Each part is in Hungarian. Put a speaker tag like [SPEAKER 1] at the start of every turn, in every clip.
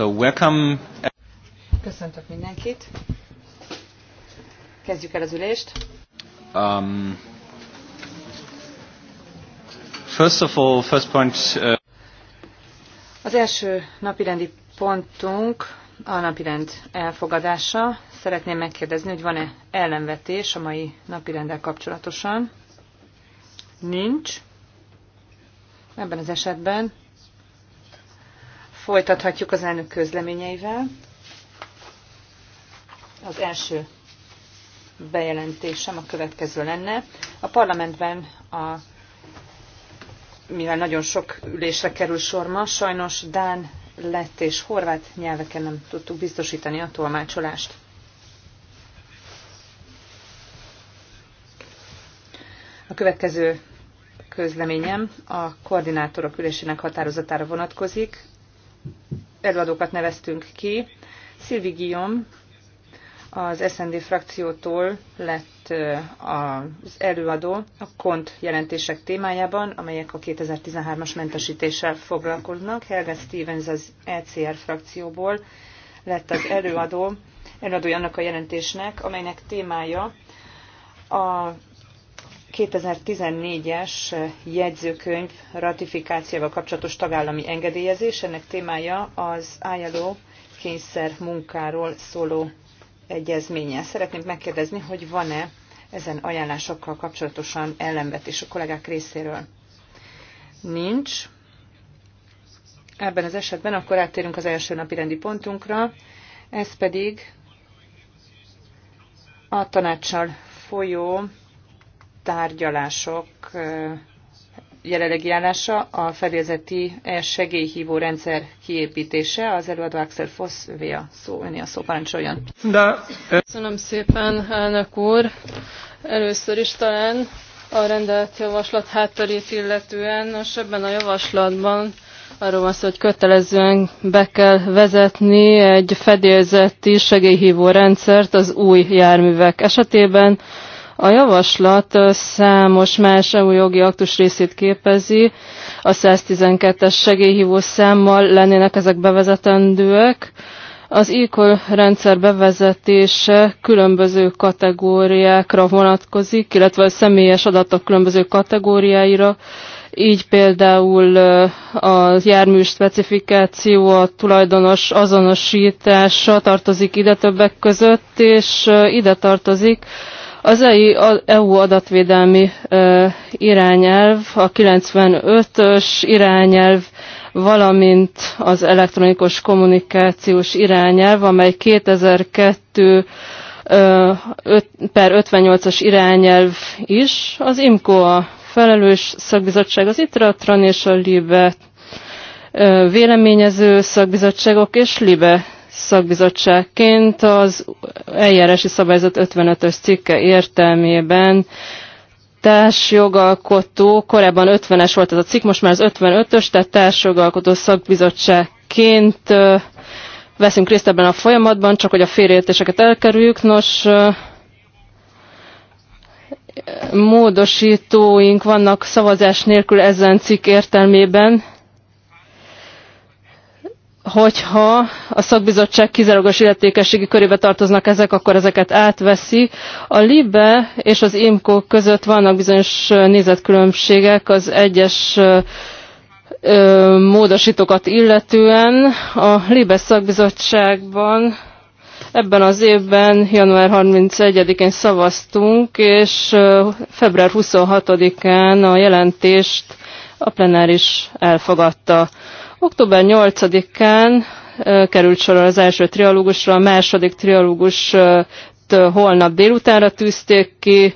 [SPEAKER 1] So welcome.
[SPEAKER 2] Köszöntök mindenkit. Kezdjük el az ülést.
[SPEAKER 1] Um, first of all, first point, uh...
[SPEAKER 2] Az első napirendi pontunk a napirend elfogadása. Szeretném megkérdezni, hogy van-e ellenvetés a mai napirenddel kapcsolatosan. Nincs. Ebben az esetben Folytathatjuk az elnök közleményeivel. Az első bejelentésem a következő lenne. A parlamentben a mivel nagyon sok ülésre kerül sor ma, sajnos Dán, lett és horvát nyelveken nem tudtuk biztosítani a tolmácsolást. A következő közleményem a koordinátorok ülésének határozatára vonatkozik előadókat neveztünk ki. Szilvi Guillaume az SND frakciótól lett az előadó a kont jelentések témájában, amelyek a 2013-as mentesítéssel foglalkoznak. Helga Stevens az ECR frakcióból lett az előadó, előadója annak a jelentésnek, amelynek témája a 2014-es jegyzőkönyv ratifikációval kapcsolatos tagállami engedélyezés. Ennek témája az ILO kényszer munkáról szóló egyezménye. Szeretném megkérdezni, hogy van-e ezen ajánlásokkal kapcsolatosan ellenvetés a kollégák részéről. Nincs. Ebben az esetben akkor áttérünk az első napi rendi pontunkra, ez pedig a tanácssal folyó tárgyalások jelenlegi állása a fedélzeti e, segélyhívó rendszer kiépítése. Az előadó Axel Foss a
[SPEAKER 3] szó, öné a szó, parancsoljon. De... Köszönöm szépen, elnök úr. Először is talán a rendelt javaslat hátterét illetően, nos ebben a javaslatban arról van szó, hogy kötelezően be kell vezetni egy fedélzeti segélyhívó rendszert az új járművek esetében, a javaslat számos más EU jogi aktus részét képezi, a 112-es segélyhívó számmal lennének ezek bevezetendőek. Az e rendszer bevezetése különböző kategóriákra vonatkozik, illetve a személyes adatok különböző kategóriáira, így például a jármű specifikáció, a tulajdonos azonosítása tartozik ide többek között, és ide tartozik az EU e adatvédelmi irányelv, a 95-ös irányelv, valamint az elektronikus kommunikációs irányelv, amely 2002 per 58-as irányelv is, az IMCO a felelős szakbizottság, az ITRA, és a LIBE véleményező szakbizottságok és LIBE szakbizottságként az eljárási szabályzat 55-ös cikke értelmében társjogalkotó, korábban 50-es volt ez a cikk, most már az 55-ös, tehát társjogalkotó szakbizottságként veszünk részt ebben a folyamatban, csak hogy a félreértéseket elkerüljük. Nos, módosítóink vannak szavazás nélkül ezen cikk értelmében, hogyha a szakbizottság kizárólagos illetékességi körébe tartoznak ezek, akkor ezeket átveszi. A LIBE és az IMCO között vannak bizonyos nézetkülönbségek az egyes módosítókat illetően. A LIBE szakbizottságban ebben az évben, január 31-én szavaztunk, és február 26-án a jelentést a plenáris elfogadta. Október 8-án került sor az első trialógusra, a második trialógust holnap délutánra tűzték ki,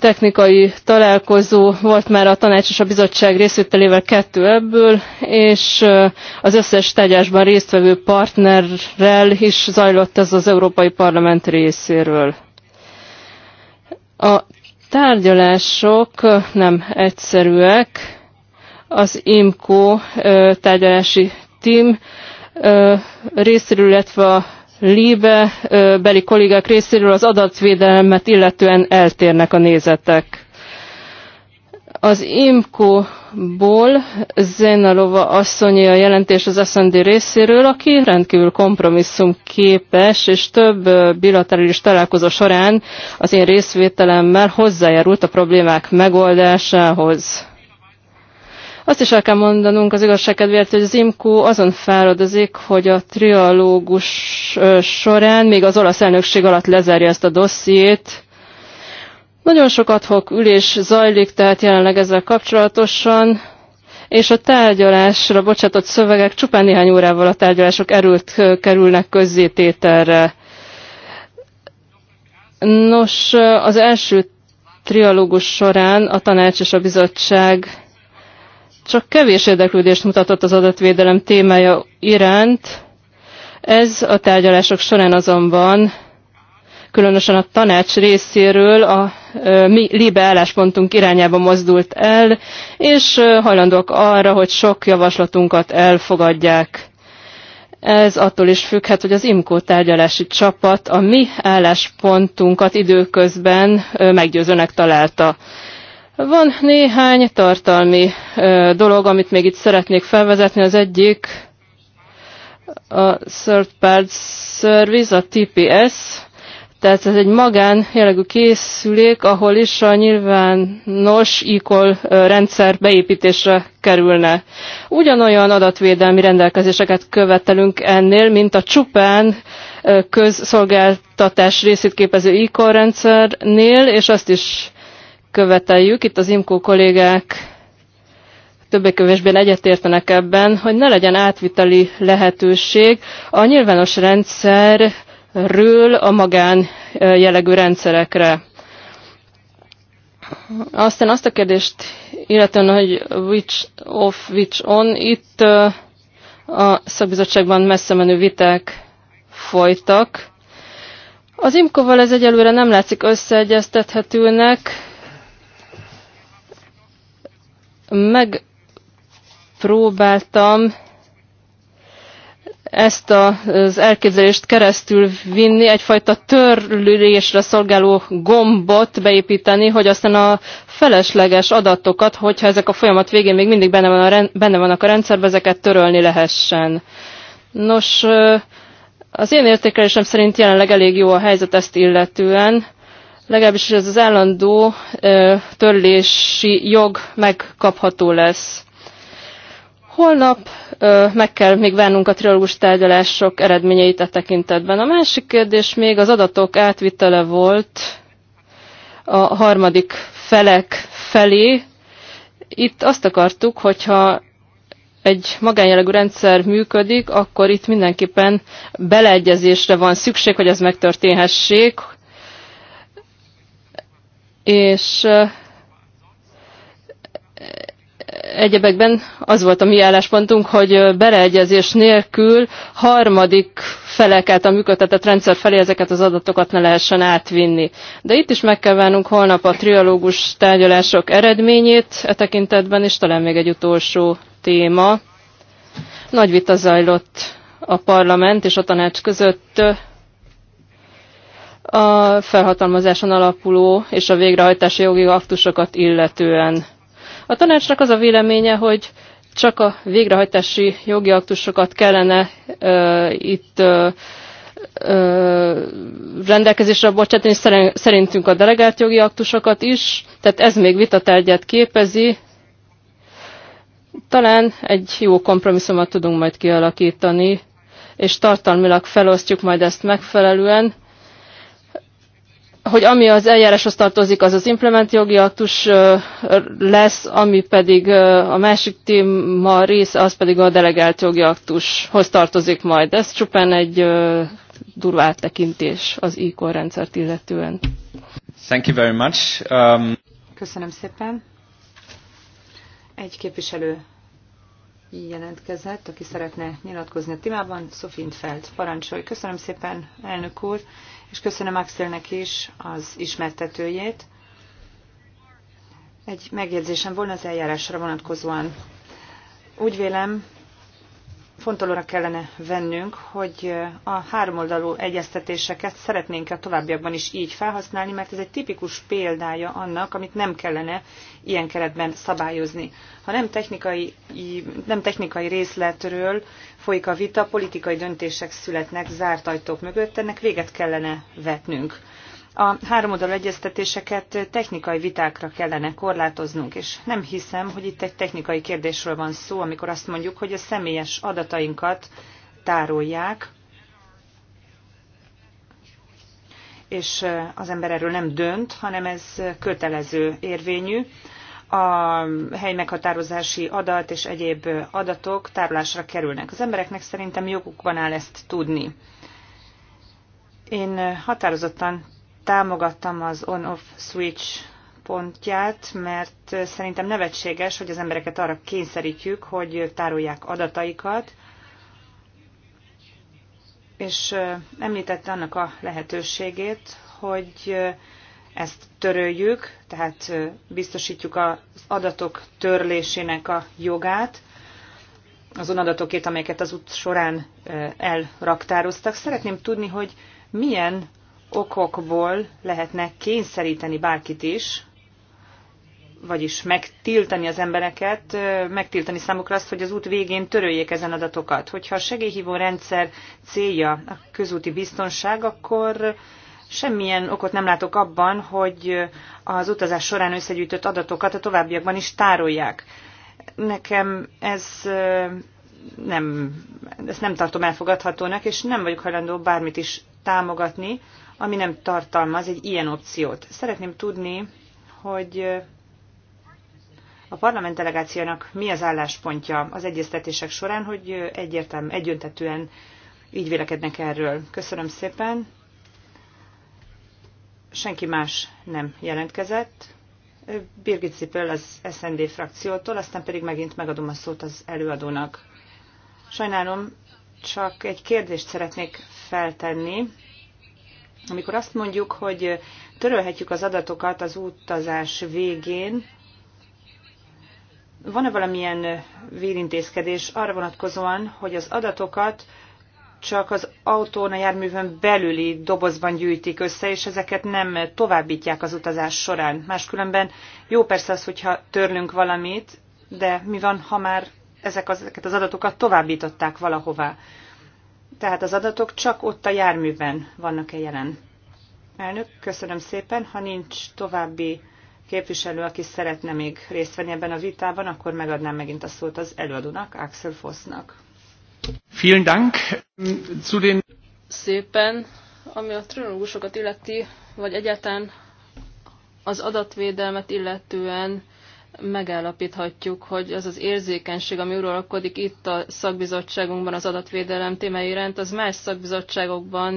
[SPEAKER 3] technikai találkozó volt már a tanács és a bizottság részvételével kettő ebből, és az összes tegyásban résztvevő partnerrel is zajlott ez az Európai Parlament részéről. A tárgyalások nem egyszerűek, az IMCO tárgyalási Team részéről, illetve a LIBE beli kollégák részéről az adatvédelmet illetően eltérnek a nézetek. Az IMCO-ból Zenalova asszonyi a jelentés az SND részéről, aki rendkívül kompromisszum képes, és több bilaterális találkozó során az én részvételemmel hozzájárult a problémák megoldásához. Azt is el kell mondanunk az igazság kedvéért, hogy az IMCO azon fáradozik, hogy a trialógus során még az olasz elnökség alatt lezárja ezt a dossziét. Nagyon sok adhok ülés zajlik, tehát jelenleg ezzel kapcsolatosan, és a tárgyalásra bocsátott szövegek csupán néhány órával a tárgyalások erőt kerülnek közzétételre. Nos, az első trialógus során a tanács és a bizottság csak kevés érdeklődést mutatott az adatvédelem témája iránt. Ez a tárgyalások során azonban, különösen a tanács részéről a mi libe álláspontunk irányába mozdult el, és hajlandók arra, hogy sok javaslatunkat elfogadják. Ez attól is függhet, hogy az IMCO tárgyalási csapat a mi álláspontunkat időközben meggyőzőnek találta. Van néhány tartalmi dolog, amit még itt szeretnék felvezetni. Az egyik a Third Part Service, a TPS, tehát ez egy magán jellegű készülék, ahol is a nyilvános e rendszer beépítésre kerülne. Ugyanolyan adatvédelmi rendelkezéseket követelünk ennél, mint a csupán közszolgáltatás részét képező e rendszernél, és azt is követeljük, itt az IMKO kollégák többé kövésben egyetértenek ebben, hogy ne legyen átviteli lehetőség a nyilvános rendszerről a magán jellegű rendszerekre. Aztán azt a kérdést, illetően, hogy which off, which on, itt a szakbizottságban messze menő viták folytak. Az imkoval ez egyelőre nem látszik összeegyeztethetőnek, Megpróbáltam ezt az elképzelést keresztül vinni, egyfajta törlülésre szolgáló gombot beépíteni, hogy aztán a felesleges adatokat, hogyha ezek a folyamat végén még mindig benne, van a, benne vannak a rendszerbe, ezeket törölni lehessen. Nos, az én értékelésem szerint jelenleg elég jó a helyzet ezt illetően legalábbis ez az állandó törlési jog megkapható lesz. Holnap ö, meg kell még várnunk a trilógus tárgyalások eredményeit a e tekintetben. A másik kérdés még az adatok átvitele volt a harmadik felek felé. Itt azt akartuk, hogyha egy magánjellegű rendszer működik, akkor itt mindenképpen beleegyezésre van szükség, hogy ez megtörténhessék, és egyebekben az volt a mi álláspontunk, hogy beleegyezés nélkül harmadik felek által működtetett rendszer felé ezeket az adatokat ne lehessen átvinni. De itt is meg kell várnunk holnap a trialógus tárgyalások eredményét e tekintetben, és talán még egy utolsó téma. Nagy vita zajlott a parlament és a tanács között a felhatalmazáson alapuló és a végrehajtási jogi aktusokat illetően. A tanácsnak az a véleménye, hogy csak a végrehajtási jogi aktusokat kellene ö, itt ö, ö, rendelkezésre bocsátani, szerintünk a delegált jogi aktusokat is, tehát ez még vitatárgyát képezi. Talán egy jó kompromisszumot tudunk majd kialakítani, és tartalmilag felosztjuk majd ezt megfelelően, hogy ami az eljáráshoz tartozik, az az implement jogi aktus lesz, ami pedig a másik téma része, az pedig a delegált jogi aktushoz tartozik majd. Ez csupán egy durva áttekintés az e rendszert illetően.
[SPEAKER 1] Thank you very much. Um...
[SPEAKER 2] Köszönöm szépen. Egy képviselő jelentkezett, aki szeretne nyilatkozni a témában, Sofint Feld. Parancsolj. Köszönöm szépen, elnök úr és köszönöm Axelnek is az ismertetőjét. Egy megjegyzésem volna az eljárásra vonatkozóan. Úgy vélem, fontolóra kellene vennünk, hogy a háromoldalú egyeztetéseket szeretnénk a továbbiakban is így felhasználni, mert ez egy tipikus példája annak, amit nem kellene ilyen keretben szabályozni. Ha nem technikai, nem technikai részletről folyik a vita, politikai döntések születnek zárt ajtók mögött, ennek véget kellene vetnünk. A háromoldalú egyeztetéseket technikai vitákra kellene korlátoznunk, és nem hiszem, hogy itt egy technikai kérdésről van szó, amikor azt mondjuk, hogy a személyes adatainkat tárolják, és az ember erről nem dönt, hanem ez kötelező érvényű, a helymeghatározási adat és egyéb adatok tárolásra kerülnek. Az embereknek szerintem van áll ezt tudni. Én határozottan támogattam az on-off switch pontját, mert szerintem nevetséges, hogy az embereket arra kényszerítjük, hogy tárolják adataikat, és említette annak a lehetőségét, hogy ezt töröljük, tehát biztosítjuk az adatok törlésének a jogát, azon adatokét, amelyeket az út során elraktároztak. Szeretném tudni, hogy milyen okokból lehetne kényszeríteni bárkit is, vagyis megtiltani az embereket, megtiltani számukra azt, hogy az út végén töröljék ezen adatokat. Hogyha a segélyhívó rendszer célja a közúti biztonság, akkor Semmilyen okot nem látok abban, hogy az utazás során összegyűjtött adatokat a továbbiakban is tárolják. Nekem ez nem, ezt nem tartom elfogadhatónak, és nem vagyok hajlandó bármit is támogatni, ami nem tartalmaz egy ilyen opciót. Szeretném tudni, hogy a parlament delegációnak mi az álláspontja az egyeztetések során, hogy egyértelmű, egyöntetően így vélekednek erről. Köszönöm szépen senki más nem jelentkezett. Birgit Zipöl az SND frakciótól, aztán pedig megint megadom a szót az előadónak. Sajnálom, csak egy kérdést szeretnék feltenni. Amikor azt mondjuk, hogy törölhetjük az adatokat az utazás végén, van-e valamilyen vérintézkedés arra vonatkozóan, hogy az adatokat csak az autón, a járművön belüli dobozban gyűjtik össze, és ezeket nem továbbítják az utazás során. Máskülönben jó persze az, hogyha törlünk valamit, de mi van, ha már ezek az, ezeket az adatokat továbbították valahová? Tehát az adatok csak ott a járműben vannak-e jelen. Elnök, köszönöm szépen. Ha nincs további képviselő, aki szeretne még részt venni ebben a vitában, akkor megadnám megint a szót az előadónak, Axel Fossnak.
[SPEAKER 1] Vielen Dank zu den...
[SPEAKER 3] Szépen, ami a trilógusokat illeti, vagy egyáltalán az adatvédelmet illetően megállapíthatjuk, hogy az az érzékenység, ami uralkodik itt a szakbizottságunkban az adatvédelem témái iránt, az más szakbizottságokban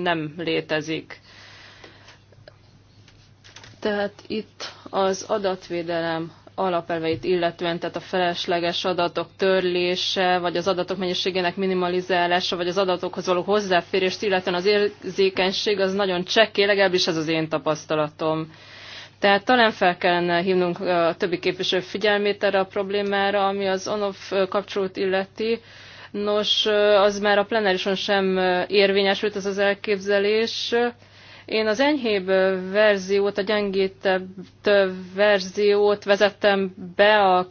[SPEAKER 3] nem létezik. Tehát itt az adatvédelem alapelveit illetően, tehát a felesleges adatok törlése, vagy az adatok mennyiségének minimalizálása, vagy az adatokhoz való hozzáférést, illetően az érzékenység az nagyon csekké, legalábbis ez az én tapasztalatom. Tehát talán fel kellene hívnunk a többi képviselő figyelmét erre a problémára, ami az on-off kapcsolót illeti. Nos, az már a plenárison sem érvényesült ez az elképzelés. Én az enyhébb verziót, a gyengítebb verziót vezettem be a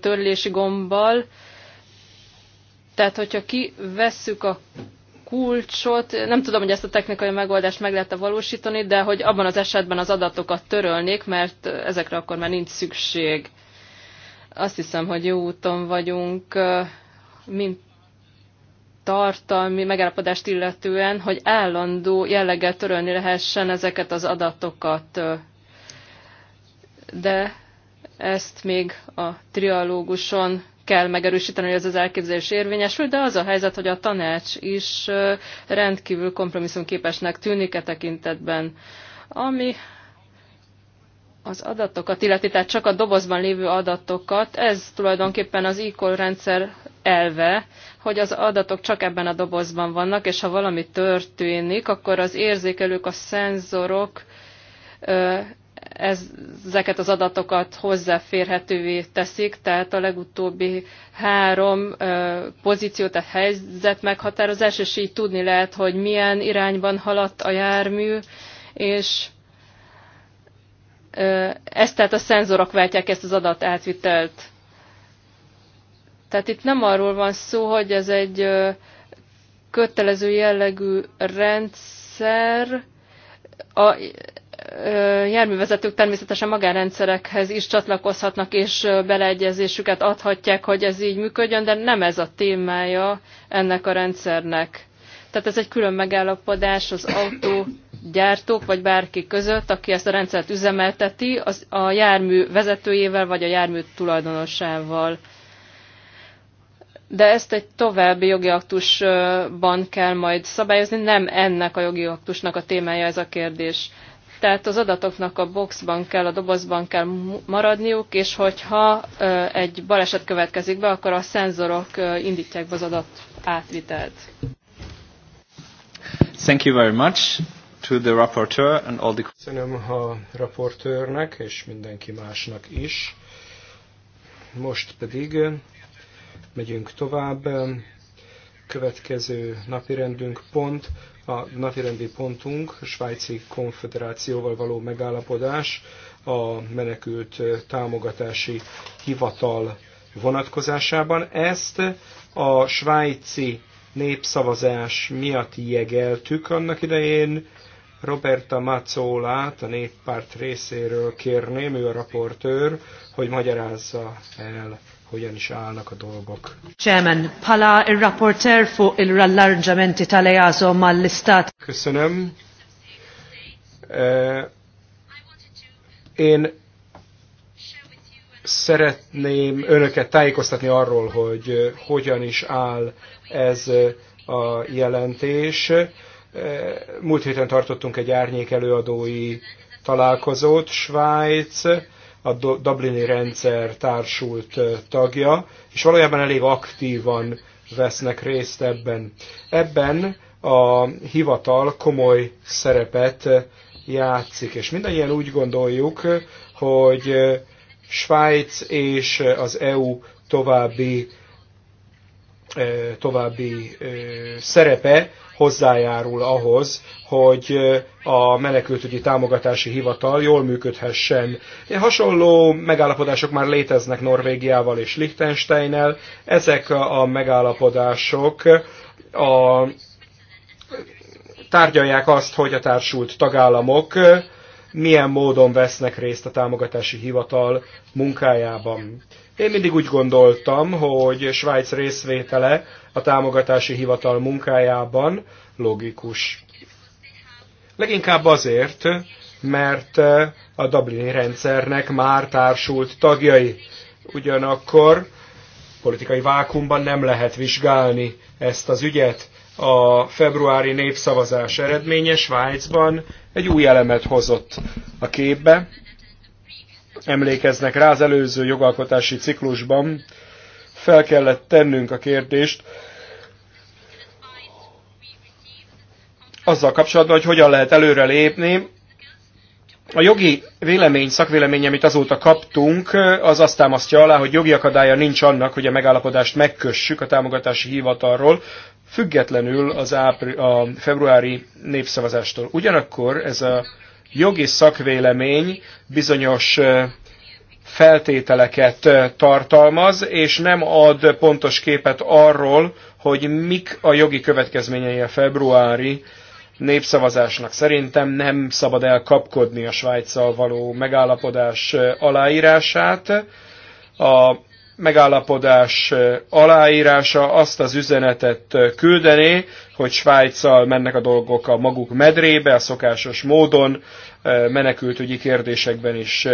[SPEAKER 3] törlési gombbal, tehát hogyha kivesszük a kulcsot, nem tudom, hogy ezt a technikai megoldást meg lehet -e valósítani, de hogy abban az esetben az adatokat törölnék, mert ezekre akkor már nincs szükség. Azt hiszem, hogy jó úton vagyunk, mint tartalmi megállapodást illetően, hogy állandó jelleggel törölni lehessen ezeket az adatokat. De ezt még a trialóguson kell megerősíteni, hogy ez az elképzelés érvényesül, de az a helyzet, hogy a tanács is rendkívül kompromisszumképesnek tűnik e tekintetben. Ami az adatokat, illetve tehát csak a dobozban lévő adatokat, ez tulajdonképpen az e rendszer elve, hogy az adatok csak ebben a dobozban vannak, és ha valami történik, akkor az érzékelők, a szenzorok ezeket az adatokat hozzáférhetővé teszik, tehát a legutóbbi három pozíció, tehát helyzet meghatározás, és így tudni lehet, hogy milyen irányban haladt a jármű, és ezt tehát a szenzorok váltják ezt az adatátvitelt. Tehát itt nem arról van szó, hogy ez egy kötelező jellegű rendszer. A járművezetők természetesen magánrendszerekhez is csatlakozhatnak, és beleegyezésüket adhatják, hogy ez így működjön, de nem ez a témája ennek a rendszernek. Tehát ez egy külön megállapodás az autógyártók, vagy bárki között, aki ezt a rendszert üzemelteti, az a jármű vezetőjével, vagy a jármű tulajdonosával de ezt egy további jogi aktusban kell majd szabályozni, nem ennek a jogi aktusnak a témája ez a kérdés. Tehát az adatoknak a boxban kell, a dobozban kell maradniuk, és hogyha egy baleset következik be, akkor a szenzorok indítják be az adat átvitelt.
[SPEAKER 1] Thank you very much to the rapporteur and all the... Köszönöm a raportőrnek és mindenki másnak is. Most pedig Megyünk tovább. Következő napirendünk pont, a napirendi pontunk, a Svájci Konfederációval való megállapodás a menekült támogatási hivatal vonatkozásában. Ezt a svájci népszavazás miatt jegeltük annak idején. Roberta Mazzolát a néppárt részéről kérném, ő a raportőr, hogy magyarázza el hogyan is állnak a dolgok.
[SPEAKER 2] Chairman, pala il rapporteur fuq il-rallarġamenti
[SPEAKER 1] tal-EASO mal-istat. Köszönöm. E, én szeretném önöket tájékoztatni arról, hogy hogyan is áll ez a jelentés. E, múlt héten tartottunk egy árnyék előadói találkozót, Svájc, a Dublini rendszer társult tagja, és valójában elég aktívan vesznek részt ebben. Ebben a hivatal komoly szerepet játszik, és mindannyian úgy gondoljuk, hogy Svájc és az EU további további szerepe hozzájárul ahhoz, hogy a menekültügyi támogatási hivatal jól működhessen. Hasonló megállapodások már léteznek Norvégiával és Liechtensteinnel. Ezek a megállapodások a, tárgyalják azt, hogy a társult tagállamok milyen módon vesznek részt a támogatási hivatal munkájában. Én mindig úgy gondoltam, hogy Svájc részvétele a támogatási hivatal munkájában logikus. Leginkább azért, mert eh, a Dublini rendszernek már társult tagjai. Ugyanakkor politikai vákumban nem lehet vizsgálni ezt az ügyet. A februári népszavazás eredménye Svájcban egy új elemet hozott a képbe, emlékeznek rá, az előző jogalkotási ciklusban fel kellett tennünk a kérdést, azzal kapcsolatban, hogy hogyan lehet előre lépni. A jogi vélemény, szakvélemény, amit azóta kaptunk, az azt támasztja alá, hogy jogi akadálya nincs annak, hogy a megállapodást megkössük a támogatási hivatalról, függetlenül az ápr a februári népszavazástól. Ugyanakkor ez a jogi szakvélemény bizonyos feltételeket tartalmaz, és nem ad pontos képet arról, hogy mik a jogi következményei a februári népszavazásnak. Szerintem nem szabad elkapkodni a Svájccal való megállapodás aláírását. A megállapodás aláírása azt az üzenetet küldené, hogy Svájccal mennek a dolgok a maguk medrébe, a szokásos módon, menekültügyi kérdésekben is.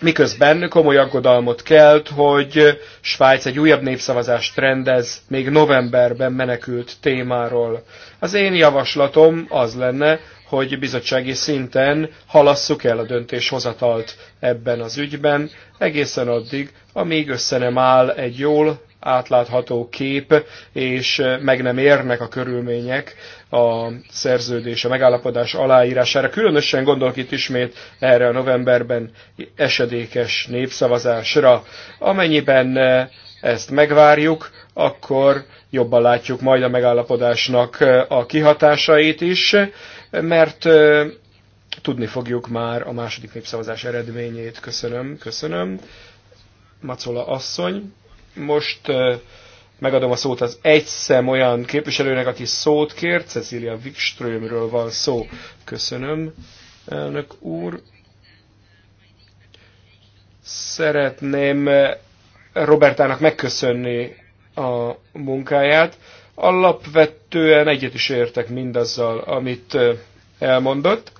[SPEAKER 1] Miközben komoly aggodalmot kelt, hogy Svájc egy újabb népszavazást rendez még novemberben menekült témáról. Az én javaslatom az lenne, hogy bizottsági szinten halasszuk el a döntéshozatalt ebben az ügyben, egészen addig, amíg össze nem áll egy jól átlátható kép, és meg nem érnek a körülmények a szerződés, a megállapodás aláírására. Különösen gondolok itt ismét erre a novemberben esedékes népszavazásra. Amennyiben eh, ezt megvárjuk, akkor jobban látjuk majd a megállapodásnak eh, a kihatásait is, mert tudni fogjuk már a második népszavazás eredményét. Köszönöm, köszönöm. Macola asszony. Most megadom a szót az egyszem olyan képviselőnek, aki szót kért. Cecilia Wikströmről van szó. Köszönöm, elnök úr. Szeretném Robertának megköszönni a munkáját. Alapvetően egyet is értek mindazzal, amit elmondott.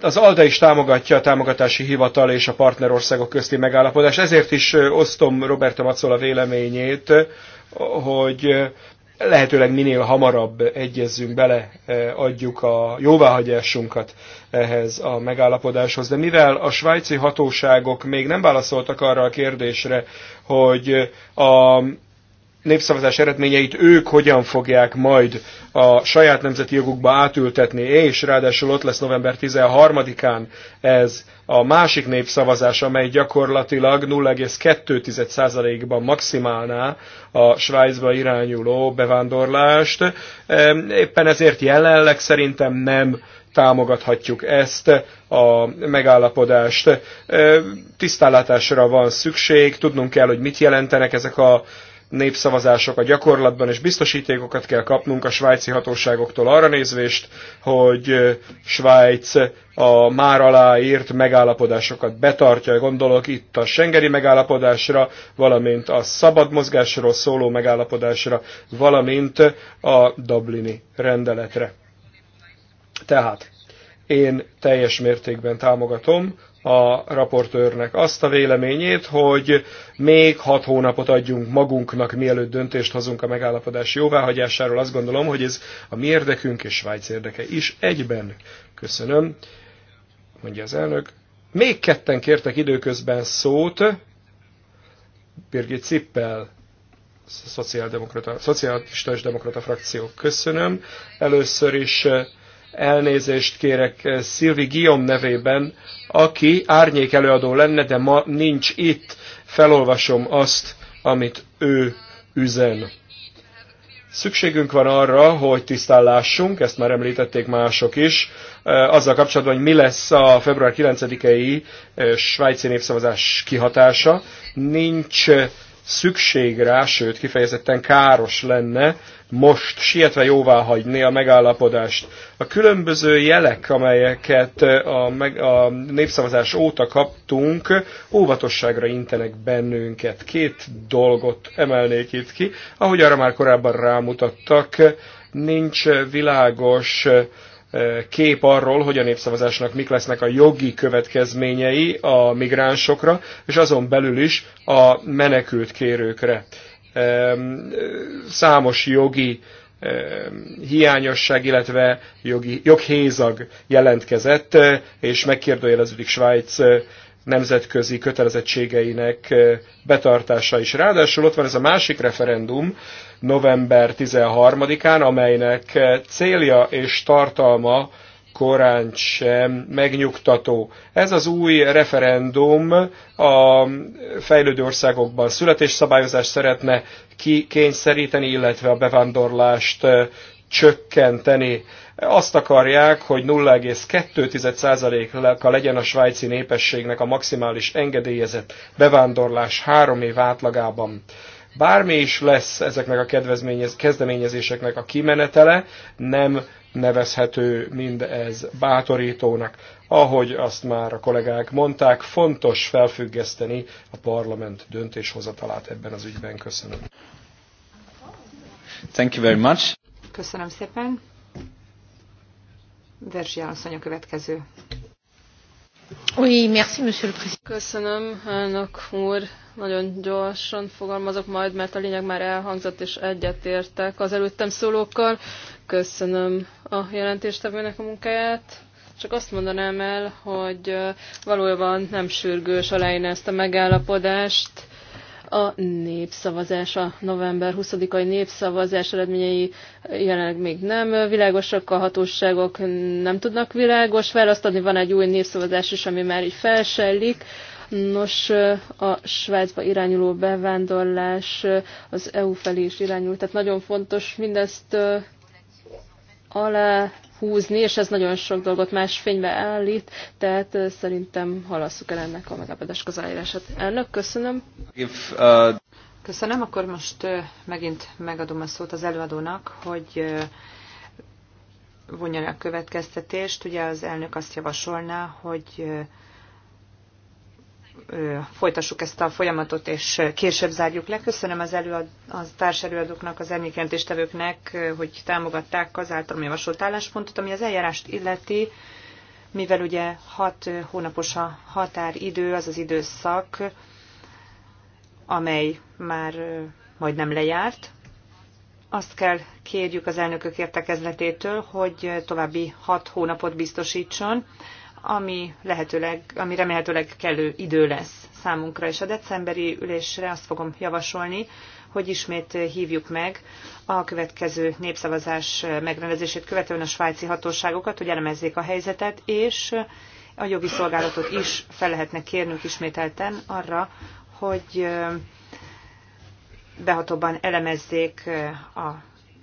[SPEAKER 1] az ALDA is támogatja a támogatási hivatal és a partnerországok közti megállapodást. Ezért is osztom Roberta Macola véleményét, hogy lehetőleg minél hamarabb egyezzünk bele, e, adjuk a jóváhagyásunkat ehhez a megállapodáshoz. De mivel a svájci hatóságok még nem válaszoltak arra a kérdésre, hogy a népszavazás eredményeit ők hogyan fogják majd a saját nemzeti jogukba átültetni, és ráadásul ott lesz november 13-án ez a másik népszavazás, amely gyakorlatilag 0,2%-ban maximálná a Svájcba irányuló bevándorlást. Éppen ezért jelenleg szerintem nem támogathatjuk ezt a megállapodást. Tisztállátásra van szükség, tudnunk kell, hogy mit jelentenek ezek a népszavazások a gyakorlatban, és biztosítékokat kell kapnunk a svájci hatóságoktól arra nézvést, hogy Svájc a már aláírt megállapodásokat betartja. Gondolok itt a Schengeni megállapodásra, valamint a szabad mozgásról szóló megállapodásra, valamint a Dublini rendeletre. Tehát én teljes mértékben támogatom a raportőrnek azt a véleményét, hogy még hat hónapot adjunk magunknak, mielőtt döntést hozunk a megállapodás jóváhagyásáról. Azt gondolom, hogy ez a mi érdekünk és Svájc érdeke is egyben. Köszönöm, mondja az elnök. Még ketten kértek időközben szót. Birgit Cippel, szociálista szocialista és demokrata frakció. Köszönöm. Először is elnézést kérek eh, Szilvi Guillaume nevében, aki árnyék előadó lenne, de ma nincs itt. Felolvasom azt, amit ő üzen. Szükségünk van arra, hogy tisztán lássunk, ezt már említették mások is, eh, azzal kapcsolatban, hogy mi lesz a február 9-i eh, svájci népszavazás kihatása. Nincs szükség rá, sőt kifejezetten káros lenne, most sietve jóvá hagyni a megállapodást. A különböző jelek, amelyeket eh, a, a népszavazás óta kaptunk, óvatosságra intenek bennünket. Két dolgot emelnék itt ki, ahogy arra már korábban rámutattak, nincs világos eh, kép arról, hogy a népszavazásnak mik lesznek a jogi következményei a migránsokra, és azon belül is a menekült kérőkre számos jogi hiányosság, illetve jogi, joghézag jelentkezett, eh, és megkérdőjeleződik Svájc eh, nemzetközi kötelezettségeinek eh, betartása is. Ráadásul ott van ez a másik referendum, november 13-án, amelynek célja és tartalma korán sem megnyugtató. Ez az új referendum a fejlődő országokban születésszabályozást szeretne kikényszeríteni, illetve a bevándorlást csökkenteni. Azt akarják, hogy 0,2%-a legyen a svájci népességnek a maximális engedélyezett bevándorlás három év átlagában. Bármi is lesz ezeknek a kezdeményezéseknek a kimenetele, nem nevezhető mindez bátorítónak. Ahogy azt már a kollégák mondták, fontos felfüggeszteni a parlament döntéshozatalát ebben az ügyben. Köszönöm. Thank you very much.
[SPEAKER 2] Köszönöm szépen. Verzsi asszony a következő.
[SPEAKER 3] Oui, merci, monsieur le président. Köszönöm, elnök úr. Nagyon gyorsan fogalmazok majd, mert a lényeg már elhangzott, és egyetértek az előttem szólókkal. Köszönöm a jelentéstevőnek a munkáját. Csak azt mondanám el, hogy valójában nem sürgős aláírni ezt a megállapodást. A népszavazás, a november 20-ai népszavazás eredményei jelenleg még nem világosak, a hatóságok nem tudnak világos választ adni, van egy új népszavazás is, ami már így felsellik. Nos, a Svájcba irányuló bevándorlás az EU felé is irányul, tehát nagyon fontos mindezt alá húzni, és ez nagyon sok dolgot más fénybe állít, tehát szerintem halasszuk el ennek a megállapodás közelírását. Elnök, köszönöm.
[SPEAKER 1] If, uh...
[SPEAKER 3] Köszönöm, akkor most megint megadom
[SPEAKER 2] a szót az előadónak, hogy vonja a következtetést. Ugye az elnök azt javasolná, hogy folytassuk ezt a folyamatot, és később zárjuk le. Köszönöm az, előad, az előadóknak, az emlékentéstevőknek, hogy támogatták az általam javasolt álláspontot, ami az eljárást illeti, mivel ugye hat hónapos a határidő, az az időszak, amely már majdnem lejárt. Azt kell kérjük az elnökök értekezletétől, hogy további hat hónapot biztosítson ami, lehetőleg, ami remélhetőleg kellő idő lesz számunkra, és a decemberi ülésre azt fogom javasolni, hogy ismét hívjuk meg a következő népszavazás megrendezését követően a svájci hatóságokat, hogy elemezzék a helyzetet, és a jogi szolgálatot is fel lehetne kérnünk ismételten arra, hogy behatóban elemezzék a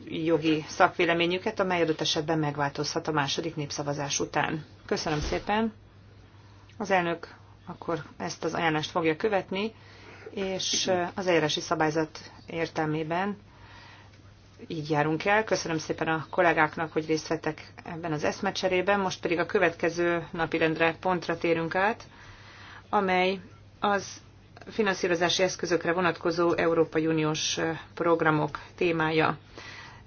[SPEAKER 2] jogi szakvéleményüket, amely adott esetben megváltozhat a második népszavazás után. Köszönöm szépen. Az elnök akkor ezt az ajánlást fogja követni, és eh, az eljárási szabályzat értelmében így járunk el. Köszönöm szépen a kollégáknak, hogy részt vettek ebben az eszmecserében. Most pedig a következő napirendre pontra térünk át, amely az finanszírozási eszközökre vonatkozó Európai Uniós eh, programok témája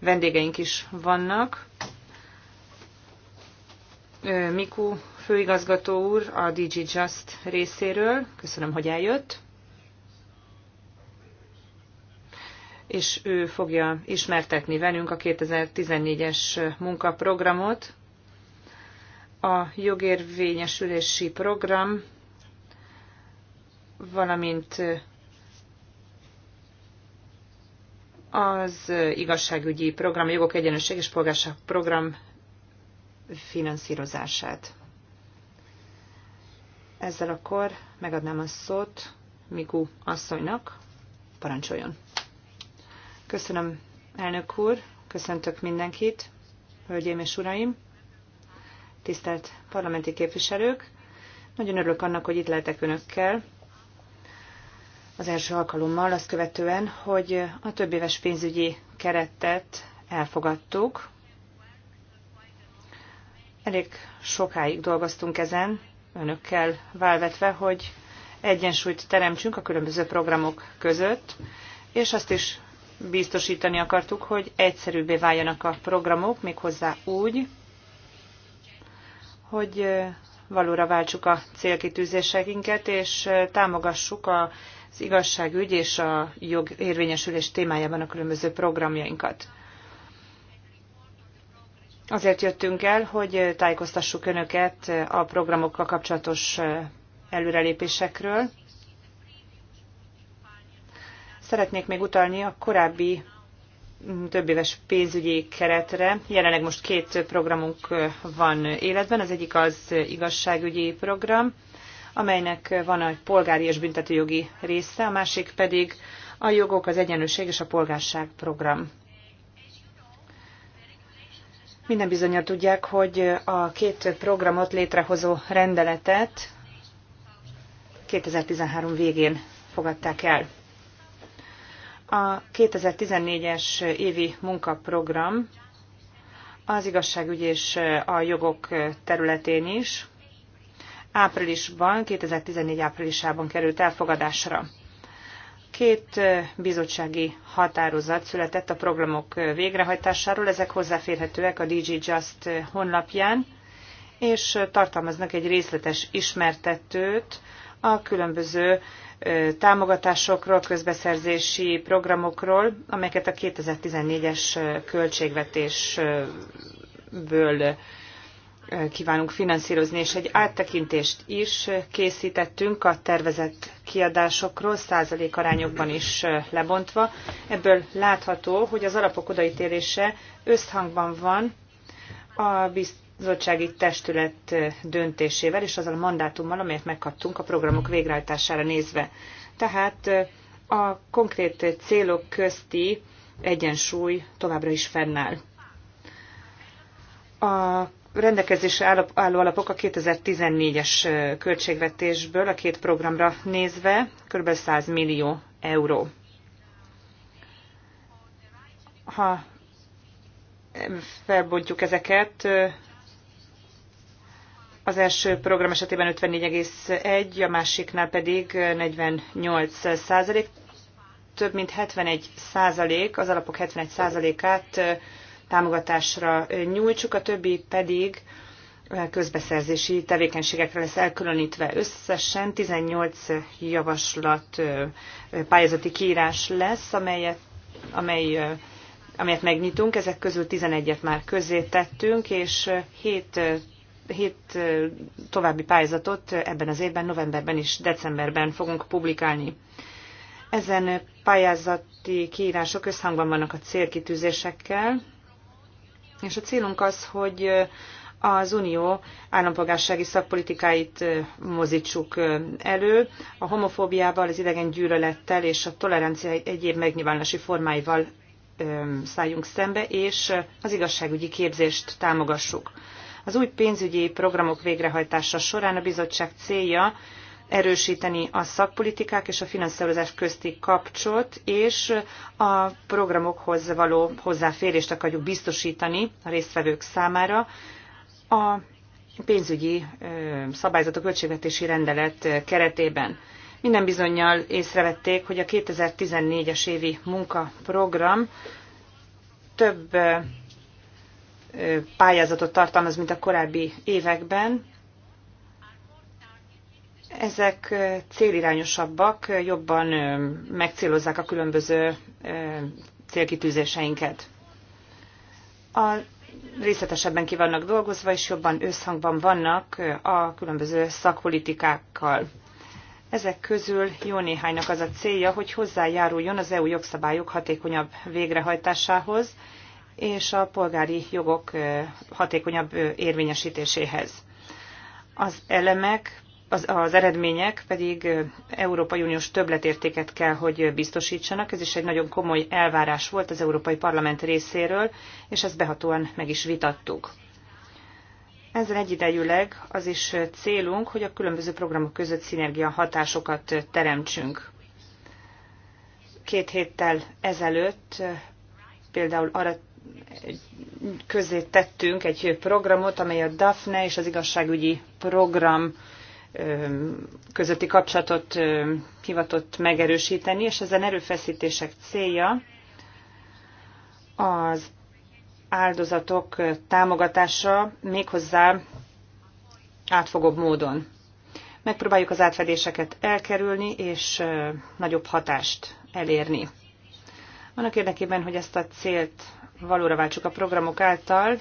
[SPEAKER 2] vendégeink is vannak. Miku főigazgató úr a DG Just részéről. Köszönöm, hogy eljött. És ő fogja ismertetni velünk a 2014-es munkaprogramot. A jogérvényesülési program, valamint az igazságügyi program, jogok egyenlőség és polgárság program finanszírozását. Ezzel akkor megadnám a szót Miku asszonynak. Parancsoljon! Köszönöm, elnök úr, köszöntök mindenkit, hölgyeim és uraim, tisztelt parlamenti képviselők. Nagyon örülök annak, hogy itt lehetek önökkel, az első alkalommal, azt követően, hogy a több éves pénzügyi keretet elfogadtuk. Elég sokáig dolgoztunk ezen, önökkel válvetve, hogy egyensúlyt teremtsünk a különböző programok között, és azt is biztosítani akartuk, hogy egyszerűbbé váljanak a programok, méghozzá úgy, hogy valóra váltsuk a célkitűzéseinket, és támogassuk a igazságügy és a jog érvényesülés témájában a különböző programjainkat. Azért jöttünk el, hogy tájékoztassuk Önöket a programokkal kapcsolatos előrelépésekről. Szeretnék még utalni a korábbi mm, több éves pénzügyi keretre. Jelenleg most két programunk van életben. Az egyik az igazságügyi program, amelynek van egy polgári és büntetőjogi része, a másik pedig a jogok, az egyenlőség és a polgárság program. Minden bizonyal tudják, hogy a két programot létrehozó rendeletet 2013 végén fogadták el. A 2014-es évi munkaprogram az igazságügy és a jogok területén is áprilisban, 2014 áprilisában került elfogadásra. Két bizottsági határozat született a programok végrehajtásáról, ezek hozzáférhetőek a DG Just honlapján, és tartalmaznak egy részletes ismertetőt a különböző támogatásokról, közbeszerzési programokról, amelyeket a 2014-es költségvetésből kívánunk finanszírozni, és egy áttekintést is készítettünk a tervezett kiadásokról, százalék arányokban is lebontva. Ebből látható, hogy az alapok odaítélése összhangban van a bizottsági testület döntésével, és azzal a mandátummal, amelyet megkaptunk a programok végrehajtására nézve. Tehát a konkrét célok közti egyensúly továbbra is fennáll. A rendelkezésre álló alapok a 2014-es költségvetésből a két programra nézve kb. 100 millió euró. Ha felbontjuk ezeket, az első program esetében 54,1, a másiknál pedig 48 százalék, több mint 71 százalék, az alapok 71 százalékát támogatásra nyújtsuk, a többi pedig közbeszerzési tevékenységekre lesz elkülönítve. Összesen 18 javaslat pályázati kiírás lesz, amelyet, amely, amelyet megnyitunk. Ezek közül 11-et már közé tettünk, és 7 hét további pályázatot ebben az évben, novemberben és decemberben fogunk publikálni. Ezen pályázati kiírások összhangban vannak a célkitűzésekkel, és a célunk az, hogy az unió állampolgársági szakpolitikáit mozítsuk elő, a homofóbiával, az idegen gyűlölettel és a tolerancia egyéb megnyilvánulási formáival szálljunk szembe, és az igazságügyi képzést támogassuk. Az új pénzügyi programok végrehajtása során a bizottság célja, erősíteni a szakpolitikák és a finanszírozás közti kapcsot, és a programokhoz való hozzáférést akarjuk biztosítani a résztvevők számára. A pénzügyi szabályzatok költségvetési rendelet keretében. Minden bizonyal észrevették, hogy a 2014-es évi munkaprogram több pályázatot tartalmaz, mint a korábbi években, ezek célirányosabbak, jobban megcélozzák a különböző célkitűzéseinket. A részletesebben ki vannak dolgozva, és jobban összhangban vannak a különböző szakpolitikákkal. Ezek közül jó néhánynak az a célja, hogy hozzájáruljon az EU jogszabályok hatékonyabb végrehajtásához és a polgári jogok hatékonyabb érvényesítéséhez. Az elemek az, az eredmények pedig Európai Uniós többletértéket kell, hogy biztosítsanak. Ez is egy nagyon komoly elvárás volt az Európai Parlament részéről, és ezt behatóan meg is vitattuk. Ezzel egyidejűleg az is célunk, hogy a különböző programok között szinergia hatásokat teremtsünk. Két héttel ezelőtt például arra közé tettünk egy programot, amely a DAFNE és az igazságügyi program közötti kapcsolatot hivatott megerősíteni, és ezen erőfeszítések célja az áldozatok támogatása méghozzá átfogóbb módon. Megpróbáljuk az átfedéseket elkerülni, és nagyobb hatást elérni. Annak érdekében, hogy ezt a célt valóra váltsuk a programok által,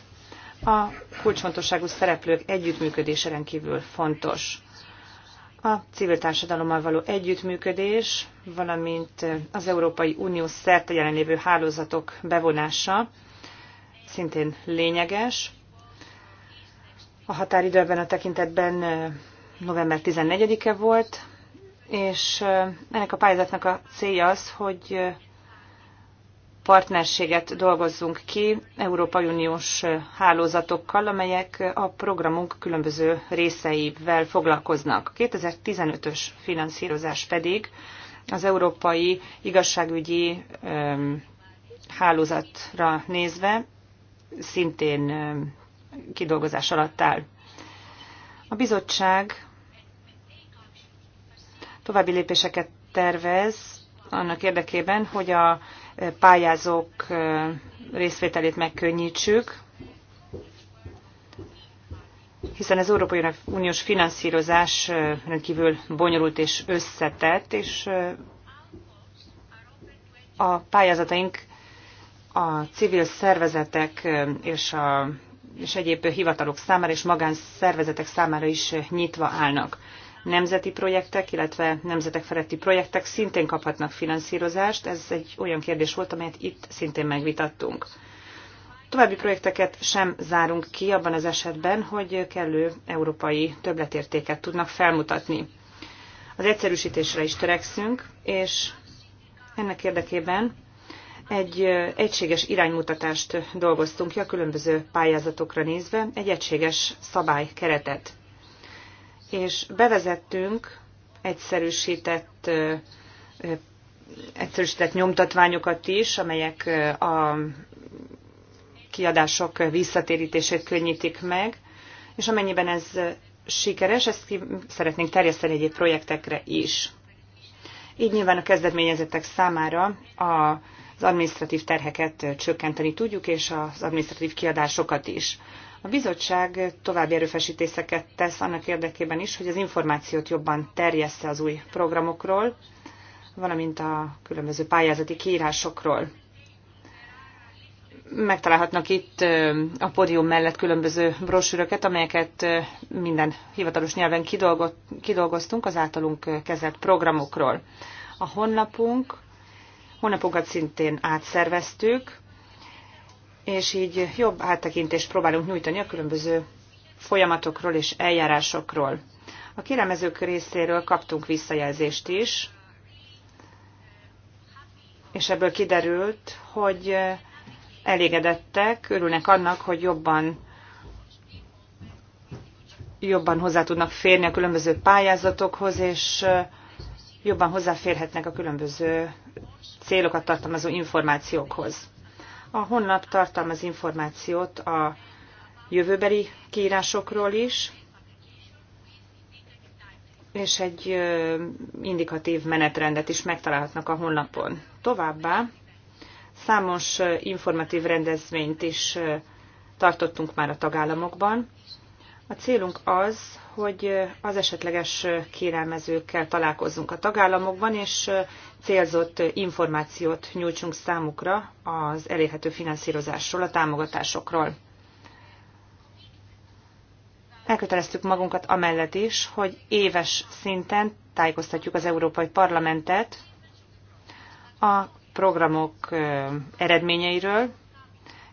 [SPEAKER 2] a kulcsfontosságú szereplők együttműködése rendkívül fontos a civil társadalommal való együttműködés, valamint az Európai Unió szerte jelenlévő hálózatok bevonása szintén lényeges. A határidő ebben a tekintetben november 14-e volt, és ennek a pályázatnak a célja az, hogy partnerséget dolgozzunk ki Európai Uniós hálózatokkal, amelyek a programunk különböző részeivel foglalkoznak. 2015-ös finanszírozás pedig az Európai Igazságügyi Hálózatra nézve szintén kidolgozás alatt áll. A bizottság további lépéseket tervez annak érdekében, hogy a pályázók részvételét megkönnyítsük, hiszen az Európai Uniós finanszírozás rendkívül bonyolult és összetett, és a pályázataink a civil szervezetek és, a, és egyéb hivatalok számára és magánszervezetek számára is nyitva állnak nemzeti projektek, illetve nemzetek feletti projektek szintén kaphatnak finanszírozást. Ez egy olyan kérdés volt, amelyet itt szintén megvitattunk. További projekteket sem zárunk ki abban az esetben, hogy kellő európai többletértéket tudnak felmutatni. Az egyszerűsítésre is törekszünk, és ennek érdekében egy egységes iránymutatást dolgoztunk ki a különböző pályázatokra nézve, egy egységes szabálykeretet és bevezettünk egyszerűsített egyszerűsített nyomtatványokat is, amelyek a kiadások visszatérítését könnyítik meg, és amennyiben ez sikeres, ezt ki szeretnénk terjeszteni egyéb projektekre is. Így nyilván a kezdeményezettek számára az administratív terheket csökkenteni tudjuk, és az administratív kiadásokat is. A bizottság további erőfesítéseket tesz annak érdekében is, hogy az információt jobban terjessze az új programokról, valamint a különböző pályázati kiírásokról. Megtalálhatnak itt a pódium mellett különböző brosüröket, amelyeket minden hivatalos nyelven kidolgoztunk az általunk kezelt programokról. A honlapunk, honlapunkat szintén átszerveztük, és így jobb áttekintést próbálunk nyújtani a különböző folyamatokról és eljárásokról. A kérelmezők részéről kaptunk visszajelzést is, és ebből kiderült, hogy elégedettek, örülnek annak, hogy jobban jobban hozzá tudnak férni a különböző pályázatokhoz, és jobban hozzáférhetnek a különböző célokat tartalmazó információkhoz. A honlap tartalmaz információt a jövőbeli kiírásokról is, és egy indikatív menetrendet is megtalálhatnak a honlapon. Továbbá számos informatív rendezvényt is tartottunk már a tagállamokban, a célunk az, hogy az esetleges kérelmezőkkel találkozzunk a tagállamokban, és célzott információt nyújtsunk számukra az elérhető finanszírozásról, a támogatásokról. Elköteleztük magunkat amellett is, hogy éves szinten tájékoztatjuk az Európai Parlamentet a programok eredményeiről,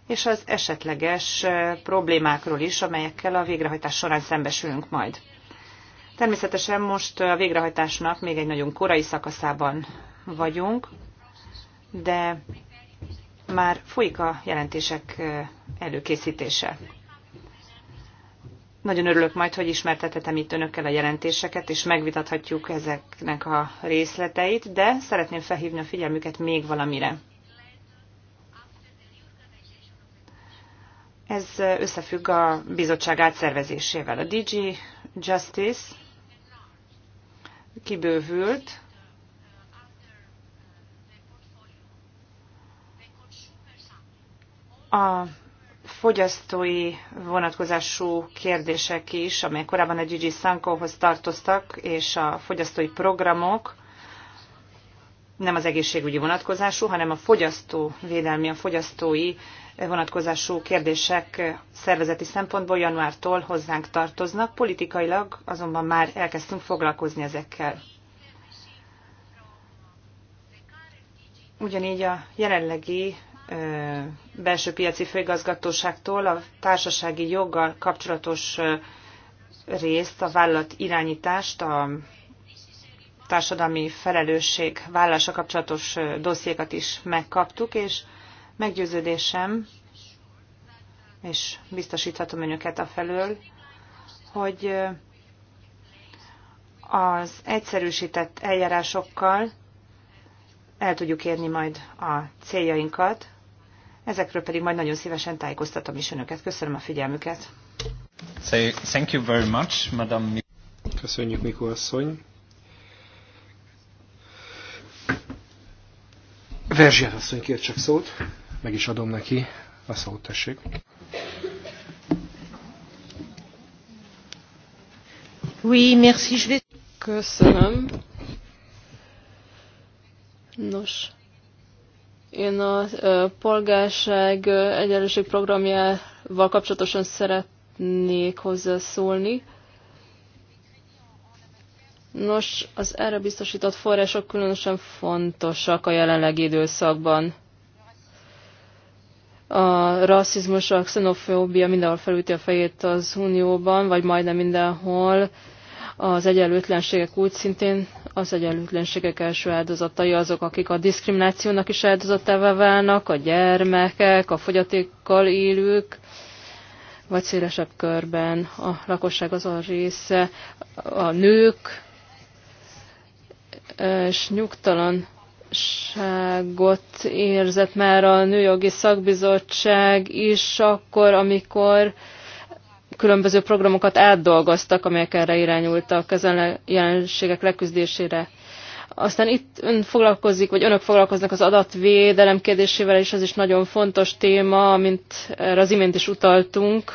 [SPEAKER 2] és az esetleges problémákról is, amelyekkel a végrehajtás során szembesülünk majd. Természetesen most a végrehajtásnak még egy nagyon korai szakaszában vagyunk, de már folyik a jelentések előkészítése. Nagyon örülök majd, hogy ismertethetem itt önökkel a jelentéseket, és megvitathatjuk ezeknek a részleteit, de szeretném felhívni a figyelmüket még valamire. Ez összefügg a bizottság átszervezésével. A DG Justice kibővült, a fogyasztói vonatkozású kérdések is, amelyek korábban a Gigi Sankóhoz tartoztak, és a fogyasztói programok nem az egészségügyi vonatkozású, hanem a fogyasztóvédelmi, a fogyasztói vonatkozású kérdések szervezeti szempontból januártól hozzánk tartoznak, politikailag azonban már elkezdtünk foglalkozni ezekkel. Ugyanígy a jelenlegi belső piaci főigazgatóságtól a társasági joggal kapcsolatos részt, a vállalat irányítást, a társadalmi felelősség vállása kapcsolatos dossziékat is megkaptuk, és Meggyőződésem, és biztosíthatom önöket a felől, hogy az egyszerűsített eljárásokkal el tudjuk érni majd a céljainkat, ezekről pedig majd nagyon szívesen tájékoztatom is önöket. Köszönöm a figyelmüket.
[SPEAKER 1] Thank you very much, Madam. Köszönjük, Mikó asszony. Verzsiát asszony kért csak szót. Meg is adom neki a szót, tessék.
[SPEAKER 3] Oui, merci, je vais... Köszönöm. Nos, én a polgárság egyenlőség programjával kapcsolatosan szeretnék hozzászólni. Nos, az erre biztosított források különösen fontosak a jelenlegi időszakban a rasszizmus, a xenofóbia mindenhol felüti a fejét az Unióban, vagy majdnem mindenhol. Az egyenlőtlenségek úgy szintén az egyenlőtlenségek első áldozatai azok, akik a diszkriminációnak is áldozatává válnak, a gyermekek, a fogyatékkal élők, vagy szélesebb körben a lakosság az a része, a nők, és nyugtalan bizottságot érzett már a Nőjogi Szakbizottság is akkor, amikor különböző programokat átdolgoztak, amelyek erre irányultak ezen a jelenségek leküzdésére. Aztán itt ön foglalkozik, vagy önök foglalkoznak az adatvédelem kérdésével, és ez is nagyon fontos téma, amint erre az imént is utaltunk.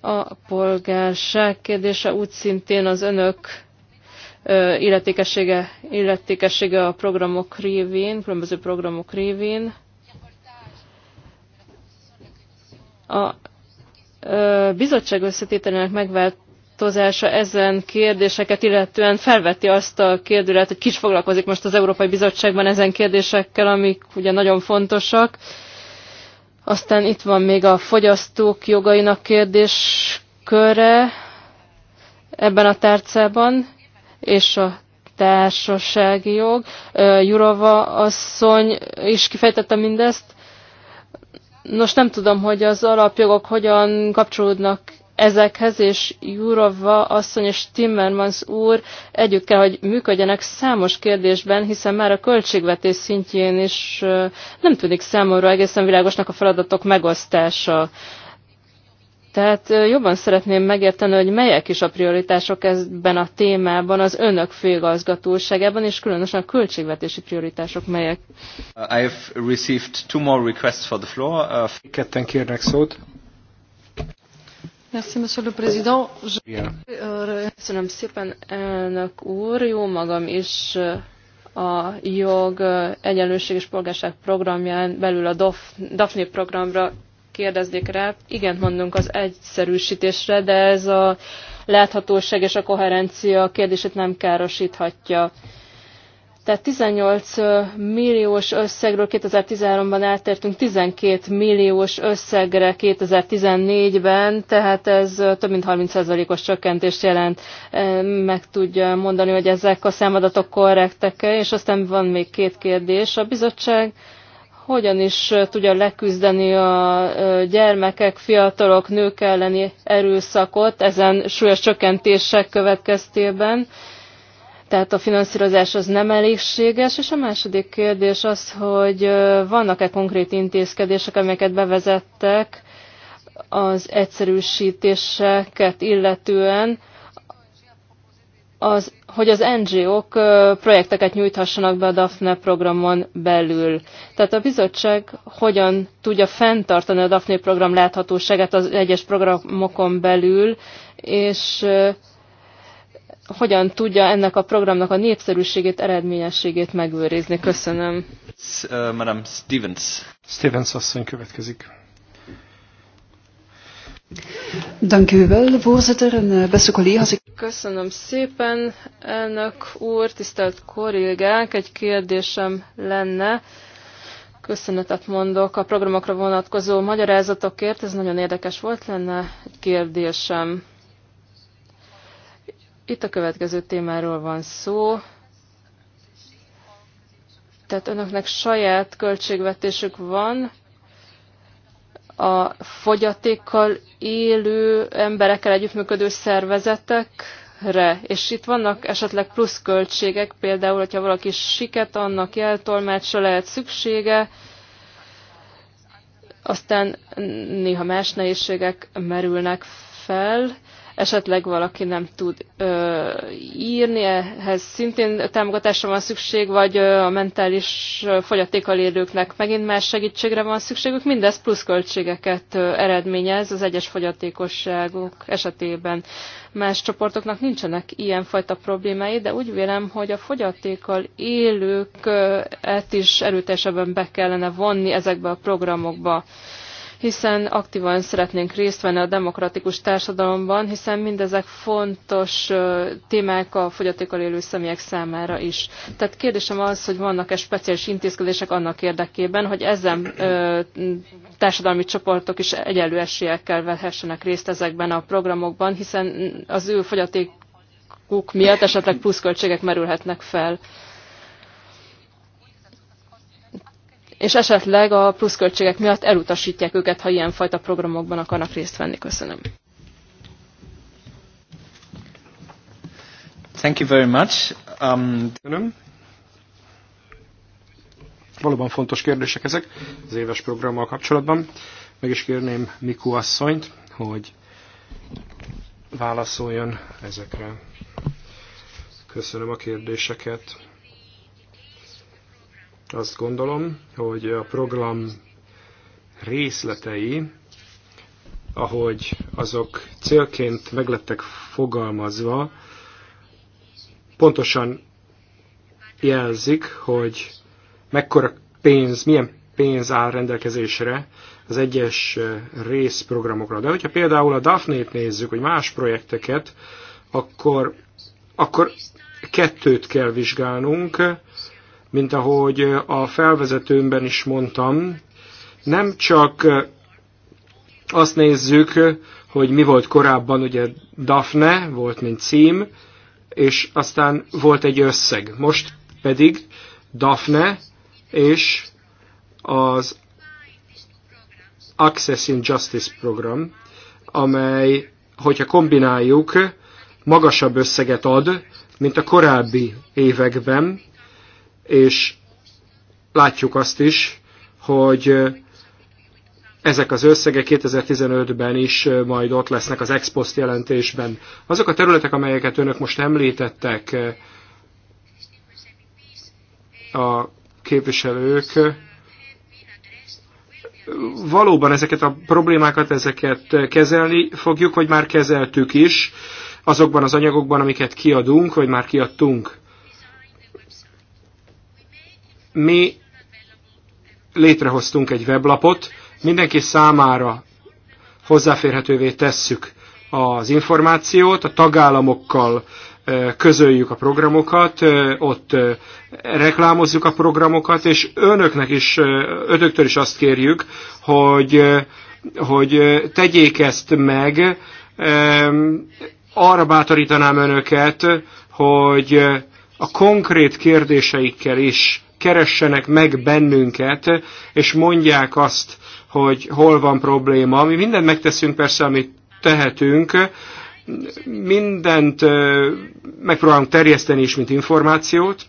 [SPEAKER 3] A polgárság kérdése úgy szintén az önök illetékessége, illetékessége a programok révén, különböző programok révén. A bizottság összetételének megváltozása ezen kérdéseket illetően felveti azt a kérdőlet, hogy kis foglalkozik most az Európai Bizottságban ezen kérdésekkel, amik ugye nagyon fontosak. Aztán itt van még a fogyasztók jogainak kérdésköre ebben a tárcában és a társasági jog. Jurova asszony is kifejtette mindezt. Nos, nem tudom, hogy az alapjogok hogyan kapcsolódnak ezekhez, és Jurova asszony és Timmermans úr együtt kell, hogy működjenek számos kérdésben, hiszen már a költségvetés szintjén is nem tűnik számomra egészen világosnak a feladatok megosztása. Tehát jobban szeretném megérteni, hogy melyek is a prioritások ebben a témában, az önök főigazgatóságában, és különösen a költségvetési prioritások melyek.
[SPEAKER 1] Uh, I have received two more requests for the floor. Uh, Ketten kérnek szót.
[SPEAKER 3] Merci, monsieur le président. Euh, Köszönöm szépen, elnök úr. Jó magam is a jog, egyenlőség és polgárság programján belül a DAFNI programra kérdeznék rá. Igen, mondunk az egyszerűsítésre, de ez a láthatóság és a koherencia kérdését nem károsíthatja. Tehát 18 milliós összegről 2013-ban eltértünk 12 milliós összegre 2014-ben, tehát ez több mint 30%-os csökkentést jelent. Meg tudja mondani, hogy ezek a számadatok korrektek -e, és aztán van még két kérdés. A bizottság hogyan is tudja leküzdeni a gyermekek, fiatalok, nők elleni erőszakot ezen súlyos csökkentések következtében. Tehát a finanszírozás az nem elégséges, és a második kérdés az, hogy vannak-e konkrét intézkedések, amelyeket bevezettek az egyszerűsítéseket illetően, az, hogy az NGO-k projekteket nyújthassanak be a DAFNE programon belül. Tehát a bizottság hogyan tudja fenntartani a DAFNE program láthatóságát az egyes programokon belül, és hogyan tudja ennek a programnak a népszerűségét, eredményességét megőrizni. Köszönöm.
[SPEAKER 1] Uh, Madam Stevens. Stevens asszony következik.
[SPEAKER 3] Dank u wel, voorzitter en eh, beste collega's. Köszönöm szépen, elnök úr, tisztelt kollégák, egy kérdésem lenne. Köszönetet mondok a programokra vonatkozó magyarázatokért, ez nagyon érdekes volt, lenne egy kérdésem. Itt a következő témáról van szó. Tehát önöknek saját költségvetésük van, a fogyatékkal élő emberekkel együttműködő szervezetekre, és itt vannak esetleg pluszköltségek, például, hogyha valaki siket, annak jeltolmácsra lehet szüksége, aztán néha más nehézségek merülnek fel, esetleg valaki nem tud ö, írni, ehhez szintén támogatásra van szükség, vagy ö, a mentális fogyatékkal élőknek megint más segítségre van szükségük, mindez plusz ö, eredményez az egyes fogyatékosságok esetében. Más csoportoknak nincsenek ilyenfajta problémái, de úgy vélem, hogy a fogyatékkal élőket is erőteljesebben be kellene vonni ezekbe a programokba hiszen aktívan szeretnénk részt venni a demokratikus társadalomban, hiszen mindezek fontos témák a fogyatékkal élő személyek számára is. Tehát kérdésem az, hogy vannak-e speciális intézkedések annak érdekében, hogy ezen társadalmi csoportok is egyenlő esélyekkel vehessenek részt ezekben a programokban, hiszen az ő fogyatékuk miatt esetleg pluszköltségek merülhetnek fel. és esetleg a pluszköltségek miatt elutasítják őket, ha ilyenfajta programokban akarnak részt venni. Köszönöm.
[SPEAKER 1] Thank you very much. Um... Köszönöm. Valóban fontos kérdések ezek az éves programmal kapcsolatban. Meg is kérném Miku asszonyt, hogy válaszoljon ezekre. Köszönöm a kérdéseket. Azt gondolom, hogy a program részletei, ahogy azok célként meglettek fogalmazva, pontosan jelzik, hogy mekkora pénz, milyen pénz áll rendelkezésre az egyes eh, részprogramokra. De hogyha például a Daphne-t nézzük, vagy más projekteket, akkor, akkor kettőt kell vizsgálnunk, mint ahogy a felvezetőmben is mondtam, nem csak azt nézzük, hogy mi volt korábban, ugye Daphne volt, mint cím, és aztán volt egy összeg. Most pedig Daphne és az Access in Justice program, amely, hogyha kombináljuk, magasabb összeget ad, mint a korábbi években, és látjuk azt is, hogy ezek az összegek 2015-ben is majd ott lesznek az expost jelentésben. Azok a területek, amelyeket önök most említettek, a képviselők, valóban ezeket a problémákat, ezeket kezelni fogjuk, vagy már kezeltük is azokban az anyagokban, amiket kiadunk, vagy már kiadtunk. Mi létrehoztunk egy weblapot, mindenki számára hozzáférhetővé tesszük az információt, a tagállamokkal közöljük a programokat, ott reklámozzuk a programokat, és önöknek is, ötöktől is azt kérjük, hogy, hogy tegyék ezt meg. Arra bátorítanám önöket, hogy a konkrét kérdéseikkel is keressenek meg bennünket, és mondják azt, hogy hol van probléma. Mi mindent megteszünk persze, amit tehetünk, mindent megpróbálunk terjeszteni is, mint információt,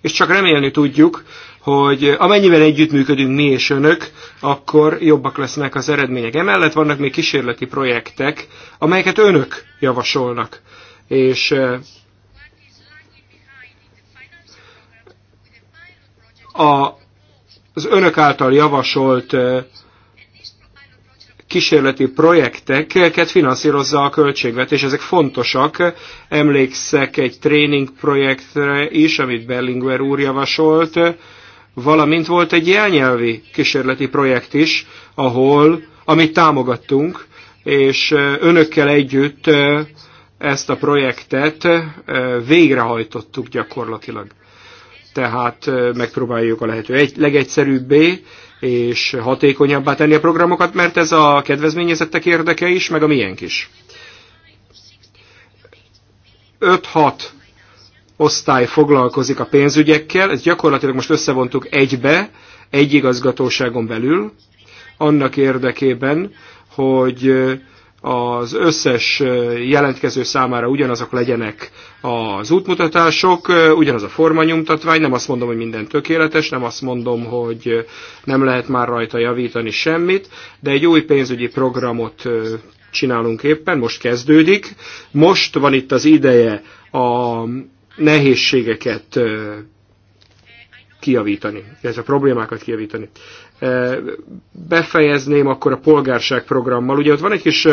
[SPEAKER 1] és csak remélni tudjuk, hogy amennyiben együttműködünk mi és önök, akkor jobbak lesznek az eredmények. Emellett vannak még kísérleti projektek, amelyeket önök javasolnak. És a, az önök által javasolt kísérleti projekteket finanszírozza a költségvetés. Ezek fontosak. Emlékszek egy tréning projektre is, amit Berlinguer úr javasolt, valamint volt egy jelnyelvi kísérleti projekt is, ahol, amit támogattunk, és önökkel együtt ezt a projektet végrehajtottuk gyakorlatilag tehát megpróbáljuk a lehető egy, legegyszerűbbé és hatékonyabbá tenni a programokat, mert ez a kedvezményezettek érdeke is, meg a miénk is. 5-6 osztály foglalkozik a pénzügyekkel, ezt gyakorlatilag most összevontuk egybe, egy igazgatóságon belül, annak érdekében, hogy az összes jelentkező számára ugyanazok legyenek az útmutatások, ugyanaz a formanyomtatvány, nem azt mondom, hogy minden tökéletes, nem azt mondom, hogy nem lehet már rajta javítani semmit, de egy új pénzügyi programot csinálunk éppen, most kezdődik. Most van itt az ideje a nehézségeket kiavítani ez a problémákat kiavítani befejezném akkor a polgárság programmal. Ugye ott van egy kis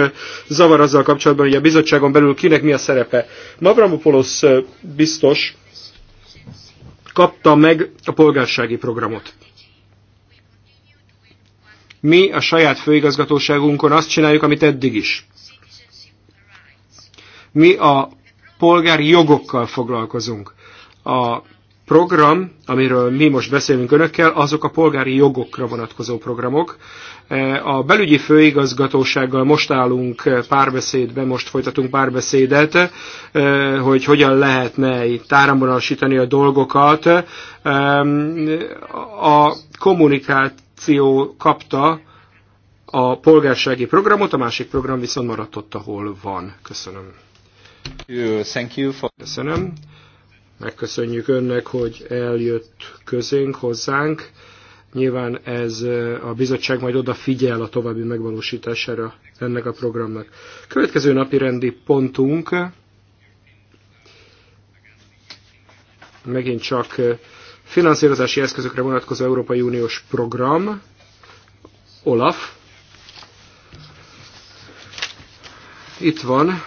[SPEAKER 1] zavar azzal kapcsolatban, hogy a bizottságon belül kinek mi a szerepe. Mavramopoulos biztos kapta meg a polgársági programot. Mi a saját főigazgatóságunkon azt csináljuk, amit eddig is. Mi a polgári jogokkal foglalkozunk. A program, amiről mi most beszélünk önökkel, azok a polgári jogokra vonatkozó programok. E, a belügyi főigazgatósággal most állunk párbeszédbe, most folytatunk párbeszédet, e, hogy hogyan lehetne itt áramvonalasítani a dolgokat. E, a kommunikáció kapta a polgársági programot, a másik program viszont maradt ott, ahol van. Köszönöm. Thank you for... Köszönöm. Megköszönjük önnek, hogy eljött közénk, hozzánk. Nyilván ez a bizottság majd odafigyel a további megvalósítására ennek a programnak. Következő napi rendi pontunk megint csak finanszírozási eszközökre vonatkozó Európai Uniós program, Olaf. Itt van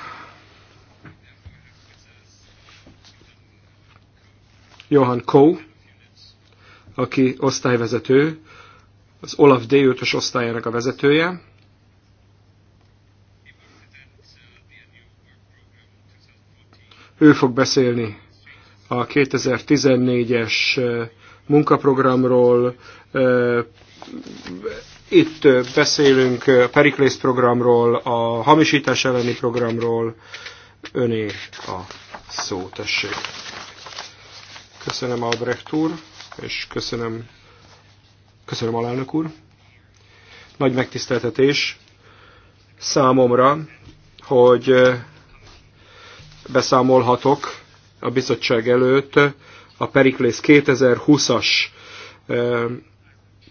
[SPEAKER 1] Johan Kou, aki osztályvezető, az Olaf D. 5-ös osztályának a vezetője. Ő fog beszélni a 2014-es munkaprogramról. Itt beszélünk a Periklész programról, a hamisítás elleni programról. Öné a szó, tessék. Köszönöm Albrecht úr, és köszönöm, köszönöm alelnök úr. Nagy megtiszteltetés számomra, hogy beszámolhatok a bizottság előtt a Periklész 2020-as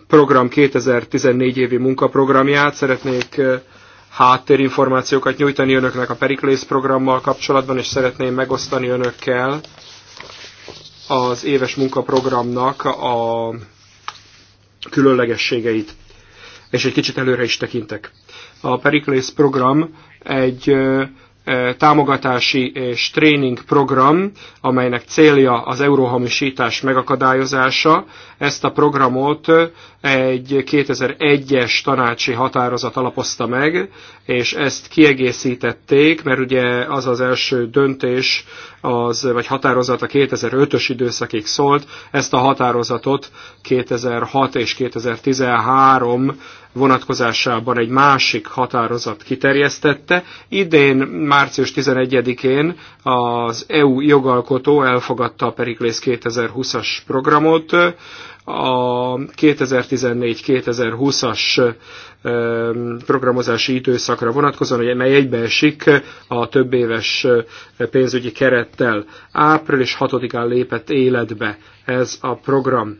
[SPEAKER 1] program 2014 évi munkaprogramját. Szeretnék háttérinformációkat nyújtani önöknek a Periklész programmal kapcsolatban, és szeretném megosztani önökkel az éves munkaprogramnak a különlegességeit, és egy kicsit előre is tekintek. A Pericles program egy támogatási és tréning program, amelynek célja az euróhamisítás megakadályozása. Ezt a programot egy 2001-es tanácsi határozat alapozta meg, és ezt kiegészítették, mert ugye az az első döntés, az, vagy határozat a 2005-ös időszakig szólt, ezt a határozatot 2006 és 2013 vonatkozásában egy másik határozat kiterjesztette. Idén, március 11-én az EU jogalkotó elfogadta a Periklész 2020-as programot, a 2014-2020-as programozási időszakra vonatkozóan, mely egybeesik a több éves pénzügyi kerettel. Április 6-án lépett életbe ez a program.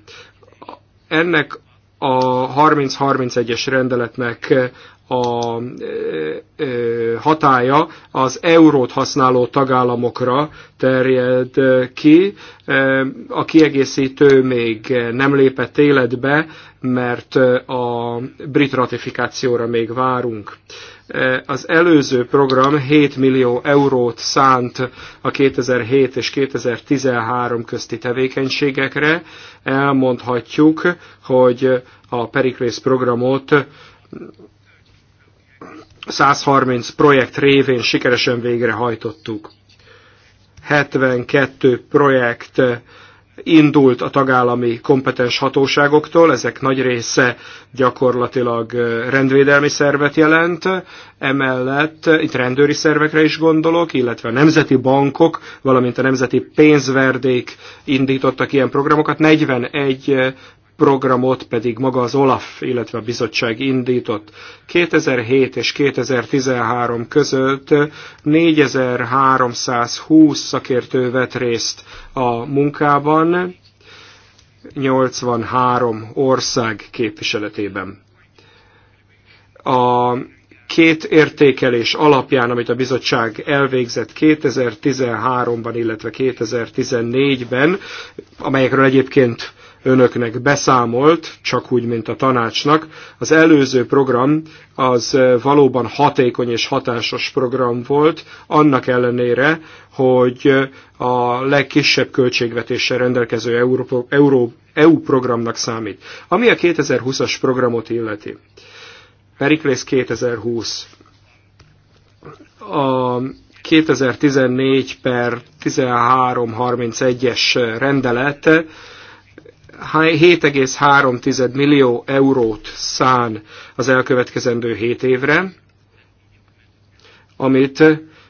[SPEAKER 1] Ennek a 30-31-es rendeletnek e, a e, e, hatája az eurót használó tagállamokra terjed ki. A kiegészítő még nem lépett életbe, mert a brit ratifikációra még várunk. Eh, az előző program 7 millió eurót szánt a 2007 és 2013 közti tevékenységekre. Elmondhatjuk, hogy a Periklész programot 130 projekt révén sikeresen végrehajtottuk. 72 projekt indult a tagállami kompetens hatóságoktól, ezek nagy része gyakorlatilag rendvédelmi szervet jelent, emellett itt rendőri szervekre is gondolok, illetve a nemzeti bankok, valamint a nemzeti pénzverdék indítottak ilyen programokat, 41 programot pedig maga az OLAF, illetve a bizottság indított. 2007 és 2013 között 4320 szakértő vett részt a munkában, 83 ország képviseletében. A két értékelés alapján, amit a bizottság elvégzett 2013-ban, illetve 2014-ben, amelyekről egyébként önöknek beszámolt, csak úgy, mint a tanácsnak. Az előző program az valóban hatékony és hatásos program volt, annak ellenére, hogy a legkisebb költségvetéssel rendelkező Euró, Euró, EU programnak számít. Ami a 2020-as programot illeti. Periklész 2020. A 2014 per 1331-es rendelet 7,3 millió eurót szán az elkövetkezendő 7 évre, amit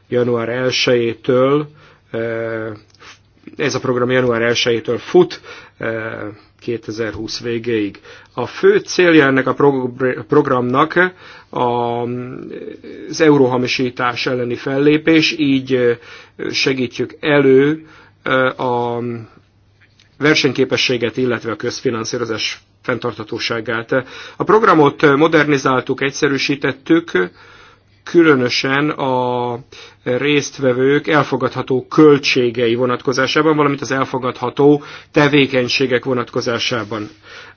[SPEAKER 1] január 1-től eh, ez a program január 1-től fut 2020 eh, végéig. A fő célja ennek a programnak az euróhamisítás elleni fellépés, így eh, segítjük elő a versenyképességet, illetve a közfinanszírozás fenntarthatóságát. A programot modernizáltuk, egyszerűsítettük, különösen a résztvevők elfogadható költségei vonatkozásában, valamint az elfogadható tevékenységek vonatkozásában.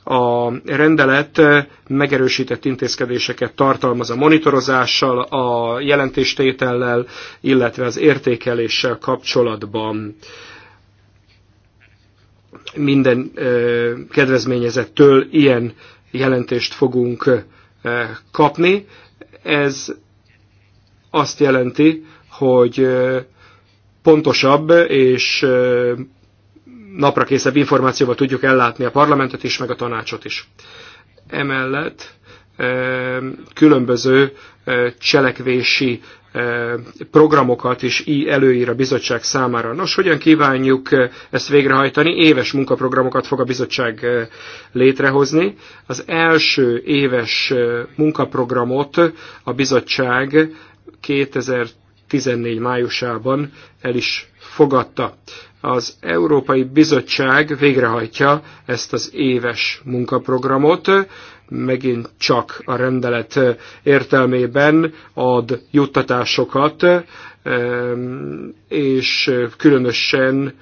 [SPEAKER 1] A rendelet megerősített intézkedéseket tartalmaz a monitorozással, a jelentéstétellel, illetve az értékeléssel kapcsolatban minden kedvezményezettől ilyen jelentést fogunk kapni. Ez azt jelenti, hogy pontosabb és naprakészebb információval tudjuk ellátni a parlamentet is, meg a tanácsot is. Emellett különböző cselekvési programokat is előír a bizottság számára. Nos, hogyan kívánjuk ezt végrehajtani? Éves munkaprogramokat fog a bizottság létrehozni. Az első éves munkaprogramot a bizottság 2014 májusában el is fogadta. Az Európai Bizottság végrehajtja ezt az éves munkaprogramot, megint csak a rendelet értelmében ad juttatásokat, és különösen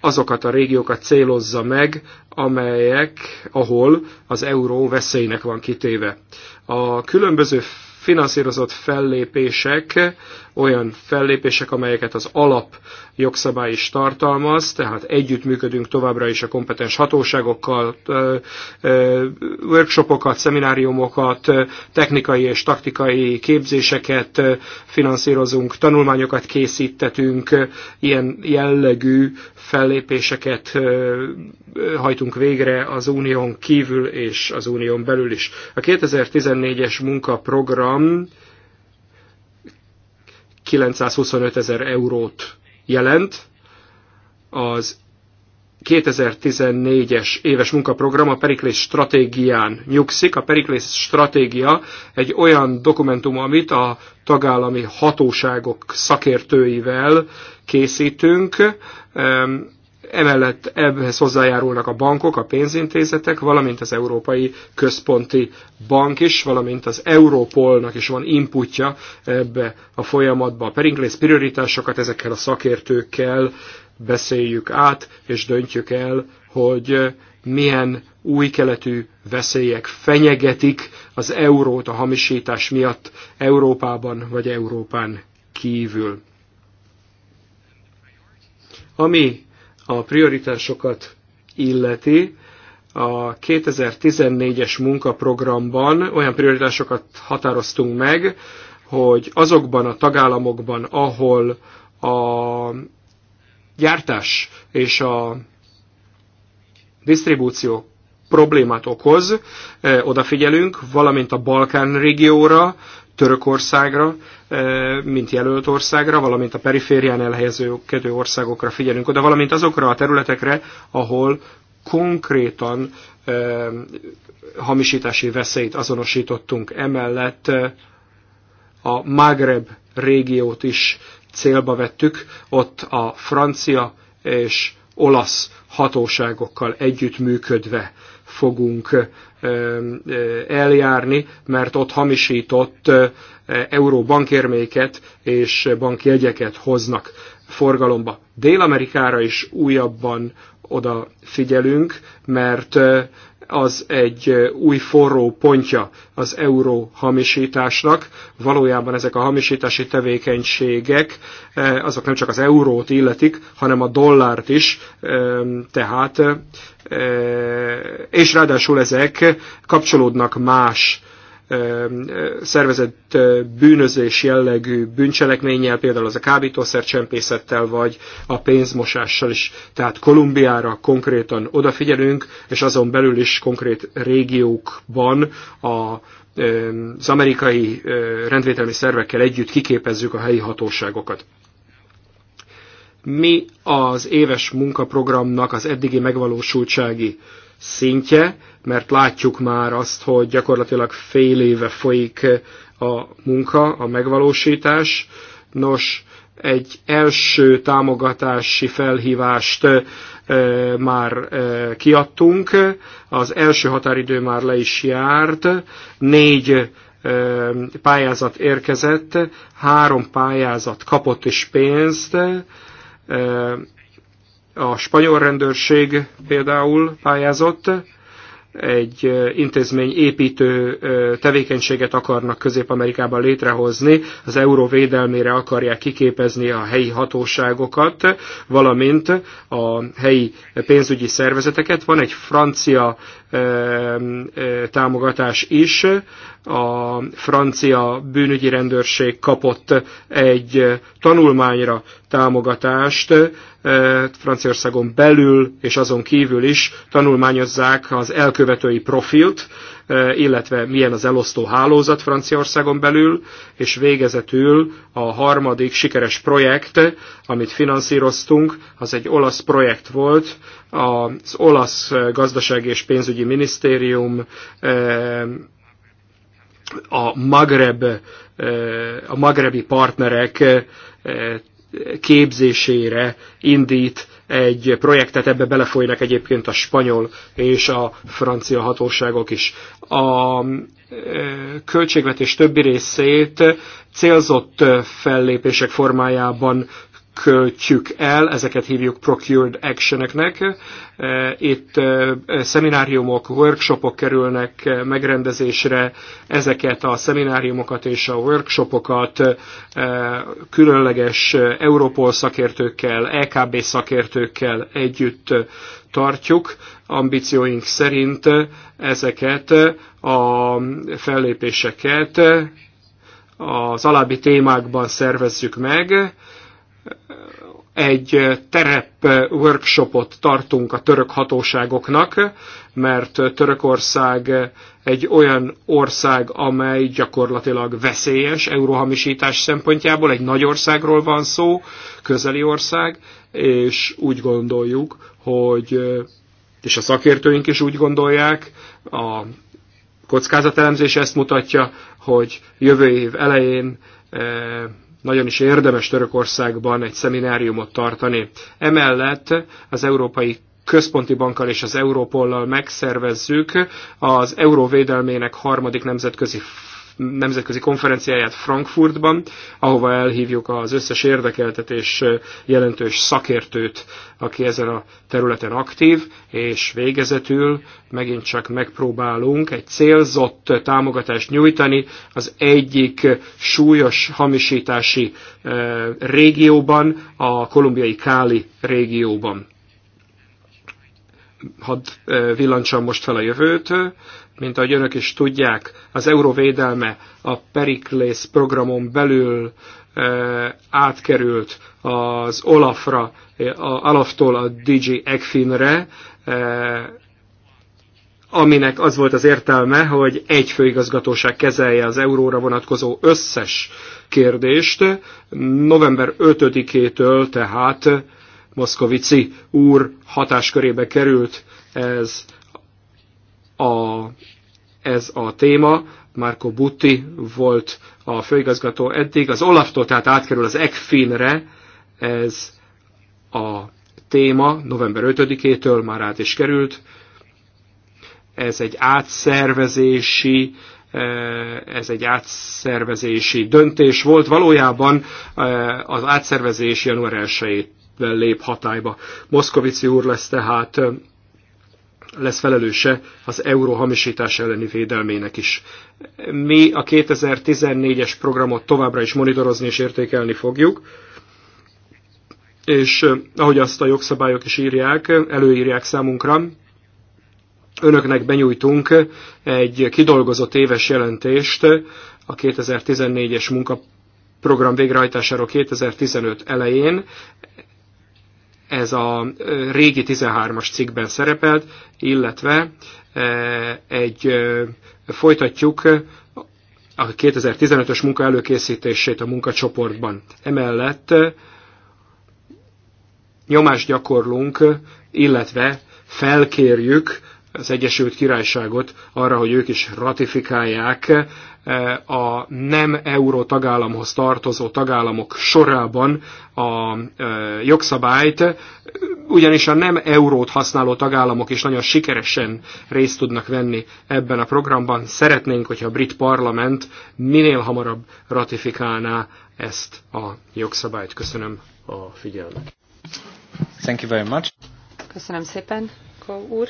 [SPEAKER 1] azokat a régiókat célozza meg, amelyek, ahol az euró veszélynek van kitéve. A különböző finanszírozott fellépések olyan fellépések, amelyeket az alap jogszabály is tartalmaz, tehát együttműködünk továbbra is a kompetens hatóságokkal, workshopokat, szemináriumokat, technikai és taktikai képzéseket finanszírozunk, tanulmányokat készítetünk, ilyen jellegű fellépéseket hajtunk végre az unión kívül és az unión belül is. A 2014-es munkaprogram 925 ezer eurót jelent, az 2014-es éves munkaprogram a Periklész stratégián nyugszik. A Periklész stratégia egy olyan dokumentum, amit a tagállami hatóságok szakértőivel készítünk. Emellett ehhez hozzájárulnak a bankok, a pénzintézetek, valamint az Európai Központi Bank is, valamint az Európolnak is van inputja ebbe a folyamatba. A peringlész prioritásokat ezekkel a szakértőkkel beszéljük át, és döntjük el, hogy milyen új keletű veszélyek fenyegetik az eurót a hamisítás miatt Európában vagy Európán kívül. Ami a prioritásokat illeti, a 2014-es munkaprogramban olyan prioritásokat határoztunk meg, hogy azokban a tagállamokban, ahol a gyártás és a disztribúció problémát okoz, eh, odafigyelünk, valamint a Balkán régióra, Törökországra, mint jelölt országra, valamint a periférián elhelyezőkedő országokra figyelünk oda, valamint azokra a területekre, ahol konkrétan hamisítási veszélyt azonosítottunk. Emellett a Magreb régiót is célba vettük, ott a francia és olasz hatóságokkal együttműködve fogunk eljárni, mert ott hamisított euró bankérméket és jegyeket hoznak forgalomba. Dél-Amerikára is újabban oda figyelünk, mert az egy új forró pontja az euró hamisításnak. Valójában ezek a hamisítási tevékenységek azok nem csak az eurót illetik, hanem a dollárt is, tehát és ráadásul ezek kapcsolódnak más szervezett bűnözés jellegű bűncselekménnyel, például az a kábítószercsempészettel vagy a pénzmosással is. Tehát Kolumbiára konkrétan odafigyelünk, és azon belül is konkrét régiókban a az amerikai rendvédelmi szervekkel együtt kiképezzük a helyi hatóságokat. Mi az éves munkaprogramnak az eddigi megvalósultsági szintje, mert látjuk már azt, hogy gyakorlatilag fél éve folyik a munka, a megvalósítás. Nos, egy első támogatási felhívást már kiadtunk. Az első határidő már le is járt. Négy pályázat érkezett, három pályázat kapott is pénzt. A spanyol rendőrség például pályázott, egy intézmény építő tevékenységet akarnak Közép-Amerikában létrehozni, az euró védelmére akarják kiképezni a helyi hatóságokat, valamint a helyi pénzügyi szervezeteket. Van egy francia támogatás is. A francia bűnügyi rendőrség kapott egy tanulmányra támogatást. Franciaországon belül és azon kívül is tanulmányozzák az elkövetői profilt, illetve milyen az elosztó hálózat Franciaországon belül, és végezetül a harmadik sikeres projekt, amit finanszíroztunk, az egy olasz projekt volt, az olasz gazdasági és pénzügyi minisztérium a Magreb, a magrebi partnerek képzésére indít egy projektet, ebbe belefolynak egyébként a spanyol és a francia hatóságok is. A költségvetés többi részét célzott fellépések formájában költjük el, ezeket hívjuk procured actioneknek. E, itt e, szemináriumok, workshopok kerülnek megrendezésre, ezeket a szemináriumokat és a workshopokat e, különleges Europol szakértőkkel, EKB szakértőkkel együtt tartjuk. Ambícióink szerint ezeket a fellépéseket az alábbi témákban szervezzük meg, egy terep workshopot tartunk a török hatóságoknak, mert Törökország egy olyan ország, amely gyakorlatilag veszélyes euróhamisítás szempontjából, egy nagy országról van szó, közeli ország, és úgy gondoljuk, hogy, és a szakértőink is úgy gondolják, a kockázatelemzés ezt mutatja, hogy jövő év elején eh, nagyon is érdemes Törökországban egy szemináriumot tartani. Emellett az Európai Központi Bankkal és az Európollal megszervezzük az euróvédelmének harmadik nemzetközi nemzetközi konferenciáját Frankfurtban, ahova elhívjuk az összes érdekeltet és jelentős szakértőt, aki ezen a területen aktív, és végezetül megint csak megpróbálunk egy célzott támogatást nyújtani az egyik súlyos hamisítási régióban, a kolumbiai Káli régióban hadd villancsam most fel a jövőt, mint ahogy önök is tudják, az euróvédelme a Periklés programon belül e, átkerült az Olafra, a Alaftól a DG Ekfinre, e, aminek az volt az értelme, hogy egy főigazgatóság kezelje az euróra vonatkozó összes kérdést. November 5-től tehát Moszkovici úr hatáskörébe került ez a, ez a téma. Marco Butti volt a főigazgató eddig, az Olaftól tehát átkerül az ECFIN-re ez a téma, november 5-től már át is került. Ez egy átszervezési eh, ez egy átszervezési döntés volt. Valójában eh, az átszervezés január 1 lép hatályba. Moszkovici úr lesz tehát eh, lesz felelőse az euró hamisítás elleni védelmének is. Mi a 2014-es programot továbbra is monitorozni és értékelni fogjuk, és eh, ahogy azt a jogszabályok is írják, előírják számunkra, önöknek benyújtunk egy kidolgozott éves jelentést a 2014-es munkaprogram végrehajtásáról 2015 elején ez a régi 13-as cikkben szerepelt, illetve egy folytatjuk a 2015-ös munka előkészítését a munkacsoportban. Emellett nyomást gyakorlunk, illetve felkérjük az Egyesült Királyságot arra, hogy ők is ratifikálják a nem euró tagállamhoz tartozó tagállamok sorában a jogszabályt, ugyanis a nem eurót használó tagállamok is nagyon sikeresen részt tudnak venni ebben a programban. Szeretnénk, hogyha a brit parlament minél hamarabb ratifikálná ezt a jogszabályt. Köszönöm a figyelmet. Thank you very much.
[SPEAKER 2] Köszönöm szépen, Kó úr.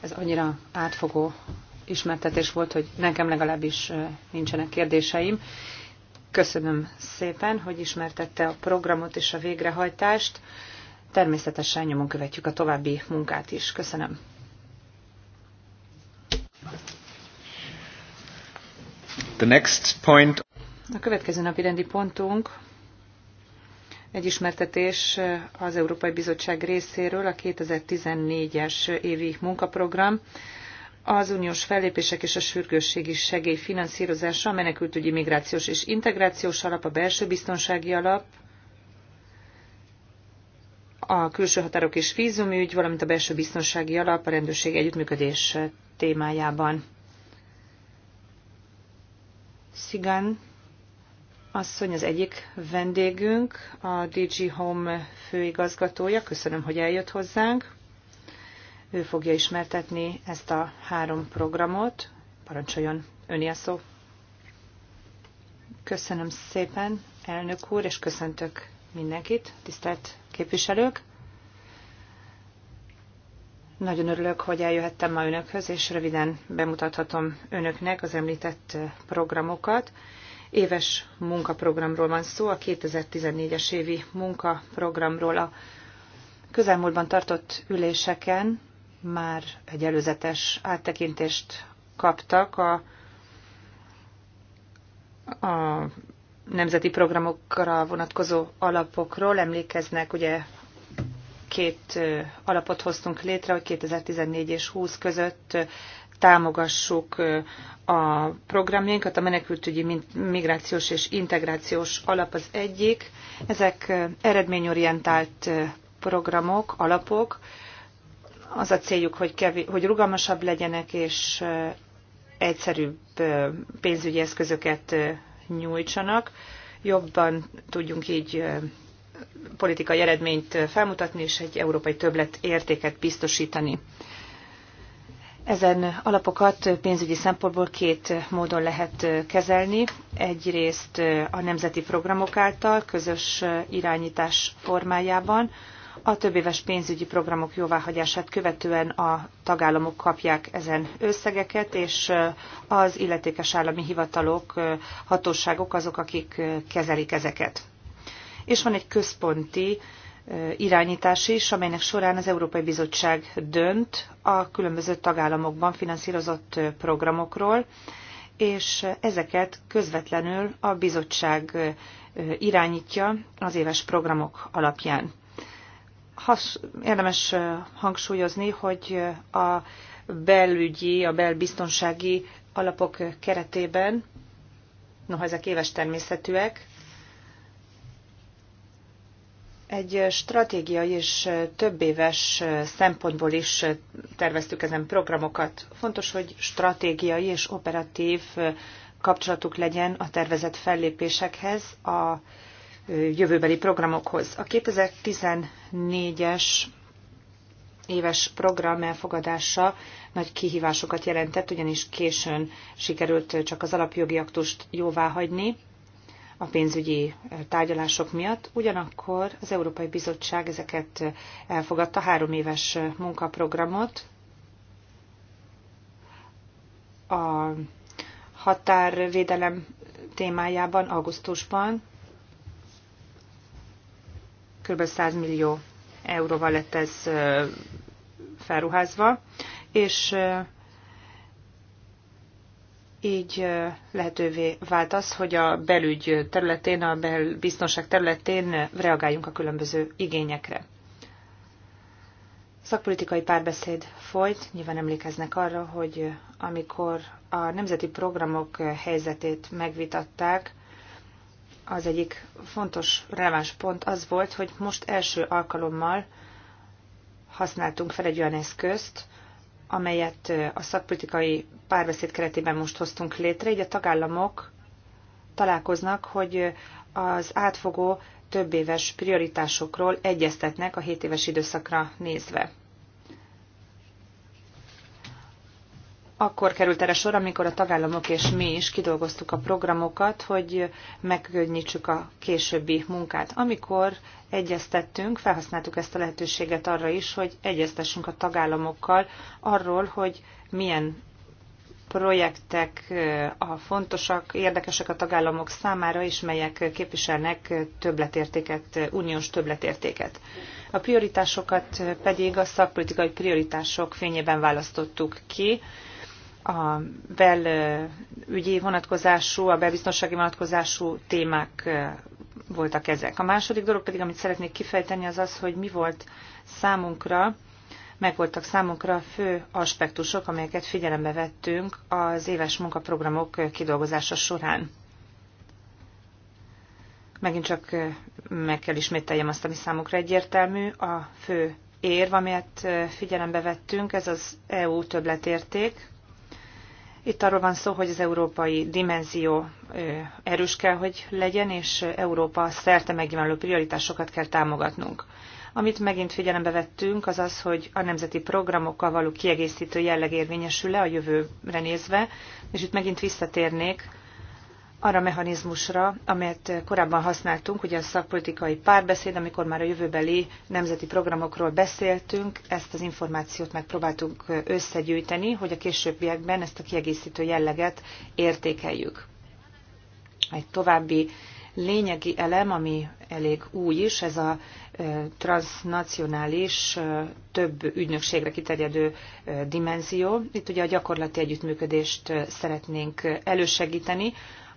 [SPEAKER 2] Ez annyira átfogó ismertetés volt, hogy nekem legalábbis nincsenek kérdéseim. Köszönöm szépen, hogy ismertette a programot és a végrehajtást. Természetesen nyomon követjük a további munkát is. Köszönöm.
[SPEAKER 1] The next point.
[SPEAKER 2] A következő napi rendi pontunk egy ismertetés az Európai Bizottság részéről a 2014-es évi munkaprogram az uniós fellépések és a sürgősségi segély finanszírozása, a menekültügyi migrációs és integrációs alap, a belső biztonsági alap, a külső határok és vízumügy, valamint a belső biztonsági alap a rendőrség együttműködés témájában. Szigán asszony az egyik vendégünk, a DG Home főigazgatója. Köszönöm, hogy eljött hozzánk. Ő fogja ismertetni ezt a három programot. Parancsoljon öni a szó. Köszönöm szépen, elnök úr, és köszöntök mindenkit, tisztelt képviselők. Nagyon örülök, hogy eljöhettem ma önökhöz, és röviden bemutathatom önöknek az említett programokat. Éves munkaprogramról van szó, a 2014-es évi munkaprogramról a közelmúltban tartott üléseken már egy előzetes áttekintést kaptak a, a nemzeti programokra vonatkozó alapokról. Emlékeznek, ugye két alapot hoztunk létre, hogy 2014 és 20 között támogassuk a programjainkat. A menekültügyi migrációs és integrációs alap az egyik. Ezek eredményorientált programok, alapok, az a céljuk, hogy, kevés, hogy rugalmasabb legyenek, és egyszerűbb pénzügyi eszközöket nyújtsanak. Jobban tudjunk így politikai eredményt felmutatni, és egy európai többlet értéket biztosítani. Ezen alapokat pénzügyi szempontból két módon lehet kezelni. Egyrészt a nemzeti programok által, közös irányítás formájában, a többéves pénzügyi programok jóváhagyását követően a tagállamok kapják ezen összegeket, és az illetékes állami hivatalok, hatóságok azok, akik kezelik ezeket. És van egy központi irányítás is, amelynek során az Európai Bizottság dönt a különböző tagállamokban finanszírozott programokról, és ezeket közvetlenül a bizottság irányítja az éves programok alapján has, érdemes hangsúlyozni, hogy a belügyi, a belbiztonsági alapok keretében, noha ezek éves természetűek, egy stratégiai és több éves szempontból is terveztük ezen programokat. Fontos, hogy stratégiai és operatív kapcsolatuk legyen a tervezett fellépésekhez, a jövőbeli programokhoz. A 2014-es éves program elfogadása nagy kihívásokat jelentett, ugyanis későn sikerült csak az alapjogi aktust jóvá hagyni a pénzügyi eh, tárgyalások miatt. Ugyanakkor az Európai Bizottság ezeket eh, elfogadta, három éves eh, munkaprogramot. A határvédelem témájában augusztusban kb. 100 millió euróval lett ez felruházva, és így lehetővé vált az, hogy a belügy területén, a biztonság területén reagáljunk a különböző igényekre. Szakpolitikai párbeszéd folyt, nyilván emlékeznek arra, hogy amikor a nemzeti programok helyzetét megvitatták, az egyik fontos releváns pont az volt, hogy most első alkalommal használtunk fel egy olyan eszközt, amelyet a szakpolitikai párbeszéd keretében most hoztunk létre, így a tagállamok találkoznak, hogy az átfogó több éves prioritásokról egyeztetnek a 7 éves időszakra nézve. akkor került erre sor, amikor a tagállamok és mi is kidolgoztuk a programokat, hogy megkönnyítsük a későbbi munkát. Amikor egyeztettünk, felhasználtuk ezt a lehetőséget arra is, hogy egyeztessünk a tagállamokkal arról, hogy milyen projektek eh, a fontosak, érdekesek a tagállamok számára, és melyek képviselnek többletértéket, uniós többletértéket. A prioritásokat pedig a szakpolitikai prioritások fényében választottuk ki, a ügyi vonatkozású, a belbiztonsági vonatkozású témák voltak ezek. A második dolog pedig, amit szeretnék kifejteni, az az, hogy mi volt számunkra, meg voltak számunkra a fő aspektusok, amelyeket figyelembe vettünk az éves munkaprogramok kidolgozása során. Megint csak meg kell ismételjem azt, ami számukra egyértelmű, a fő érv, amelyet figyelembe vettünk, ez az EU többletérték, itt arról van szó, hogy az európai dimenzió erős kell, hogy legyen, és Európa szerte megjelenő prioritásokat kell támogatnunk. Amit megint figyelembe vettünk, az az, hogy a nemzeti programokkal való kiegészítő jelleg érvényesül-e a jövőre nézve, és itt megint visszatérnék arra a mechanizmusra, amelyet korábban használtunk, ugye a szakpolitikai párbeszéd, amikor már a jövőbeli nemzeti programokról beszéltünk, ezt az információt megpróbáltunk összegyűjteni, hogy a későbbiekben ezt a kiegészítő jelleget értékeljük. Egy további lényegi elem, ami elég új is, ez a transnacionális több ügynökségre kiterjedő dimenzió. Itt ugye a gyakorlati együttműködést szeretnénk elősegíteni,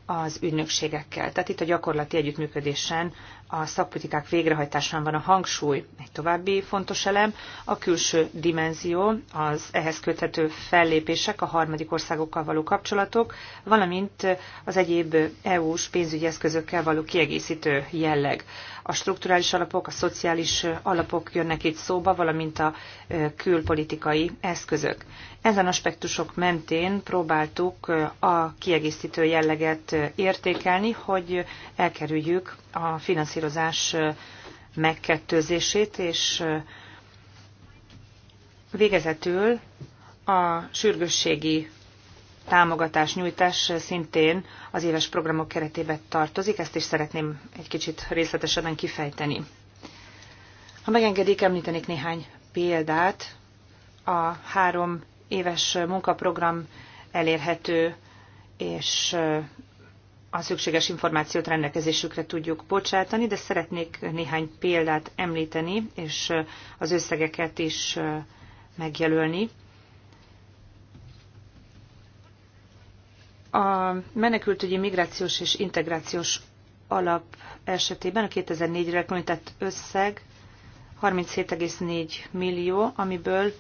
[SPEAKER 2] az ügynökségekkel. Tehát itt a gyakorlati együttműködésen, a szakpolitikák végrehajtásán van a hangsúly. Egy további fontos elem a külső dimenzió, az ehhez köthető fellépések, a harmadik országokkal való kapcsolatok, valamint az egyéb EU-s pénzügyi eszközökkel való kiegészítő jelleg a strukturális alapok, a szociális alapok jönnek itt szóba, valamint a külpolitikai eszközök. Ezen aspektusok mentén próbáltuk a kiegészítő jelleget értékelni, hogy elkerüljük a finanszírozás megkettőzését, és végezetül a sürgősségi támogatás nyújtás szintén az éves programok keretébe tartozik, ezt is szeretném egy kicsit részletesebben kifejteni. Ha megengedik, említenék néhány példát a három éves munkaprogram elérhető és a szükséges információt rendelkezésükre tudjuk bocsátani, de szeretnék néhány példát említeni, és az összegeket is megjelölni, A menekültügyi migrációs és integrációs alap esetében a 2004-re különített összeg 37,4 millió, amiből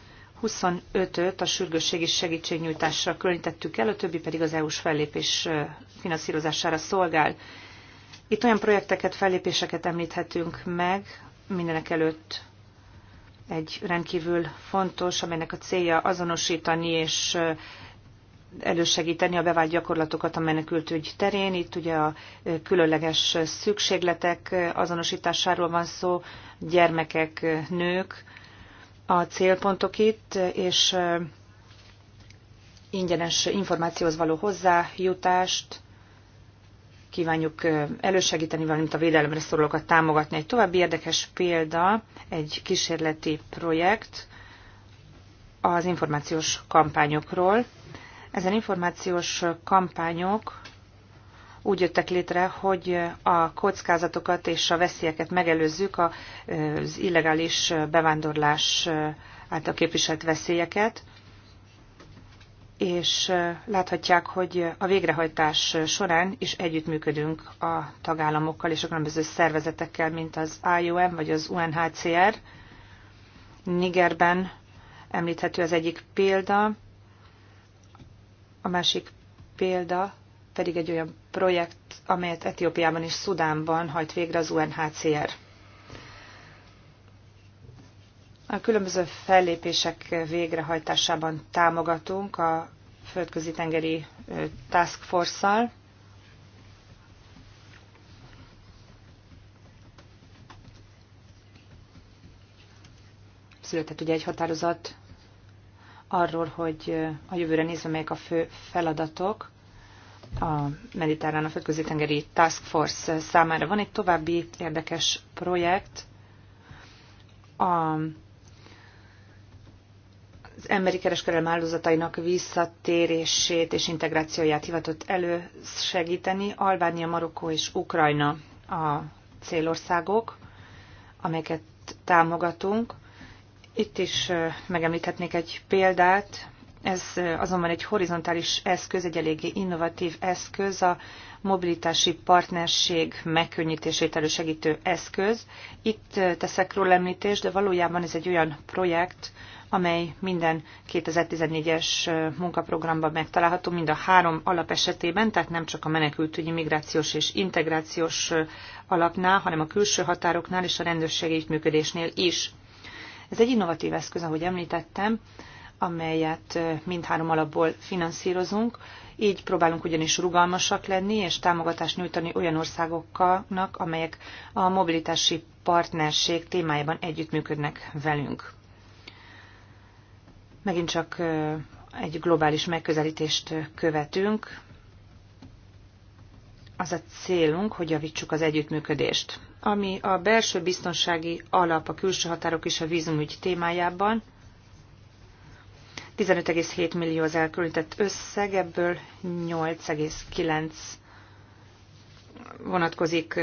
[SPEAKER 2] 25-öt a sürgősségi segítségnyújtásra különítettük el, a többi pedig az EU-s fellépés finanszírozására szolgál. Itt olyan projekteket, fellépéseket említhetünk meg, mindenek előtt egy rendkívül fontos, amelynek a célja azonosítani és elősegíteni a bevált gyakorlatokat a menekültügy terén. Itt ugye a különleges szükségletek azonosításáról van szó, gyermekek, nők a célpontok itt, és ingyenes információhoz való hozzájutást kívánjuk elősegíteni, valamint a védelemre szorulókat támogatni. Egy további érdekes példa, egy kísérleti projekt az információs kampányokról, ezen információs kampányok úgy jöttek létre, hogy a kockázatokat és a veszélyeket megelőzzük, az illegális bevándorlás által képviselt veszélyeket, és láthatják, hogy a végrehajtás során is együttműködünk a tagállamokkal és a különböző szervezetekkel, mint az IOM vagy az UNHCR. Nigerben említhető az egyik példa, a másik példa pedig egy olyan projekt, amelyet Etiópiában és Szudánban hajt végre az UNHCR. A különböző fellépések végrehajtásában támogatunk a földközi tengeri task force-szal. Született ugye egy határozat arról, hogy a jövőre nézve melyek a fő feladatok a mediterrán a földközi tengeri Task Force számára. Van egy további érdekes projekt, a az emberi kereskedelem áldozatainak visszatérését és integrációját hivatott elősegíteni Albánia, Marokkó és Ukrajna a célországok, amelyeket támogatunk. Itt is megemlíthetnék egy példát, ez azonban egy horizontális eszköz, egy eléggé innovatív eszköz, a mobilitási partnerség megkönnyítését elősegítő eszköz. Itt teszek róla említést, de valójában ez egy olyan projekt, amely minden 2014-es munkaprogramban megtalálható, mind a három alap esetében, tehát nem csak a menekültügyi, migrációs és integrációs alapnál, hanem a külső határoknál és a rendőrségi működésnél is. Ez egy innovatív eszköz, ahogy említettem, amelyet mindhárom alapból finanszírozunk, így próbálunk ugyanis rugalmasak lenni és támogatást nyújtani olyan országoknak, amelyek a mobilitási partnerség témájában együttműködnek velünk. Megint csak egy globális megközelítést követünk. Az a célunk, hogy javítsuk az együttműködést ami a belső biztonsági alap a külső határok és a vízumügy témájában. 15,7 millió az elkülönített összeg, ebből 8,9 vonatkozik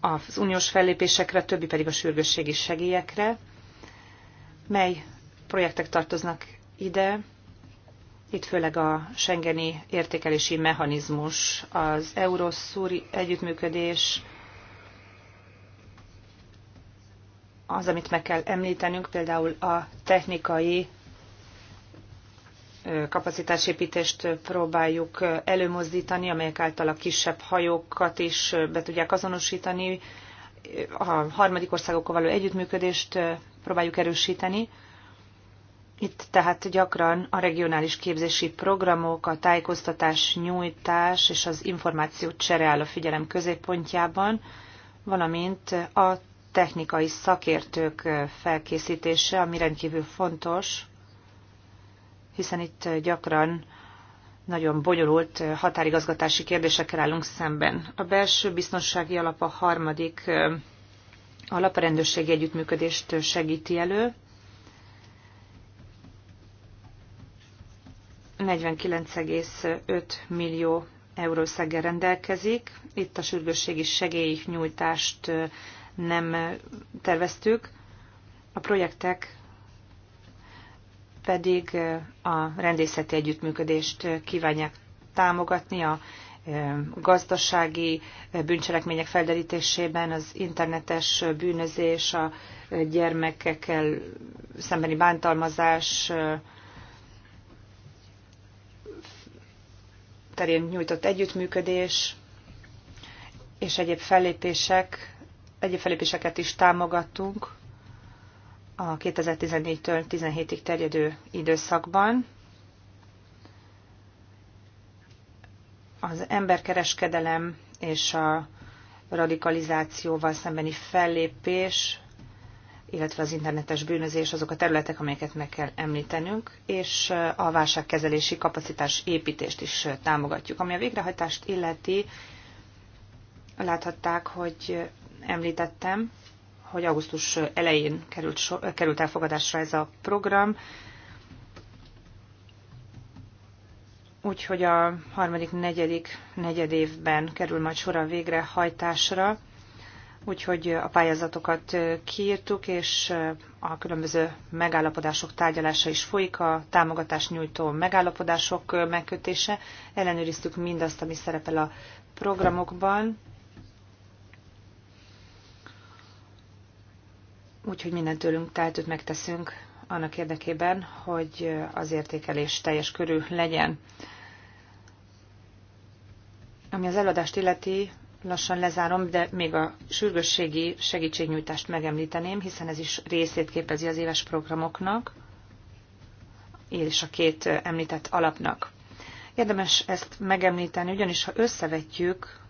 [SPEAKER 2] az uniós fellépésekre, többi pedig a sürgősségi segélyekre. Mely projektek tartoznak ide? Itt főleg a Schengeni értékelési mechanizmus, az Euroszúri együttműködés, az, amit meg kell említenünk, például a technikai kapacitásépítést próbáljuk előmozdítani, amelyek által a kisebb hajókat is be tudják azonosítani, a harmadik országokkal való együttműködést próbáljuk erősíteni. Itt tehát gyakran a regionális képzési programok, a tájékoztatás, nyújtás és az információ csere áll a figyelem középpontjában, valamint a technikai szakértők felkészítése, ami rendkívül fontos, hiszen itt gyakran nagyon bonyolult határigazgatási kérdésekkel állunk szemben. A belső biztonsági alap a harmadik alaprendőrségi együttműködést segíti elő. 49,5 millió eurószeggel rendelkezik. Itt a sürgősségi segélynyújtást nem terveztük, a projektek pedig a rendészeti együttműködést kívánják támogatni a gazdasági bűncselekmények felderítésében, az internetes bűnözés, a gyermekekkel szembeni bántalmazás terén nyújtott együttműködés és egyéb fellépések egyéb felépéseket is támogattunk a 2014-től 17-ig terjedő időszakban. Az emberkereskedelem és a radikalizációval szembeni fellépés, illetve az internetes bűnözés azok a területek, amelyeket meg kell említenünk, és a válságkezelési kapacitás építést is támogatjuk. Ami a végrehajtást illeti, láthatták, hogy említettem, hogy augusztus elején került, so, került elfogadásra ez a program, úgyhogy a harmadik, negyedik, negyed évben kerül majd sor a végrehajtásra, úgyhogy a pályázatokat kiírtuk, és a különböző megállapodások tárgyalása is folyik, a támogatás nyújtó megállapodások megkötése. Ellenőriztük mindazt, ami szerepel a programokban, Úgyhogy mindent tőlünk tehetőt megteszünk annak érdekében, hogy az értékelés teljes körül legyen. Ami az eladást illeti, lassan lezárom, de még a sürgősségi segítségnyújtást megemlíteném, hiszen ez is részét képezi az éves programoknak és a két említett alapnak. Érdemes ezt megemlíteni, ugyanis ha összevetjük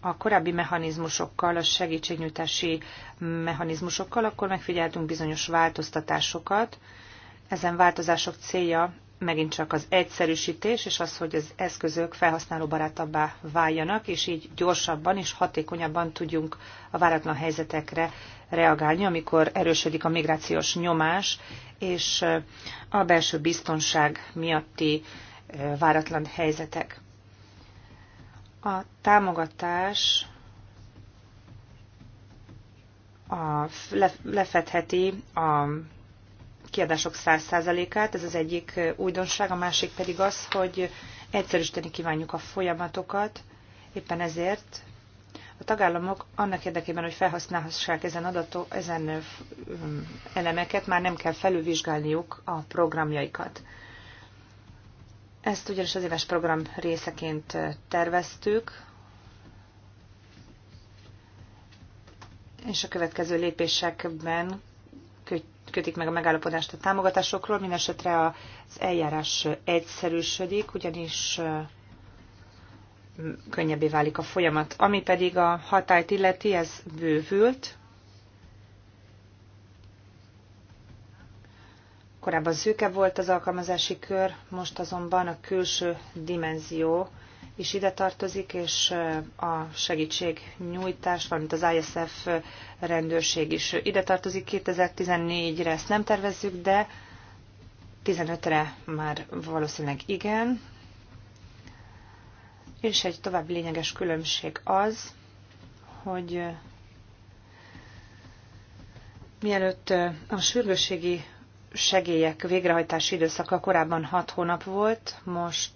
[SPEAKER 2] a korábbi mechanizmusokkal, a segítségnyújtási mechanizmusokkal, akkor megfigyeltünk bizonyos változtatásokat. Ezen változások célja megint csak az egyszerűsítés, és az, hogy az eszközök felhasználóbarátabbá váljanak, és így gyorsabban és hatékonyabban tudjunk a váratlan helyzetekre reagálni, amikor erősödik a migrációs nyomás, és a belső biztonság miatti eh, váratlan helyzetek. A támogatás a, lefedheti a kiadások 100%-át, ez az egyik újdonság, a másik pedig az, hogy egyszerűsíteni kívánjuk a folyamatokat, éppen ezért a tagállamok annak érdekében, hogy felhasználhassák ezen, adatok, ezen elemeket, már nem kell felülvizsgálniuk a programjaikat. Ezt ugyanis az éves program részeként terveztük, és a következő lépésekben kötik meg a megállapodást a támogatásokról, Mindenesetre az eljárás egyszerűsödik, ugyanis könnyebbé válik a folyamat. Ami pedig a hatályt illeti, ez bővült, Korábban szűke volt az alkalmazási kör, most azonban a külső dimenzió is ide tartozik, és a segítségnyújtás, valamint az ISF rendőrség is ide tartozik. 2014-re ezt nem tervezzük, de 15-re már valószínűleg igen. És egy további lényeges különbség az, hogy mielőtt a sürgősségi segélyek végrehajtási időszaka korábban 6 hónap volt, most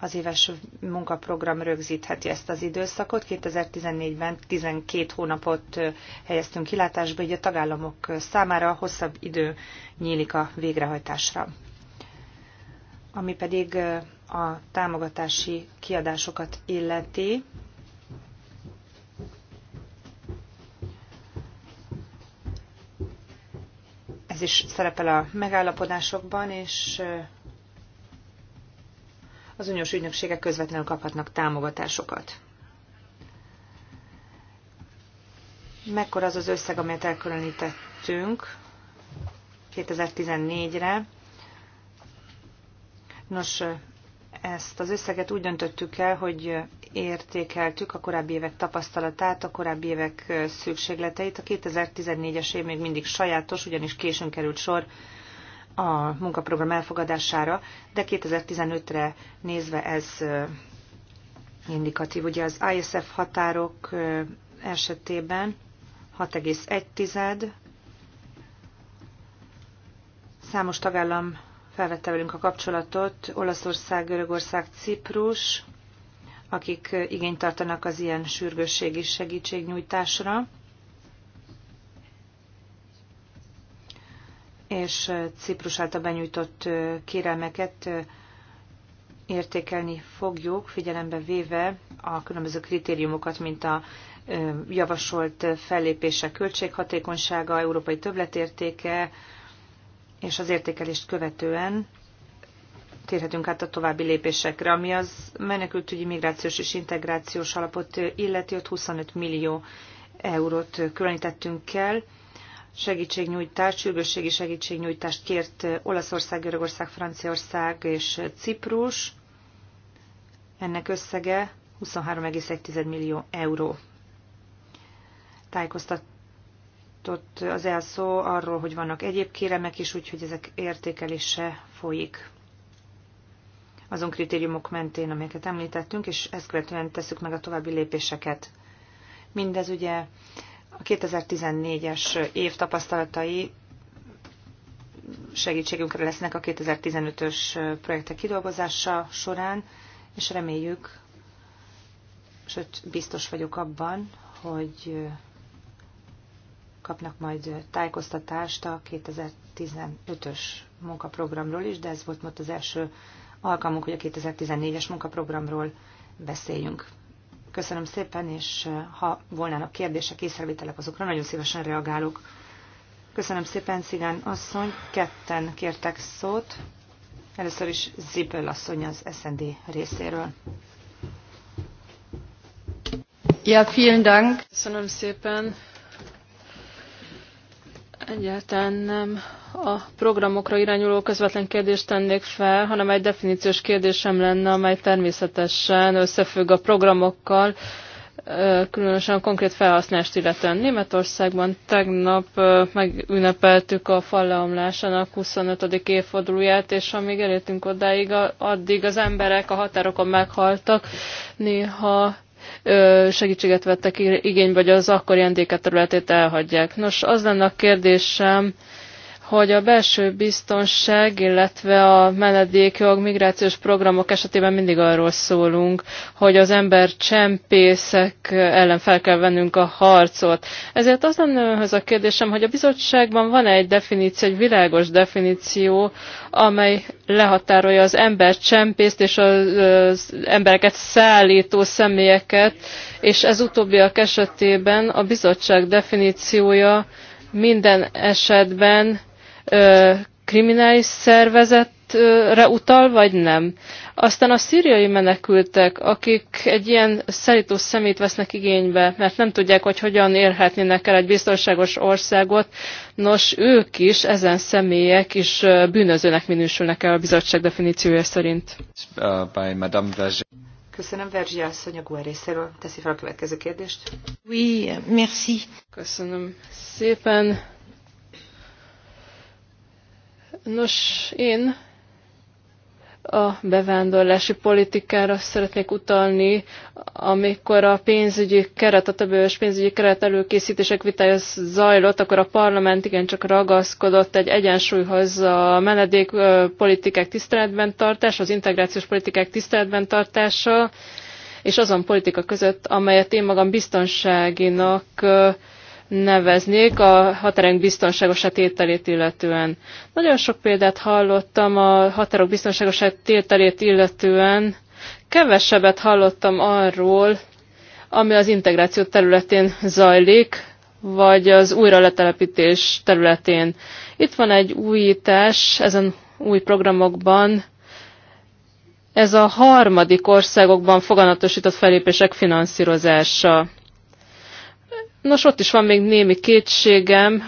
[SPEAKER 2] az éves munkaprogram rögzítheti ezt az időszakot. 2014-ben 12 hónapot helyeztünk kilátásba, így a tagállamok számára hosszabb idő nyílik a végrehajtásra. Ami pedig a támogatási kiadásokat illeti, ez is szerepel a megállapodásokban, és az uniós ügynökségek közvetlenül kaphatnak támogatásokat. Mekkor az az összeg, amelyet elkülönítettünk 2014-re? Nos, ezt az összeget úgy döntöttük el, hogy értékeltük a korábbi évek tapasztalatát, a korábbi évek szükségleteit. A 2014-es év még mindig sajátos, ugyanis későn került sor a munkaprogram elfogadására, de 2015-re nézve ez indikatív. Ugye az ISF határok esetében 6,1 számos tagállam felvette velünk a kapcsolatot, Olaszország, Görögország, Ciprus, akik igényt tartanak az ilyen sürgősségi segítségnyújtásra. És Ciprus által benyújtott kérelmeket értékelni fogjuk, figyelembe véve a különböző kritériumokat, mint a javasolt fellépése költséghatékonysága, európai többletértéke, és az értékelést követően térhetünk át a további lépésekre, ami az menekültügyi migrációs és integrációs alapot illeti, ott 25 millió eurót különítettünk el. Segítségnyújtást, sürgősségi segítségnyújtást kért Olaszország, Görögország, Franciaország és Ciprus. Ennek összege 23,1 millió euró. Tájékoztatott az ELSZO arról, hogy vannak egyéb kéremek is, úgyhogy ezek értékelése folyik azon kritériumok mentén, amelyeket említettünk, és ezt követően tesszük meg a további lépéseket. Mindez ugye a 2014-es év tapasztalatai segítségünkre lesznek a 2015-ös projektek kidolgozása során, és reméljük, sőt biztos vagyok abban, hogy kapnak majd tájékoztatást a 2015-ös munkaprogramról is, de ez volt most az első alkalmunk, hogy a 2014-es munkaprogramról beszéljünk. Köszönöm szépen, és ha volnának kérdések, észrevételek azokra, nagyon szívesen reagálok. Köszönöm szépen, Szigán asszony. Ketten kértek szót. Először is Zippel asszony az SND részéről.
[SPEAKER 3] Ja, vielen Dank. Köszönöm szépen, Egyáltalán nem a programokra irányuló közvetlen kérdést tennék fel, hanem egy definíciós kérdésem lenne, amely természetesen összefügg a programokkal, különösen konkrét felhasználást illetően. Németországban tegnap megünnepeltük a falleomlásának 25. évfordulóját, és amíg elértünk odáig, addig az emberek a határokon meghaltak, néha segítséget vettek igénybe, hogy az akkori NDK területét elhagyják. Nos, az lenne a kérdésem, hogy a belső biztonság, illetve a menedékjog migrációs programok esetében mindig arról szólunk, hogy az ember csempészek ellen fel kell vennünk a harcot. Ezért az lenne önhöz a kérdésem, hogy a bizottságban van -e egy definíció, egy világos definíció, amely lehatárolja az ember csempészt és az embereket szállító személyeket, és ez utóbbiak esetében a bizottság definíciója minden esetben kriminális szervezetre utal, vagy nem. Aztán a szíriai menekültek, akik egy ilyen szerító szemét vesznek igénybe, mert nem tudják, hogy hogyan érhetnének el egy biztonságos országot, nos, ők is, ezen személyek is bűnözőnek minősülnek el a bizottság definíciója szerint.
[SPEAKER 2] Köszönöm, Verzsi asszony a részéről. Teszi fel a következő kérdést.
[SPEAKER 3] Oui, merci. Köszönöm szépen. Nos, én a bevándorlási politikára szeretnék utalni, amikor a pénzügyi keret, a többős pénzügyi keret előkészítések vitája zajlott, akkor a parlament igencsak ragaszkodott egy egyensúlyhoz a menedékpolitikák tiszteletben tartása, az integrációs politikák tiszteletben tartása, és azon politika között, amelyet én magam biztonságinak neveznék a határunk biztonságos tételét illetően. Nagyon sok példát hallottam a határok biztonságos tételét illetően, kevesebbet hallottam arról, ami az integráció területén zajlik, vagy az letelepítés területén. Itt van egy újítás ezen új programokban, ez a harmadik országokban foganatosított felépések finanszírozása. Nos, ott is van még némi kétségem,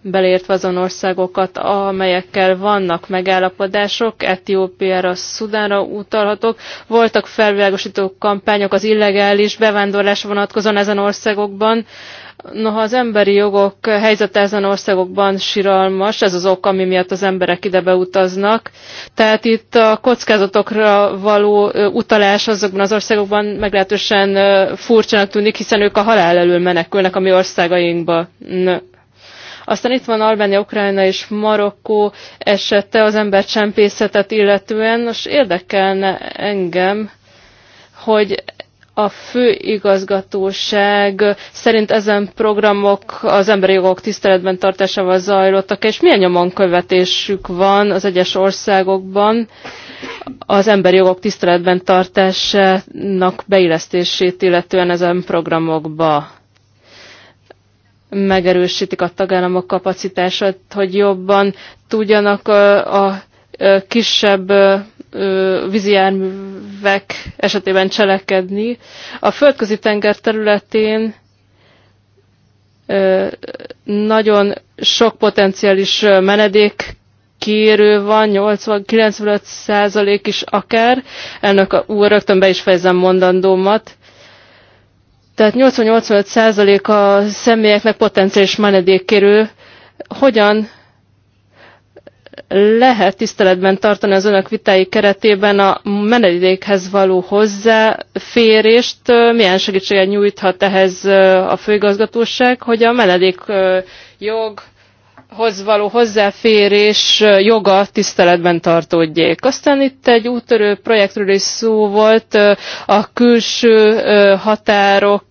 [SPEAKER 3] beleértve azon országokat, amelyekkel vannak megállapodások, Etiópiára, Szudánra utalhatok. Voltak felvilágosító kampányok az illegális bevándorlás vonatkozóan ezen országokban, Noha az emberi jogok helyzete ezen országokban siralmas, ez az ok, ami miatt az emberek ide beutaznak. Tehát itt a kockázatokra való utalás azokban az országokban meglehetősen furcsának tűnik, hiszen ők a halál elől menekülnek a mi országainkba. Aztán itt van Albánia, Ukrajna és Marokkó esete az csempészetet illetően. Most érdekelne engem, hogy a főigazgatóság szerint ezen programok az emberi jogok tiszteletben tartásával zajlottak, és milyen nyomon követésük van az egyes országokban az emberi jogok tiszteletben tartásának beillesztését, illetően ezen programokba megerősítik a tagállamok kapacitását, hogy jobban tudjanak a kisebb vízi járművek esetében cselekedni. A földközi tenger területén nagyon sok potenciális menedék kérő van, 80-95 százalék is akár. Elnök úr, rögtön be is fejezem mondandómat. Tehát 80-85 százalék a személyeknek potenciális menedékkérő. Hogyan lehet tiszteletben tartani az önök vitái keretében a menedékhez való hozzáférést, milyen segítséget nyújthat ehhez a főigazgatóság, hogy a menedék jog hoz való hozzáférés joga tiszteletben tartódjék. Aztán itt egy úttörő projektről is szó volt, a külső határok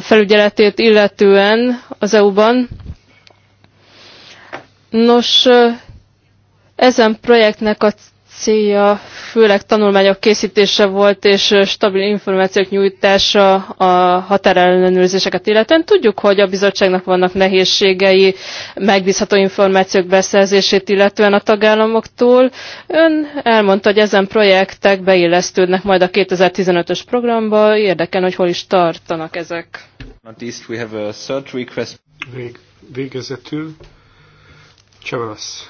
[SPEAKER 3] felügyeletét illetően az EU-ban. Nos, ezen projektnek a célja főleg tanulmányok készítése volt, és stabil információk nyújtása a határellenőrzéseket illetően. Tudjuk, hogy a bizottságnak vannak nehézségei megbízható információk beszerzését illetően a tagállamoktól. Ön elmondta, hogy ezen projektek beillesztődnek majd a 2015-ös programba. Érdekel, hogy hol is tartanak ezek.
[SPEAKER 1] we have a request. Vég, végezetül Csavasz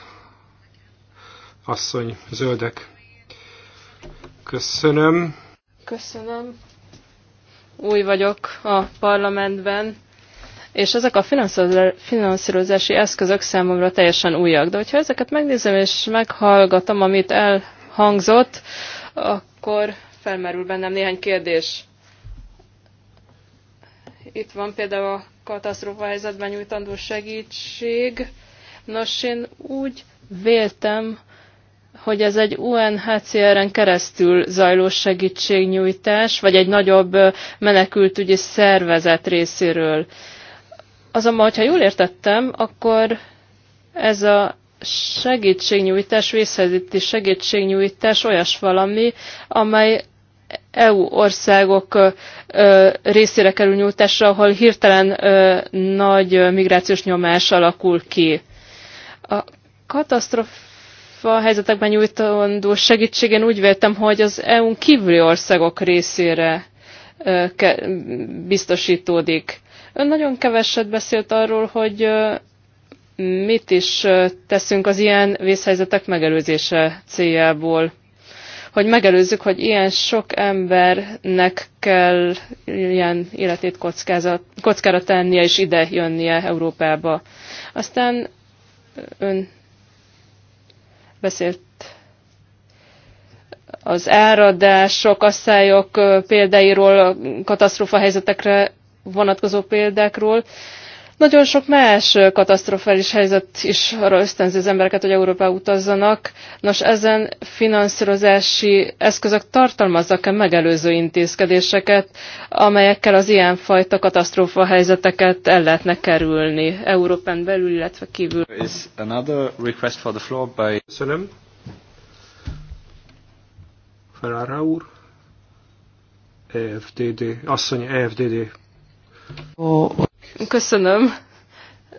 [SPEAKER 1] asszony, zöldek. Köszönöm.
[SPEAKER 3] Köszönöm. Új vagyok a parlamentben, és ezek a finanszírozási eszközök számomra teljesen újak. De hogyha ezeket megnézem és meghallgatom, amit elhangzott, akkor felmerül bennem néhány kérdés. Itt van például a katasztrófa helyzetben nyújtandó segítség. Nos, én úgy véltem, hogy ez egy UNHCR-en keresztül zajló segítségnyújtás, vagy egy nagyobb menekültügyi szervezet részéről. Azonban, hogyha jól értettem, akkor ez a segítségnyújtás, vészhelyzeti segítségnyújtás olyas valami, amely EU országok részére kerül nyújtásra, ahol hirtelen nagy migrációs nyomás alakul ki. A katasztrof a helyzetekben nyújtandó segítségén úgy véltem, hogy az EU-n kívüli országok részére biztosítódik. Ön nagyon keveset beszélt arról, hogy mit is teszünk az ilyen vészhelyzetek megelőzése céljából. Hogy megelőzzük, hogy ilyen sok embernek kell ilyen életét kockára tennie és ide jönnie Európába. Aztán ön Beszélt az áradások, asszályok példáiról, katasztrófa helyzetekre vonatkozó példákról. Nagyon sok más katasztrofális helyzet is arra ösztönzi az embereket, hogy Európa utazzanak. Nos, ezen finanszírozási eszközök tartalmazzak-e megelőző intézkedéseket, amelyekkel az ilyenfajta katasztrófa helyzeteket el lehetne kerülni Európán belül, illetve kívül? Is
[SPEAKER 1] another request for the floor by... Köszönöm. Ferrara úr. EFDD, asszony EFDD. Oh.
[SPEAKER 3] Köszönöm.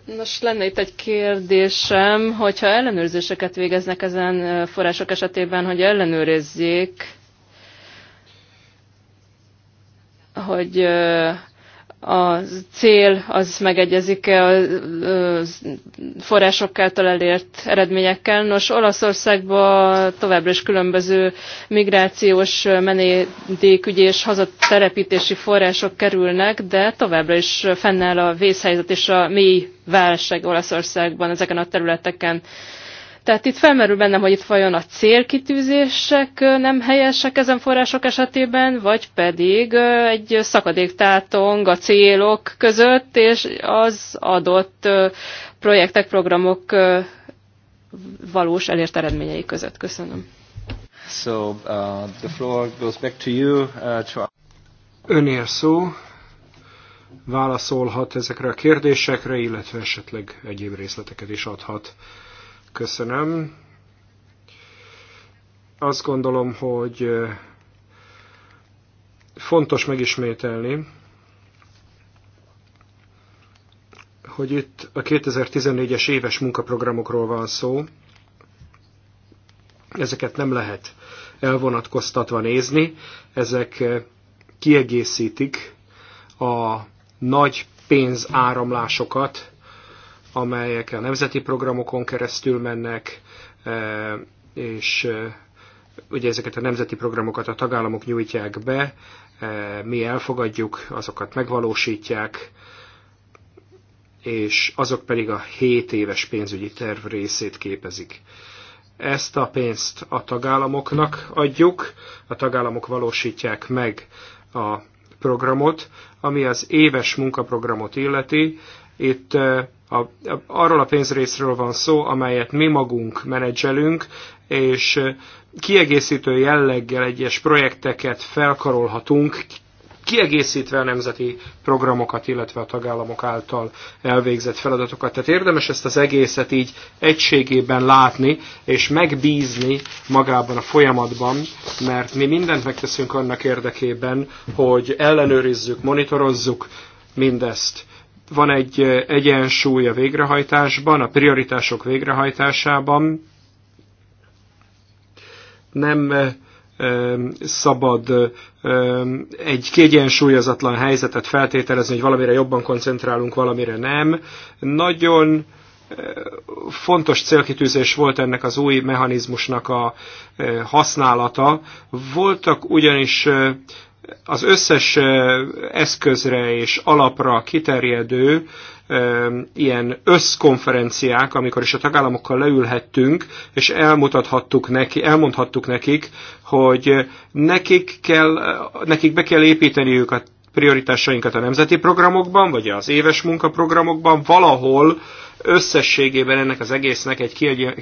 [SPEAKER 3] Nos, lenne itt egy kérdésem, hogyha ellenőrzéseket végeznek ezen források esetében, hogy ellenőrizzék, hogy a cél az megegyezik -e a források által elért eredményekkel. Nos, Olaszországban továbbra is különböző migrációs menedékügyi és hazaterepítési források kerülnek, de továbbra is fennáll a vészhelyzet és a mély válság Olaszországban ezeken a területeken. Tehát itt felmerül bennem, hogy itt vajon a célkitűzések nem helyesek ezen források esetében, vagy pedig egy szakadék a célok között, és az adott projektek, programok valós elért eredményei között. Köszönöm.
[SPEAKER 1] So, uh, the floor goes back to you. Uh, Önér szó válaszolhat ezekre a kérdésekre, illetve esetleg egyéb részleteket is adhat. Köszönöm. Azt gondolom, hogy fontos megismételni, hogy itt a 2014-es éves munkaprogramokról van szó. Ezeket nem lehet elvonatkoztatva nézni. Ezek kiegészítik a nagy pénzáramlásokat, amelyek a nemzeti programokon keresztül mennek, e, és e, ugye ezeket a nemzeti programokat a tagállamok nyújtják be, e, mi elfogadjuk, azokat megvalósítják, és azok pedig a 7 éves pénzügyi terv részét képezik. Ezt a pénzt a tagállamoknak adjuk, a tagállamok valósítják meg a programot, ami az éves munkaprogramot illeti. Itt a, arról a pénzrészről van szó, amelyet mi magunk menedzselünk, és kiegészítő jelleggel egyes projekteket felkarolhatunk, kiegészítve a nemzeti programokat, illetve a tagállamok által elvégzett feladatokat. Tehát érdemes ezt az egészet így egységében látni, és megbízni magában a folyamatban, mert mi mindent megteszünk annak érdekében, hogy ellenőrizzük, monitorozzuk mindezt van egy egyensúly a végrehajtásban, a prioritások végrehajtásában. Nem szabad egy kiegyensúlyozatlan helyzetet feltételezni, hogy valamire jobban koncentrálunk, valamire nem. Nagyon fontos célkitűzés volt ennek az új mechanizmusnak a használata. Voltak ugyanis az összes eszközre és alapra kiterjedő ilyen összkonferenciák, amikor is a tagállamokkal leülhettünk, és elmutathattuk neki, elmondhattuk nekik, hogy nekik, kell, nekik be kell építeniük a prioritásainkat a nemzeti programokban, vagy az éves munkaprogramokban, valahol összességében ennek az egésznek egy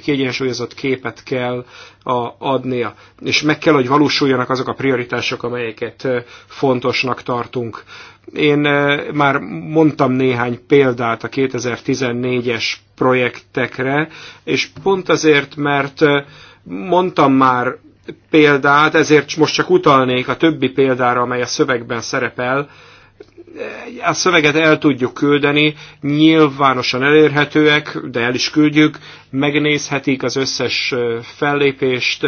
[SPEAKER 1] kiegyensúlyozott képet kell a, adnia, és meg kell, hogy valósuljanak azok a prioritások, amelyeket fontosnak tartunk. Én már mondtam néhány példát a 2014-es projektekre, és pont azért, mert mondtam már példát, ezért most csak utalnék a többi példára, amely a szövegben szerepel, a szöveget el tudjuk küldeni, nyilvánosan elérhetőek, de el is küldjük, megnézhetik az összes fellépést,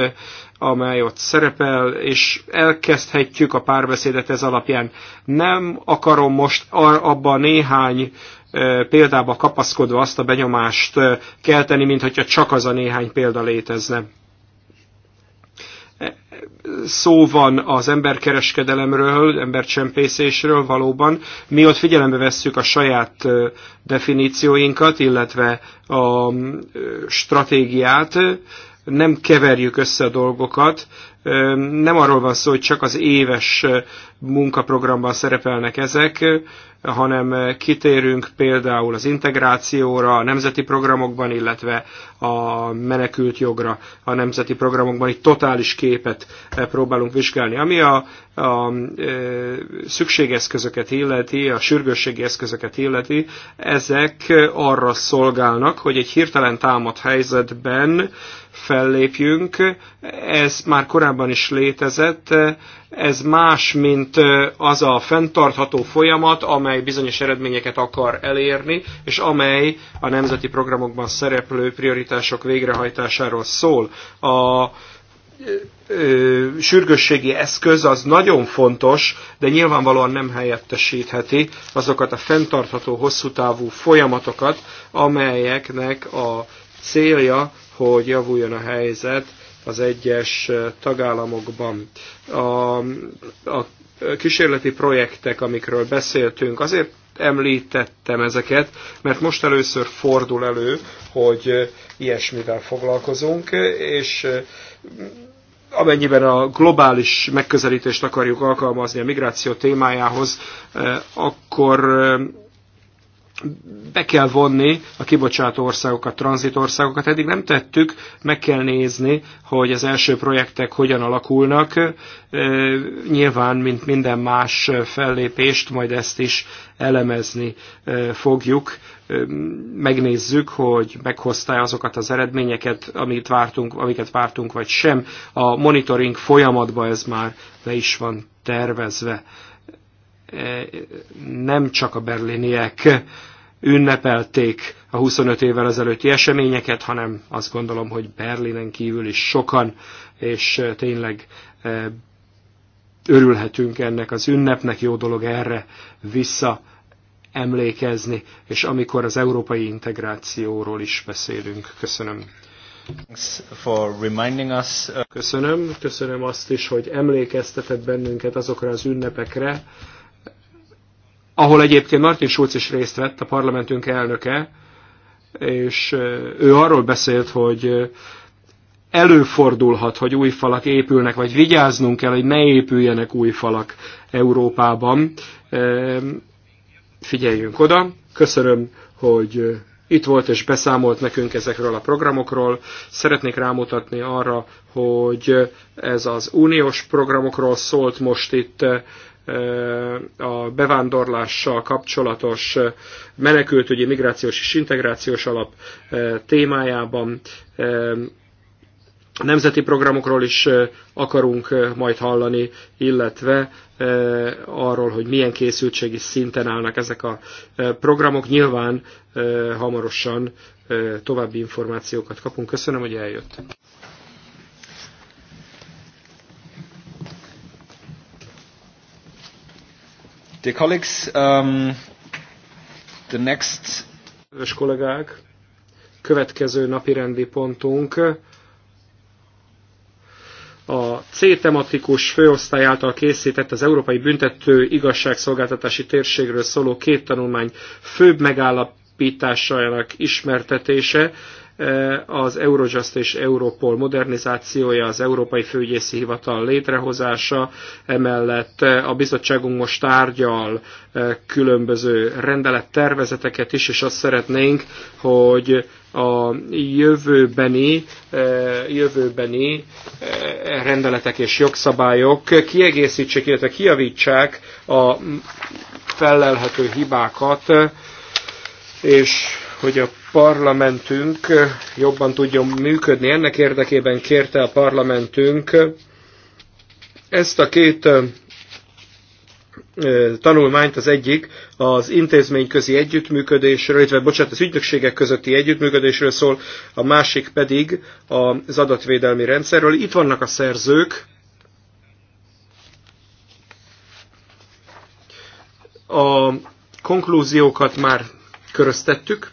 [SPEAKER 1] amely ott szerepel, és elkezdhetjük a párbeszédet ez alapján. Nem akarom most abba néhány példába kapaszkodva azt a benyomást kelteni, mint csak az a néhány példa létezne szó van az emberkereskedelemről, embercsempészésről valóban. Mi ott figyelembe vesszük a saját definícióinkat, illetve a stratégiát, nem keverjük össze a dolgokat, nem arról van szó, hogy csak az éves munkaprogramban szerepelnek ezek, hanem kitérünk például az integrációra, a nemzeti programokban, illetve a menekült jogra a nemzeti programokban, itt totális képet próbálunk vizsgálni. Ami a, a, a e, szükségeszközöket illeti, a sürgősségi eszközöket illeti, ezek arra szolgálnak, hogy egy hirtelen támadt helyzetben fellépjünk. Ez már korábban is létezett, ez más, mint mint az a fenntartható folyamat, amely bizonyos eredményeket akar elérni, és amely a nemzeti programokban szereplő prioritások végrehajtásáról szól. A ö, sürgősségi eszköz az nagyon fontos, de nyilvánvalóan nem helyettesítheti azokat a fenntartható, hosszú távú folyamatokat, amelyeknek a célja, hogy javuljon a helyzet az egyes tagállamokban. A, a kísérleti projektek, amikről beszéltünk, azért említettem ezeket, mert most először fordul elő, hogy ilyesmivel foglalkozunk, és amennyiben a globális megközelítést akarjuk alkalmazni a migráció témájához, akkor be kell vonni a kibocsátó országokat, tranzitországokat. Eddig nem tettük, meg kell nézni, hogy az első projektek hogyan alakulnak. Nyilván, mint minden más fellépést, majd ezt is elemezni fogjuk. Megnézzük, hogy meghozta azokat az eredményeket, amit vártunk, amiket vártunk, vagy sem. A monitoring folyamatban ez már le is van tervezve nem csak a berliniek ünnepelték a 25 évvel ezelőtti eseményeket, hanem azt gondolom, hogy Berlinen kívül is sokan, és tényleg örülhetünk ennek az ünnepnek, jó dolog erre vissza emlékezni, és amikor az európai integrációról is beszélünk. Köszönöm. For reminding us. Uh, köszönöm, köszönöm azt is, hogy emlékeztetett bennünket azokra az ünnepekre, ahol egyébként Martin Schulz is részt vett, a parlamentünk elnöke, és ő arról beszélt, hogy előfordulhat, hogy új falak épülnek, vagy vigyáznunk kell, hogy ne épüljenek új falak Európában. Figyeljünk oda. Köszönöm, hogy itt volt és beszámolt nekünk ezekről a programokról. Szeretnék rámutatni arra, hogy ez az uniós programokról szólt most itt a bevándorlással kapcsolatos menekültügyi, migrációs és integrációs alap eh, témájában eh, nemzeti programokról is eh, akarunk majd hallani, illetve arról, hogy milyen készültségi szinten állnak ezek a programok. Nyilván hamarosan további információkat kapunk. Köszönöm, hogy eljött. Dear colleagues, um, the next... Kedves kollégák, következő napi rendi pontunk a C-tematikus főosztály által készített az Európai Büntető Igazságszolgáltatási Térségről szóló két tanulmány főbb megállapításainak ismertetése az Eurojust és Europol modernizációja, az Európai Főügyészi Hivatal létrehozása, emellett a bizottságunk most tárgyal különböző rendelettervezeteket is, és azt szeretnénk, hogy a jövőbeni, jövőbeni rendeletek és jogszabályok kiegészítsék, illetve kiavítsák a fellelhető hibákat, és hogy a parlamentünk jobban tudjon működni. Ennek érdekében kérte a parlamentünk ezt a két tanulmányt, az egyik az intézményközi együttműködésről, illetve bocsánat, az ügynökségek közötti együttműködésről szól, a másik pedig az adatvédelmi rendszerről. Itt vannak a szerzők. A konklúziókat már köröztettük.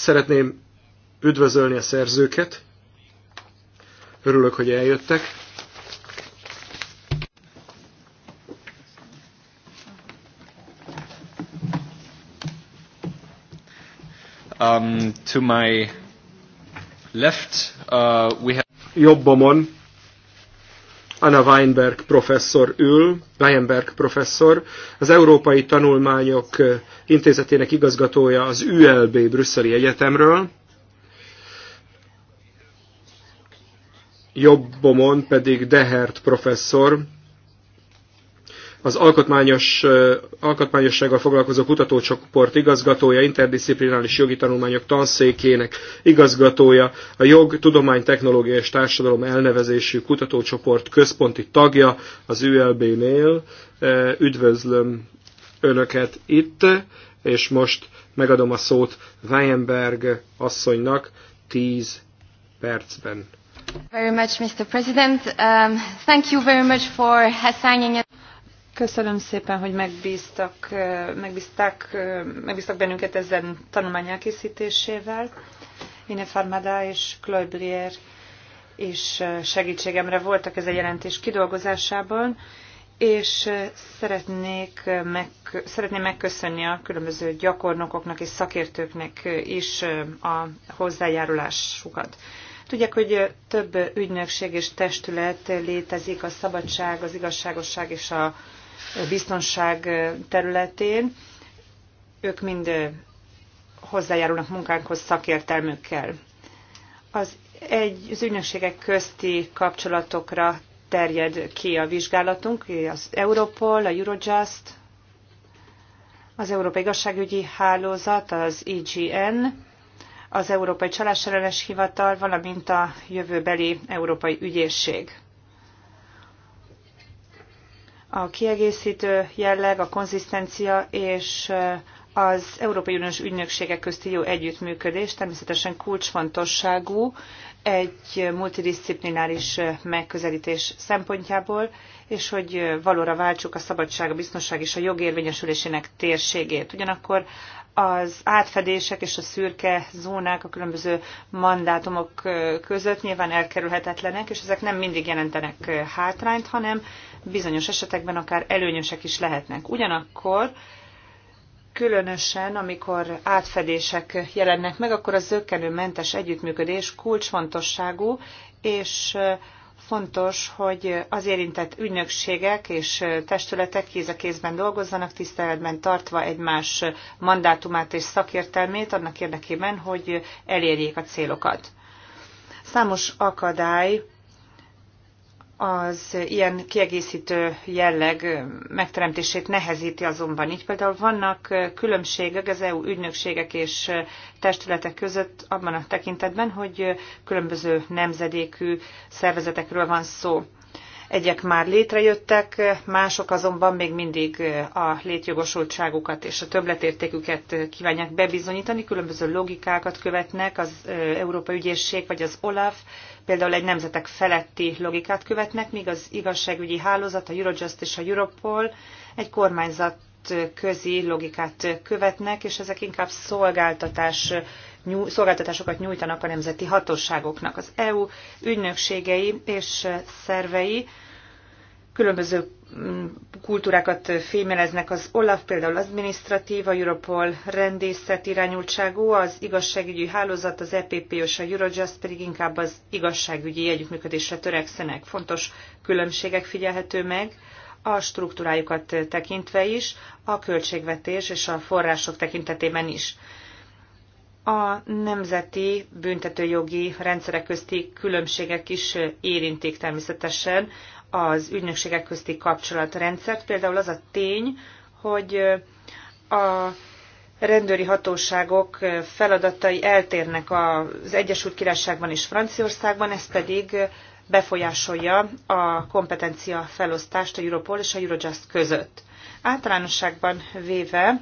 [SPEAKER 1] Szeretném üdvözölni a szerzőket. Örülök, hogy eljöttek. Um, to my left, uh, we have... Jobbomon, Anna Weinberg professzor ül, Weinberg professzor, az Európai Tanulmányok Intézetének igazgatója az ULB Brüsszeli Egyetemről, jobbomon pedig Dehert professzor, az alkotmányos, alkotmányossággal foglalkozó kutatócsoport igazgatója, interdisziplinális jogi tanulmányok tanszékének igazgatója, a jog, tudomány, technológia és társadalom elnevezésű kutatócsoport központi tagja az ULB-nél. Üdvözlöm Önöket itt, és most megadom a szót Weinberg asszonynak 10 percben.
[SPEAKER 2] Very much, Mr. President. Um, thank you very much for assigning Köszönöm szépen, hogy megbíztak, megbíztak, megbíztak bennünket ezen tanulmány elkészítésével. Ine Farmada és Chloe Blier is segítségemre voltak ez a jelentés kidolgozásában, és szeretnék meg, szeretném megköszönni a különböző gyakornokoknak és szakértőknek is a hozzájárulásukat. Tudják, hogy több ügynökség és testület létezik a szabadság, az igazságosság és a biztonság területén. Ők mind hozzájárulnak munkánkhoz szakértelmükkel. Az, egy, az ügynökségek közti kapcsolatokra terjed ki a vizsgálatunk, az Europol, a Eurojust, az Európai Igazságügyi Hálózat, az IGN, az Európai Csalásellenes Hivatal, valamint a jövőbeli Európai Ügyészség a kiegészítő jelleg, a konzisztencia és az Európai Uniós ügynökségek közti jó együttműködés természetesen kulcsfontosságú egy multidisziplináris megközelítés szempontjából, és hogy valóra váltsuk a szabadság, a biztonság és a érvényesülésének térségét. Ugyanakkor az átfedések és a szürke zónák a különböző mandátumok között nyilván elkerülhetetlenek, és ezek nem mindig jelentenek hátrányt, hanem bizonyos esetekben akár előnyösek is lehetnek. Ugyanakkor különösen, amikor átfedések jelennek meg, akkor a zöggenőmentes együttműködés kulcsfontosságú, és fontos, hogy az érintett ügynökségek és testületek kéz a kézben dolgozzanak, tiszteletben tartva egymás mandátumát és szakértelmét annak érdekében, hogy elérjék a célokat. Számos akadály az ilyen kiegészítő jelleg megteremtését nehezíti azonban. Így például vannak különbségek az EU ügynökségek és testületek között abban a tekintetben, hogy különböző nemzedékű szervezetekről van szó. Egyek már létrejöttek, mások azonban még mindig a létjogosultságukat és a többletértéküket kívánják bebizonyítani, különböző logikákat követnek az Európai Ügyészség vagy az OLAF, például egy nemzetek feletti logikát követnek, míg az igazságügyi hálózat, a Eurojust és a Europol egy kormányzat közi logikát követnek, és ezek inkább szolgáltatás szolgáltatásokat nyújtanak a nemzeti hatóságoknak. Az EU ügynökségei és szervei különböző mm, kultúrákat fémeleznek. Az OLAF például administratív, a Europol rendészet irányultságú, az igazságügyi hálózat, az EPP és a Eurojust pedig inkább az igazságügyi együttműködésre törekszenek. Fontos különbségek figyelhető meg a struktúrájukat tekintve is, a költségvetés és a források tekintetében is a nemzeti büntetőjogi rendszerek közti különbségek is érintik természetesen az ügynökségek közti kapcsolatrendszert. Például az a tény, hogy a rendőri hatóságok feladatai eltérnek az Egyesült Királyságban és Franciaországban, ez pedig befolyásolja a kompetencia felosztást a Europol és a Eurojust között. Általánosságban véve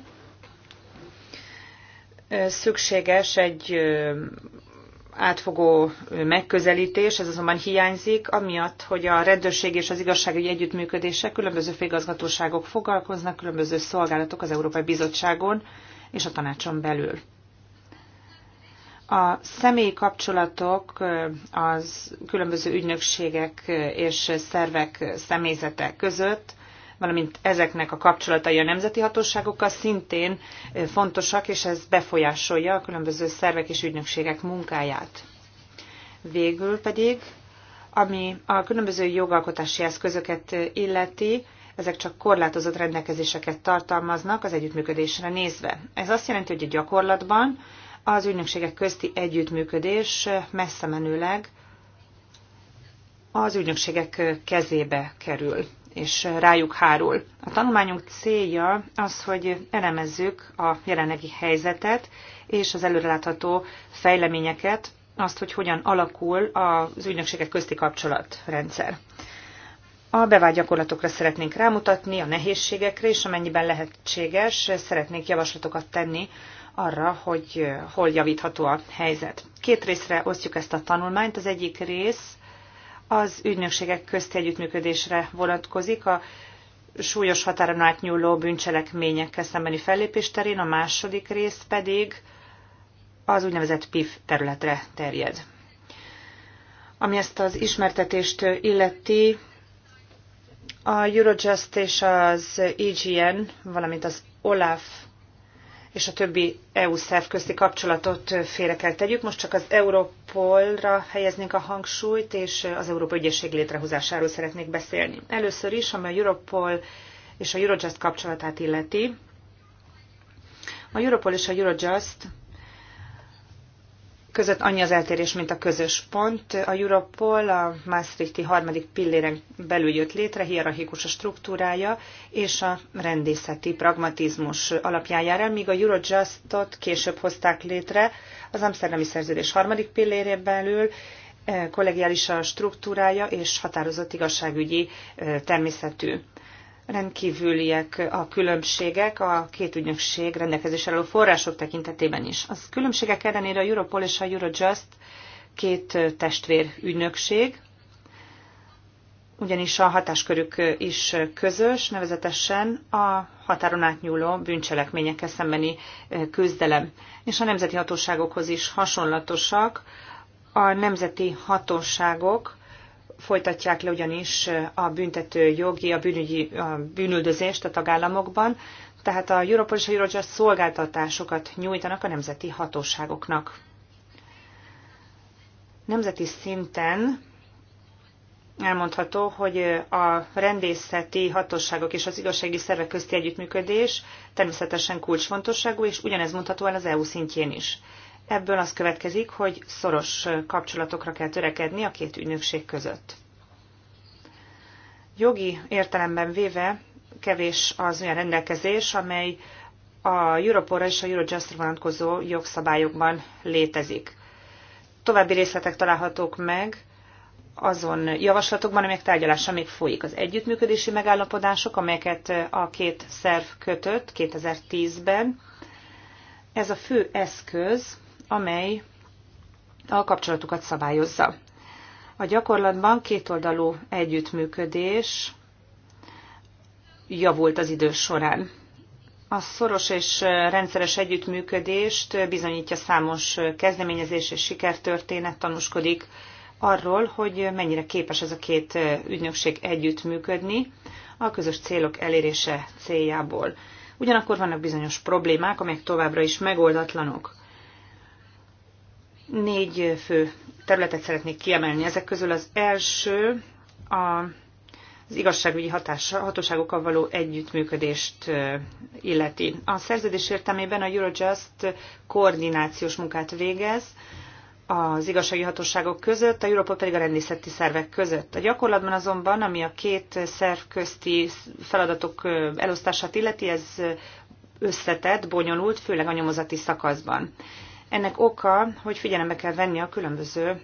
[SPEAKER 2] szükséges egy átfogó megközelítés, ez azonban hiányzik, amiatt, hogy a rendőrség és az igazságügyi együttműködése különböző félgazgatóságok foglalkoznak, különböző szolgálatok az Európai Bizottságon és a tanácson belül. A személyi kapcsolatok az különböző ügynökségek és szervek személyzete között valamint ezeknek a kapcsolatai a nemzeti hatóságokkal szintén fontosak, és ez befolyásolja a különböző szervek és ügynökségek munkáját. Végül pedig, ami a különböző jogalkotási eszközöket illeti, ezek csak korlátozott rendelkezéseket tartalmaznak az együttműködésre nézve. Ez azt jelenti, hogy a gyakorlatban az ügynökségek közti együttműködés messze menőleg az ügynökségek kezébe kerül és rájuk hárul. A tanulmányunk célja az, hogy elemezzük a jelenlegi helyzetet és az előrelátható fejleményeket, azt, hogy hogyan alakul az ügynökségek közti kapcsolatrendszer. A bevált gyakorlatokra szeretnénk rámutatni, a nehézségekre, és amennyiben lehetséges, szeretnénk javaslatokat tenni arra, hogy hol javítható a helyzet. Két részre osztjuk ezt a tanulmányt. Az egyik rész az ügynökségek közti együttműködésre vonatkozik a súlyos határon átnyúló bűncselekményekkel szembeni fellépés terén, a második rész pedig az úgynevezett PIF területre terjed. Ami ezt az ismertetést illeti, a Eurojust és az EGN, valamint az OLAF és a többi EU-szerv közti kapcsolatot félre kell tegyük. Most csak az Európolra helyeznénk a hangsúlyt, és az Európa Ügyesség létrehozásáról szeretnék beszélni. Először is, ami a Europol és a Eurojust kapcsolatát illeti. A Europol és a Eurojust között annyi az eltérés, mint a közös pont. A Europol a Maastrichti harmadik pilléren belül jött létre, hierarchikus a struktúrája és a rendészeti pragmatizmus alapján jár el, míg a Eurojustot később hozták létre az Amsterdami Szerződés harmadik pillérén belül, eh, kollegiális a struktúrája és határozott igazságügyi eh, természetű rendkívüliek a különbségek a két ügynökség rendelkezésre álló források tekintetében is. Az különbségek ellenére a Europol és a Eurojust két testvér ügynökség, ugyanis a hatáskörük is közös, nevezetesen a határon átnyúló bűncselekményekkel szembeni küzdelem. És a nemzeti hatóságokhoz is hasonlatosak. A nemzeti hatóságok folytatják le ugyanis a büntető jogi, a, bűnügyi, a bűnüldözést a tagállamokban, tehát a Europol és a Eurojust szolgáltatásokat nyújtanak a nemzeti hatóságoknak. Nemzeti szinten elmondható, hogy a rendészeti hatóságok és az igazsági szervek közti együttműködés természetesen kulcsfontosságú, és ugyanez mondható el az EU szintjén is. Ebből az következik, hogy szoros kapcsolatokra kell törekedni a két ügynökség között. Jogi értelemben véve kevés az olyan rendelkezés, amely a Europolra és a Eurojustra vonatkozó jogszabályokban létezik. További részletek találhatók meg azon javaslatokban, amelyek tárgyalása még folyik. Az együttműködési megállapodások, amelyeket a két szerv kötött 2010-ben, ez a fő eszköz, amely a kapcsolatukat szabályozza. A gyakorlatban kétoldalú együttműködés javult az idő során. A szoros és rendszeres együttműködést bizonyítja számos kezdeményezés és sikertörténet tanúskodik arról, hogy mennyire képes ez a két ügynökség együttműködni a közös célok elérése céljából. Ugyanakkor vannak bizonyos problémák, amelyek továbbra is megoldatlanok. Négy fő területet szeretnék kiemelni. Ezek közül az első a az igazságügyi hatása, hatóságokkal való együttműködést illeti. A szerződés értelmében a Eurojust koordinációs munkát végez az igazsági hatóságok között, a Európa pedig a rendészeti szervek között. A gyakorlatban azonban, ami a két szerv közti feladatok elosztását illeti, ez összetett, bonyolult, főleg a nyomozati szakaszban. Ennek oka, hogy figyelembe kell venni a különböző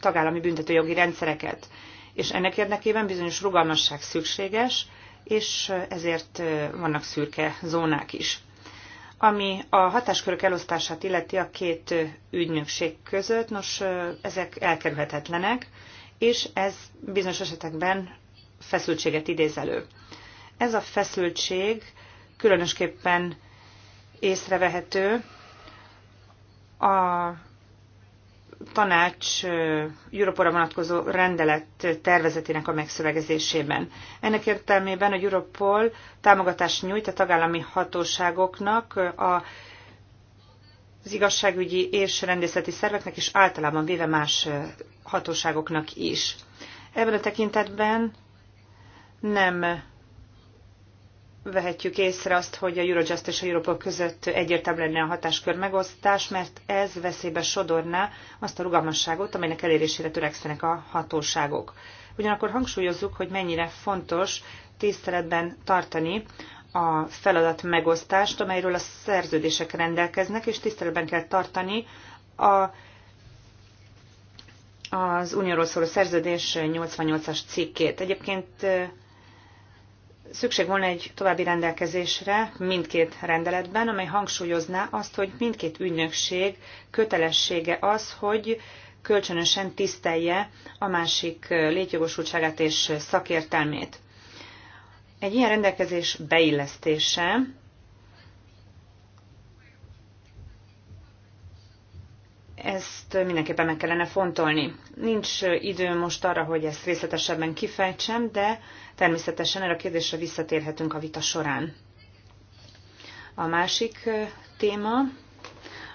[SPEAKER 2] tagállami büntetőjogi rendszereket, és ennek érdekében bizonyos rugalmasság szükséges, és ezért vannak szürke zónák is. Ami a hatáskörök elosztását illeti a két ügynökség között, nos, ezek elkerülhetetlenek, és ez bizonyos esetekben feszültséget idéz elő. Ez a feszültség különösképpen észrevehető a tanács Europolra vonatkozó rendelet tervezetének a megszövegezésében. Ennek értelmében a Europol támogatást nyújt a tagállami hatóságoknak, a, az igazságügyi és rendészeti szerveknek, és általában véve más hatóságoknak is. Ebben a tekintetben nem vehetjük észre azt, hogy a Eurojust és a Europol között egyértelmű lenne a hatáskör megosztás, mert ez veszélybe sodorná azt a rugalmasságot, amelynek elérésére törekszenek a hatóságok. Ugyanakkor hangsúlyozzuk, hogy mennyire fontos tiszteletben tartani a feladat megosztást, amelyről a szerződések rendelkeznek, és tiszteletben kell tartani a az unióról szóló szerződés 88-as cikkét. Egyébként szükség volna egy további rendelkezésre mindkét rendeletben, amely hangsúlyozná azt, hogy mindkét ügynökség kötelessége az, hogy kölcsönösen tisztelje a másik létjogosultságát és szakértelmét. Egy ilyen rendelkezés beillesztése ezt mindenképpen meg kellene fontolni. Nincs idő most arra, hogy ezt részletesebben kifejtsem, de természetesen erre a kérdésre visszatérhetünk a vita során. A másik téma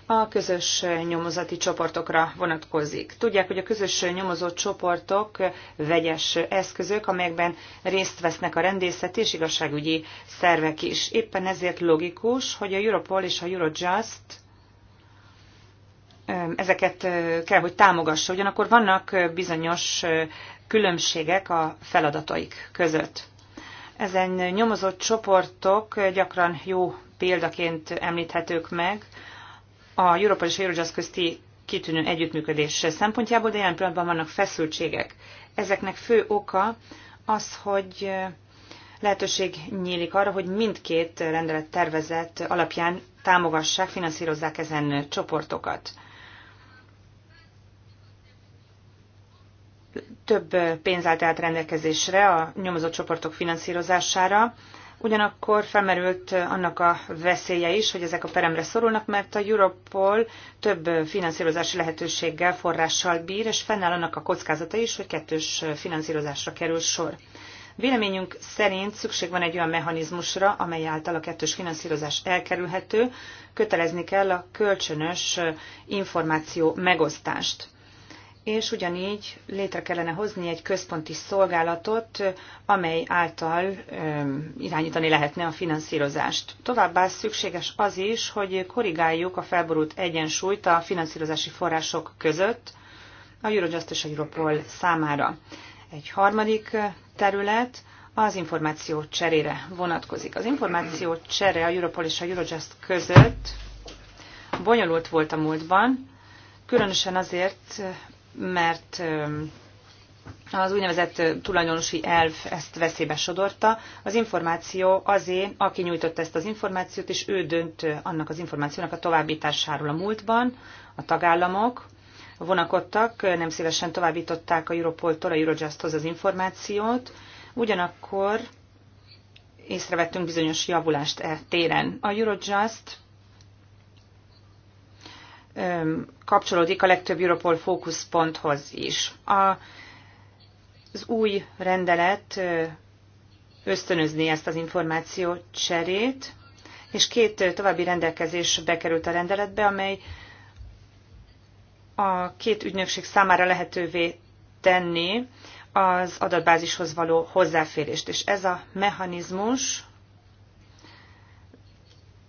[SPEAKER 2] a közös nyomozati csoportokra vonatkozik. Tudják, hogy a közös nyomozó csoportok vegyes eszközök, amelyekben részt vesznek a rendészeti és igazságügyi szervek is. Éppen ezért logikus, hogy a Europol és a Eurojust ezeket kell, hogy támogassa. Ugyanakkor vannak bizonyos különbségek a feladataik között. Ezen nyomozott csoportok gyakran jó példaként említhetők meg a Európai és Eurojazz közti kitűnő együttműködés szempontjából, de jelen pillanatban vannak feszültségek. Ezeknek fő oka az, hogy lehetőség nyílik arra, hogy mindkét rendelet tervezet alapján támogassák, finanszírozzák ezen csoportokat. több pénz állt át rendelkezésre a nyomozott csoportok finanszírozására, ugyanakkor felmerült annak a veszélye is, hogy ezek a peremre szorulnak, mert a Europol több finanszírozási lehetőséggel, forrással bír, és fennáll annak a kockázata is, hogy kettős finanszírozásra kerül sor. Véleményünk szerint szükség van egy olyan mechanizmusra, amely által a kettős finanszírozás elkerülhető, kötelezni kell a kölcsönös információ megosztást és ugyanígy létre kellene hozni egy központi szolgálatot, amely által irányítani lehetne a finanszírozást. Továbbá szükséges az is, hogy korrigáljuk a felborult egyensúlyt a finanszírozási források között a Eurojust és a Europol számára. Egy harmadik terület az információ cserére vonatkozik. Az információ csere a Europol és a Eurojust között bonyolult volt a múltban, különösen azért, mert az úgynevezett tulajdonosi elv ezt veszélybe sodorta. Az információ azé, aki nyújtotta ezt az információt, és ő dönt annak az információnak a továbbításáról a múltban, a tagállamok vonakodtak, nem szívesen továbbították a Europoltól a Eurojusthoz az információt, ugyanakkor észrevettünk bizonyos javulást e téren. A Eurojust kapcsolódik a legtöbb Europol fókuszponthoz is. A, az új rendelet ösztönözni ezt az információ cserét, és két további rendelkezés bekerült a rendeletbe, amely a két ügynökség számára lehetővé tenni az adatbázishoz való hozzáférést. És ez a mechanizmus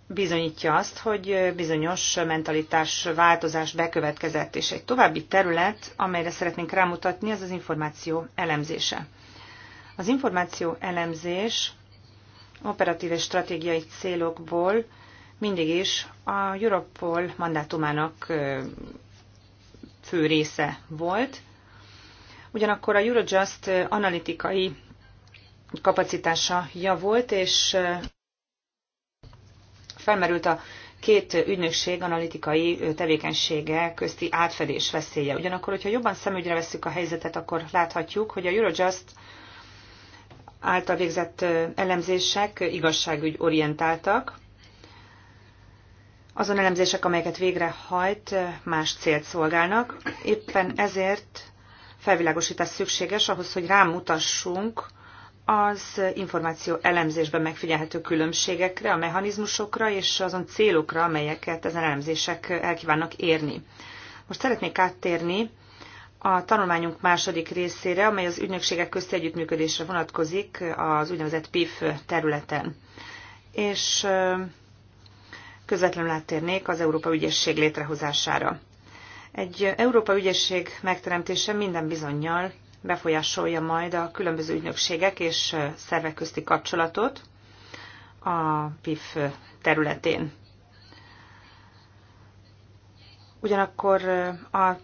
[SPEAKER 2] bizonyítja azt, hogy bizonyos mentalitás változás bekövetkezett, és egy további terület, amelyre szeretnénk rámutatni, az az információ elemzése. Az információ elemzés operatív és stratégiai célokból mindig is a Europol mandátumának fő része volt. Ugyanakkor a Eurojust analitikai kapacitása javult, és felmerült a két ügynökség analitikai tevékenysége közti átfedés veszélye. Ugyanakkor, hogyha jobban szemügyre vesszük a helyzetet, akkor láthatjuk, hogy a Eurojust által végzett elemzések igazságügy orientáltak, azon elemzések, amelyeket végrehajt, más célt szolgálnak. Éppen ezért felvilágosítás szükséges ahhoz, hogy rámutassunk az információ elemzésben megfigyelhető különbségekre, a mechanizmusokra és azon célokra, amelyeket ezen elemzések elkívánnak érni. Most szeretnék áttérni a tanulmányunk második részére, amely az ügynökségek közti együttműködésre vonatkozik az úgynevezett PIF területen. És közvetlenül áttérnék az Európa ügyesség létrehozására. Egy Európa ügyesség megteremtése minden bizonyal befolyásolja majd a különböző ügynökségek és szervek közti kapcsolatot a PIF területén. Ugyanakkor a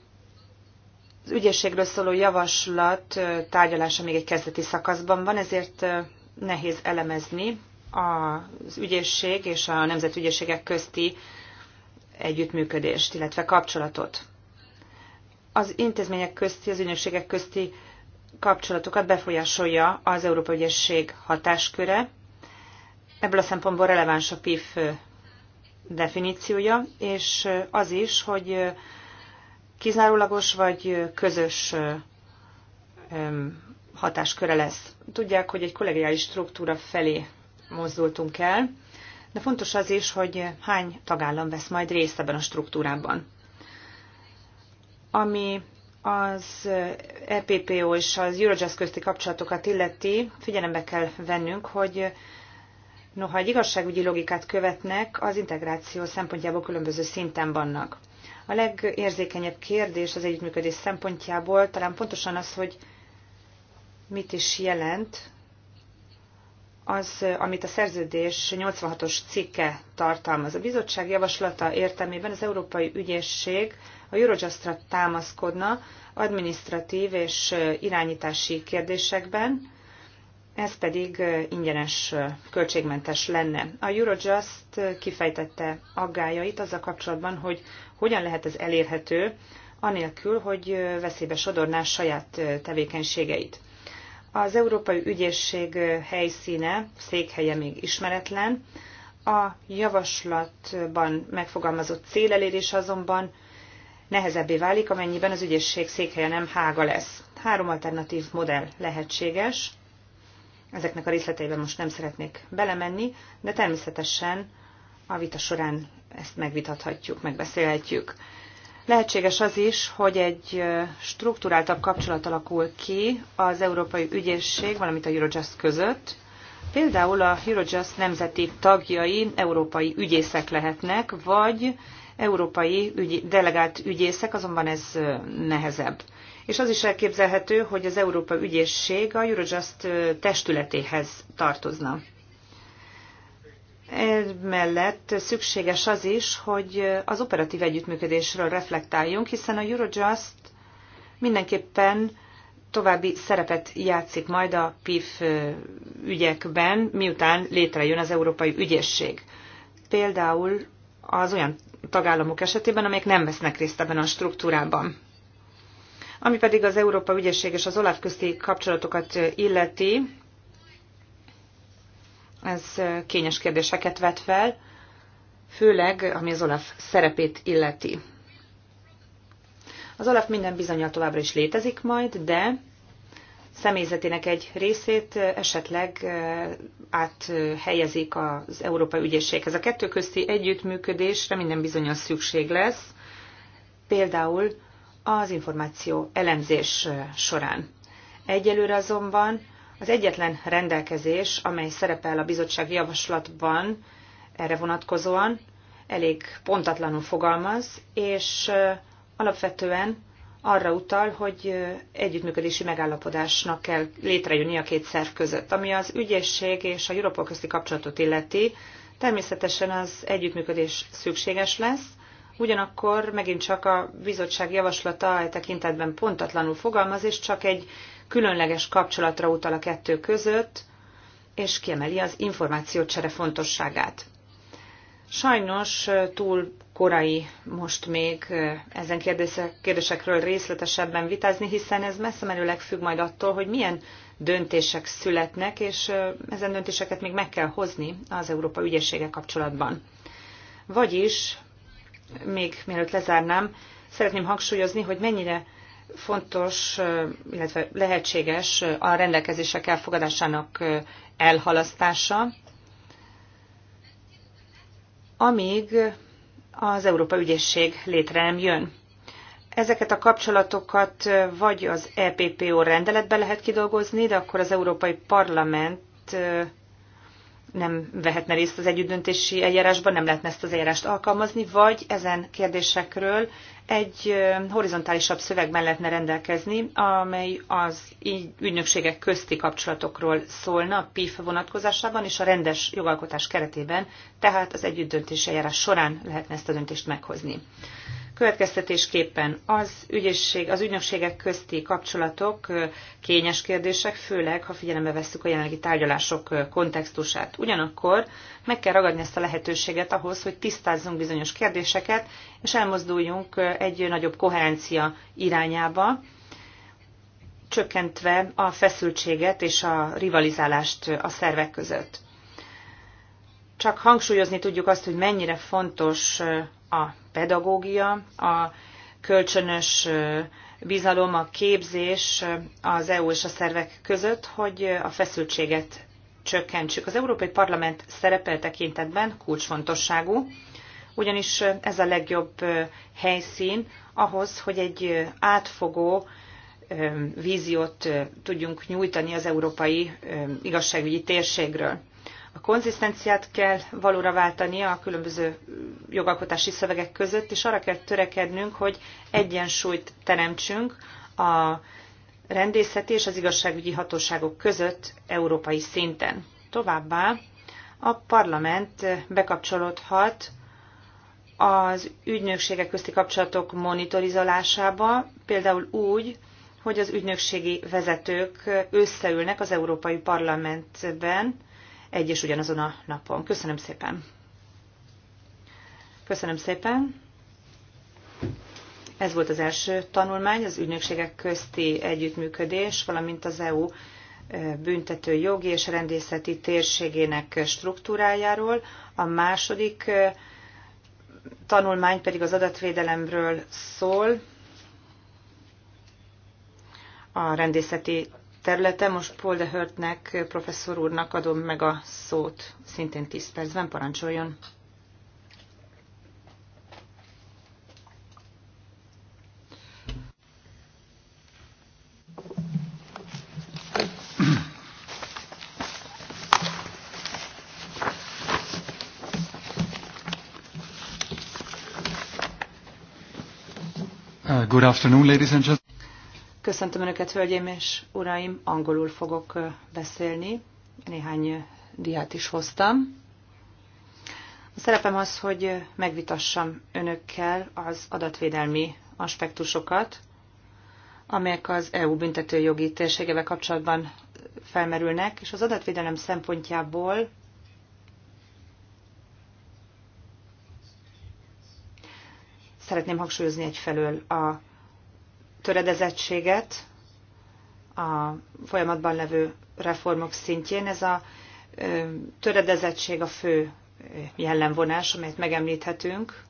[SPEAKER 2] az ügyességről szóló javaslat tárgyalása még egy kezdeti szakaszban van, ezért nehéz elemezni az ügyészség és a nemzetügyészségek közti együttműködést, illetve kapcsolatot. Az intézmények közti, az ügynökségek közti kapcsolatokat befolyásolja az Európai Ügyesség hatásköre. Ebből a szempontból releváns a PIF definíciója, és az is, hogy kizárólagos vagy közös hatásköre lesz. Tudják, hogy egy kollegiális struktúra felé mozdultunk el, de fontos az is, hogy hány tagállam vesz majd részt ebben a struktúrában. Ami az EPPO és az Eurojust közti kapcsolatokat illeti, figyelembe kell vennünk, hogy noha egy igazságügyi logikát követnek, az integráció szempontjából különböző szinten vannak. A legérzékenyebb kérdés az együttműködés szempontjából talán pontosan az, hogy mit is jelent az, amit a szerződés 86-os cikke tartalmaz. A bizottság javaslata értelmében az Európai Ügyészség a Eurojustra támaszkodna administratív és irányítási kérdésekben, ez pedig ingyenes, költségmentes lenne. A Eurojust kifejtette aggájait azzal kapcsolatban, hogy hogyan lehet ez elérhető, anélkül, hogy veszélybe sodorná saját tevékenységeit. Az Európai Ügyészség helyszíne, székhelye még ismeretlen, a javaslatban megfogalmazott célelérés azonban nehezebbé válik, amennyiben az ügyészség székhelye nem Hága lesz. Három alternatív modell lehetséges. Ezeknek a részleteiben most nem szeretnék belemenni, de természetesen a vita során ezt megvitathatjuk, megbeszélhetjük. Lehetséges az is, hogy egy struktúráltabb kapcsolat alakul ki az Európai Ügyészség, valamint a Eurojust között. Például a Eurojust nemzeti tagjai európai ügyészek lehetnek, vagy európai ügy, delegált ügyészek, azonban ez nehezebb. És az is elképzelhető, hogy az Európa ügyészség a Eurojust testületéhez tartozna. Mellett szükséges az is, hogy az operatív együttműködésről reflektáljunk, hiszen a Eurojust mindenképpen további szerepet játszik majd a PIF ügyekben, miután létrejön az Európai Ügyészség. Például az olyan tagállamok esetében, amelyek nem vesznek részt ebben a struktúrában. Ami pedig az Európa Ügyesség és az OLAF közti kapcsolatokat illeti, ez kényes kérdéseket vet fel, főleg ami az OLAF szerepét illeti. Az OLAF minden bizonyal továbbra is létezik majd, de személyzetének egy részét esetleg áthelyezik az Európai Ügyészséghez. A kettő közti együttműködésre minden bizonyos szükség lesz, például az információ elemzés során. Egyelőre azonban az egyetlen rendelkezés, amely szerepel a bizottság javaslatban erre vonatkozóan, elég pontatlanul fogalmaz, és alapvetően arra utal, hogy együttműködési megállapodásnak kell létrejönni a két szerv között. Ami az ügyesség és a Europol közti kapcsolatot illeti, természetesen az együttműködés szükséges lesz, ugyanakkor megint csak a bizottság javaslata e tekintetben pontatlanul fogalmaz, és csak egy különleges kapcsolatra utal a kettő között, és kiemeli az információcsere fontosságát. Sajnos túl korai most még ezen kérdésekről részletesebben vitázni, hiszen ez messze merőleg függ majd attól, hogy milyen döntések születnek, és ezen döntéseket még meg kell hozni az Európa ügyessége kapcsolatban. Vagyis, még mielőtt lezárnám, szeretném hangsúlyozni, hogy mennyire fontos, illetve lehetséges a rendelkezések elfogadásának elhalasztása, amíg az Európa Ügyészség létre nem jön. Ezeket a kapcsolatokat vagy az EPPO rendeletben lehet kidolgozni, de akkor az Európai Parlament nem vehetne részt az együttdöntési eljárásban, nem lehetne ezt az eljárást alkalmazni, vagy ezen kérdésekről egy horizontálisabb szövegben lehetne rendelkezni, amely az ügynökségek közti kapcsolatokról szólna a PIF vonatkozásában és a rendes jogalkotás keretében, tehát az együttdöntési eljárás során lehetne ezt a döntést meghozni. Következtetésképpen az, ügyesség, az ügynökségek közti kapcsolatok kényes kérdések, főleg ha figyelembe vesszük a jelenlegi tárgyalások kontextusát. Ugyanakkor meg kell ragadni ezt a lehetőséget ahhoz, hogy tisztázzunk bizonyos kérdéseket, és elmozduljunk egy nagyobb koherencia irányába, csökkentve a feszültséget és a rivalizálást a szervek között csak hangsúlyozni tudjuk azt, hogy mennyire fontos a pedagógia, a kölcsönös bizalom, a képzés az EU és a szervek között, hogy a feszültséget csökkentsük. Az Európai Parlament szerepe tekintetben kulcsfontosságú, ugyanis ez a legjobb helyszín ahhoz, hogy egy átfogó víziót tudjunk nyújtani az európai igazságügyi térségről. A konzisztenciát kell valóra váltani a különböző jogalkotási szövegek között, és arra kell törekednünk, hogy egyensúlyt teremtsünk a rendészeti és az igazságügyi hatóságok között európai szinten. Továbbá a parlament bekapcsolódhat az ügynökségek közti kapcsolatok monitorizálásába, például úgy, hogy az ügynökségi vezetők összeülnek az Európai Parlamentben, egy és ugyanazon a napon. Köszönöm szépen! Köszönöm szépen! Ez volt az első tanulmány, az ügynökségek közti együttműködés, valamint az EU e, büntető jogi és rendészeti térségének struktúrájáról. A második e, tanulmány pedig az adatvédelemről szól, a rendészeti területe. Most Paul de Hörtnek, professzor úrnak adom meg a szót, szintén 10 percben, parancsoljon.
[SPEAKER 1] Uh, good afternoon, ladies and gentlemen.
[SPEAKER 2] Köszöntöm Önöket, hölgyeim és uraim, angolul fogok beszélni. Néhány diát is hoztam. A szerepem az, hogy megvitassam Önökkel az adatvédelmi aspektusokat, amelyek az EU büntetőjogi térségevel kapcsolatban felmerülnek, és az adatvédelem szempontjából szeretném hangsúlyozni egyfelől a töredezettséget a folyamatban levő reformok szintjén. Ez a töredezettség a fő jellemvonás, amelyet megemlíthetünk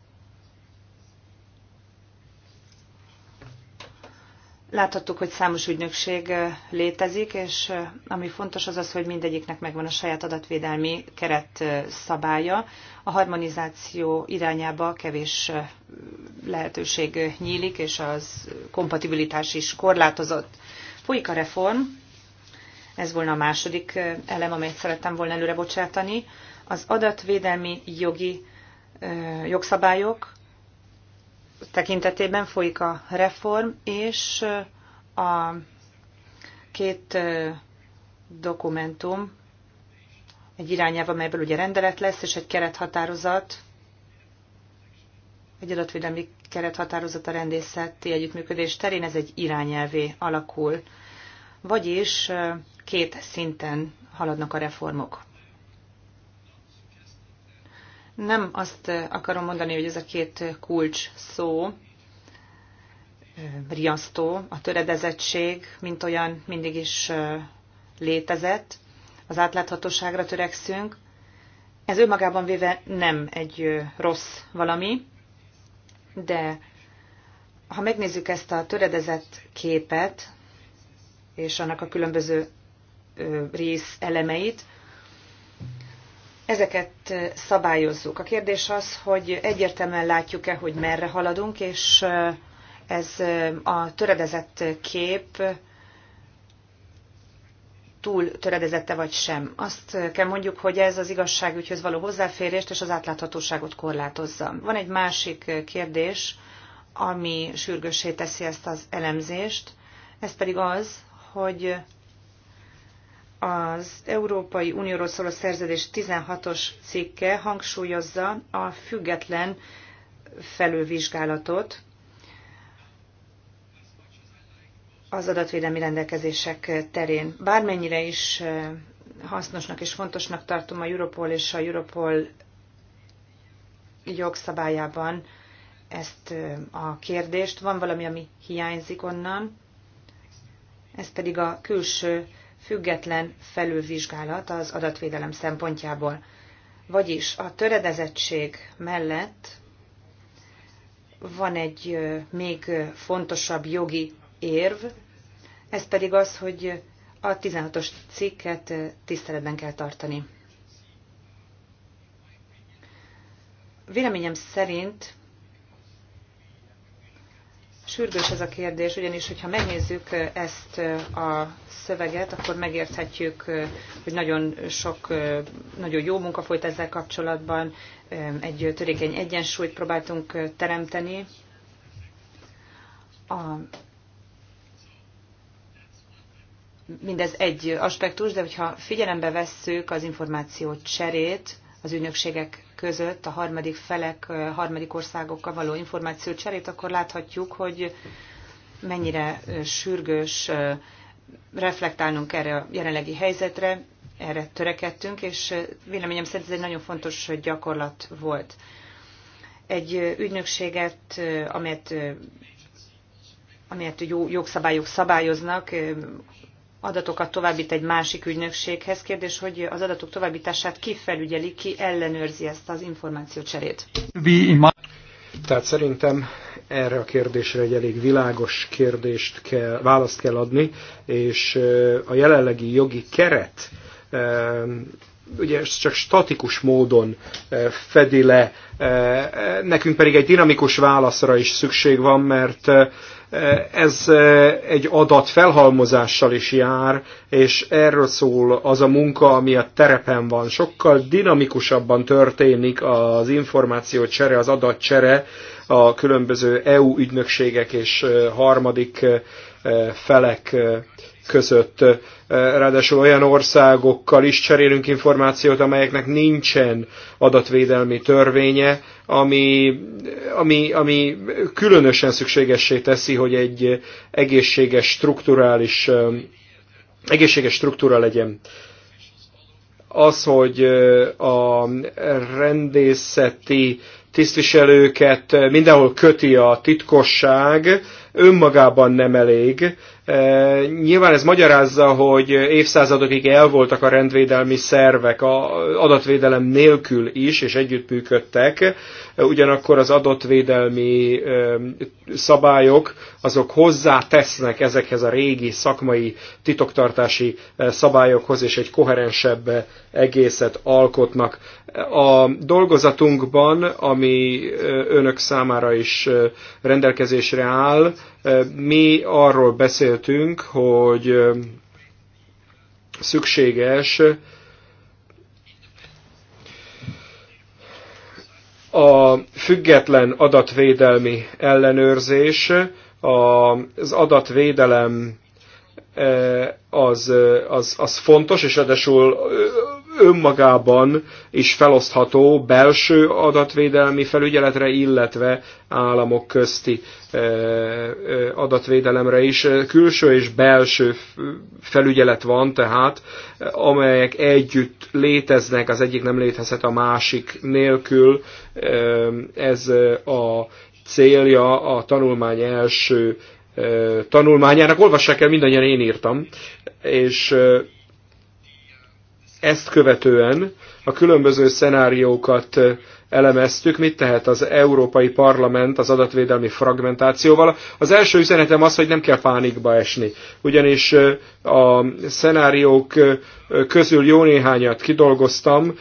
[SPEAKER 2] Láthattuk, hogy számos ügynökség létezik, és ami fontos az az, hogy mindegyiknek megvan a saját adatvédelmi keret szabálya. A harmonizáció irányába kevés lehetőség nyílik, és az kompatibilitás is korlátozott. Folyik a reform, ez volna a második elem, amelyet szerettem volna előre bocsátani. Az adatvédelmi jogi jogszabályok tekintetében folyik a reform, és a két dokumentum, egy irányelv, amelyből ugye rendelet lesz, és egy kerethatározat, egy adatvédelmi kerethatározat a rendészeti együttműködés terén, ez egy irányelvé alakul. Vagyis két szinten haladnak a reformok. Nem azt eh, akarom mondani, hogy ez a két eh, kulcs szó, eh, riasztó, a töredezettség, mint olyan mindig is létezett, az átláthatóságra törekszünk. Ez önmagában véve nem egy rossz valami, de ha megnézzük ezt a töredezett képet, és annak a különböző rész elemeit, ezeket szabályozzuk. A kérdés az, hogy egyértelműen látjuk-e, hogy merre haladunk, és ez a töredezett kép túl töredezette vagy sem. Azt kell mondjuk, hogy ez az igazságügyhöz való hozzáférést és az átláthatóságot korlátozza. Van egy másik kérdés, ami sürgősé teszi ezt az elemzést, ez pedig az, hogy az Európai Unióról szóló szerződés 16-os cikke hangsúlyozza a független felülvizsgálatot az adatvédelmi rendelkezések terén. Bármennyire is hasznosnak és fontosnak tartom a Europol és a Europol jogszabályában ezt a kérdést. Van valami, ami hiányzik onnan, ez pedig a külső független felülvizsgálat az adatvédelem szempontjából. Vagyis a töredezettség mellett van egy még fontosabb jogi érv, ez pedig az, hogy a 16-os cikket tiszteletben kell tartani. Véleményem szerint Sürgős ez a kérdés, ugyanis, hogyha megnézzük ezt a szöveget, akkor megérthetjük, hogy nagyon sok, nagyon jó munka folyt ezzel kapcsolatban, egy törékeny egyensúlyt próbáltunk teremteni. A mindez egy aspektus, de hogyha figyelembe vesszük az információ cserét az ügynökségek között a harmadik felek, harmadik országokkal való cserét, akkor láthatjuk, hogy mennyire sürgős reflektálnunk erre a jelenlegi helyzetre, erre törekedtünk, és véleményem szerint ez egy nagyon fontos gyakorlat volt. Egy ügynökséget, amelyet, amelyet jó jogszabályok szabályoznak, adatokat továbbít egy másik ügynökséghez. Kérdés, hogy az adatok továbbítását ki felügyeli, ki ellenőrzi ezt az információcserét?
[SPEAKER 1] Tehát szerintem erre a kérdésre egy elég világos kérdést kell, választ kell adni, és a jelenlegi jogi keret ugye csak statikus módon eh, fedi le, eh, eh, nekünk pedig egy dinamikus válaszra is szükség van, mert ez egy adat felhalmozással is jár, és erről szól az a munka, ami a terepen van. Sokkal dinamikusabban történik az információ csere, az adat csere a különböző EU ügynökségek és harmadik felek között. Ráadásul olyan országokkal is cserélünk információt, amelyeknek nincsen adatvédelmi törvénye, ami, ami, ami különösen szükségessé teszi, hogy egy egészséges strukturális egészséges struktúra legyen az, hogy a rendészeti tisztviselőket mindenhol köti a titkosság, önmagában nem elég, Nyilván ez magyarázza, hogy évszázadokig el voltak a rendvédelmi szervek a adatvédelem nélkül is, és együttműködtek ugyanakkor az adott védelmi szabályok azok hozzátesznek ezekhez a régi szakmai titoktartási szabályokhoz, és egy koherensebb egészet alkotnak. A dolgozatunkban, ami önök számára is rendelkezésre áll, mi arról beszéltünk, hogy szükséges, a független adatvédelmi ellenőrzés, az adatvédelem eh, az, eh, az, az fontos, és adásul eh, önmagában is felosztható belső adatvédelmi felügyeletre, illetve államok közti e, e, adatvédelemre is. Külső és belső felügyelet van tehát, amelyek együtt léteznek, az egyik nem létezhet a másik nélkül. E, ez a célja a tanulmány első tanulmányának. Olvassák el, mindannyian én írtam, és ezt követően a különböző szenáriókat elemeztük, mit tehet az Európai Parlament az adatvédelmi fragmentációval. Az első üzenetem az, hogy nem kell pánikba esni, ugyanis a szenáriók közül jó néhányat kidolgoztam,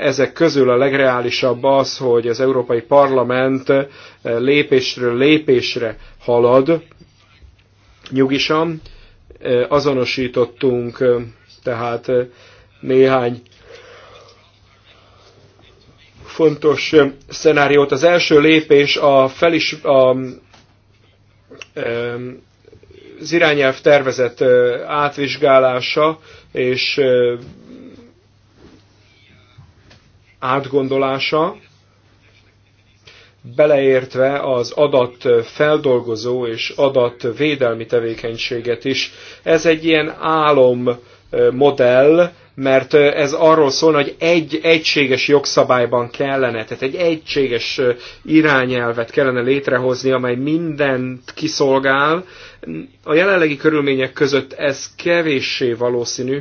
[SPEAKER 1] ezek közül a legreálisabb az, hogy az Európai Parlament lépésről lépésre halad, nyugisan, azonosítottunk tehát néhány fontos szenáriót. Az első lépés a, felis, a az irányelv tervezett átvizsgálása és átgondolása, beleértve az adatfeldolgozó és adatvédelmi tevékenységet is. Ez egy ilyen álom modell, mert ez arról szól, hogy egy egységes jogszabályban kellene, tehát egy egységes irányelvet kellene létrehozni, amely mindent kiszolgál. A jelenlegi körülmények között ez kevéssé valószínű,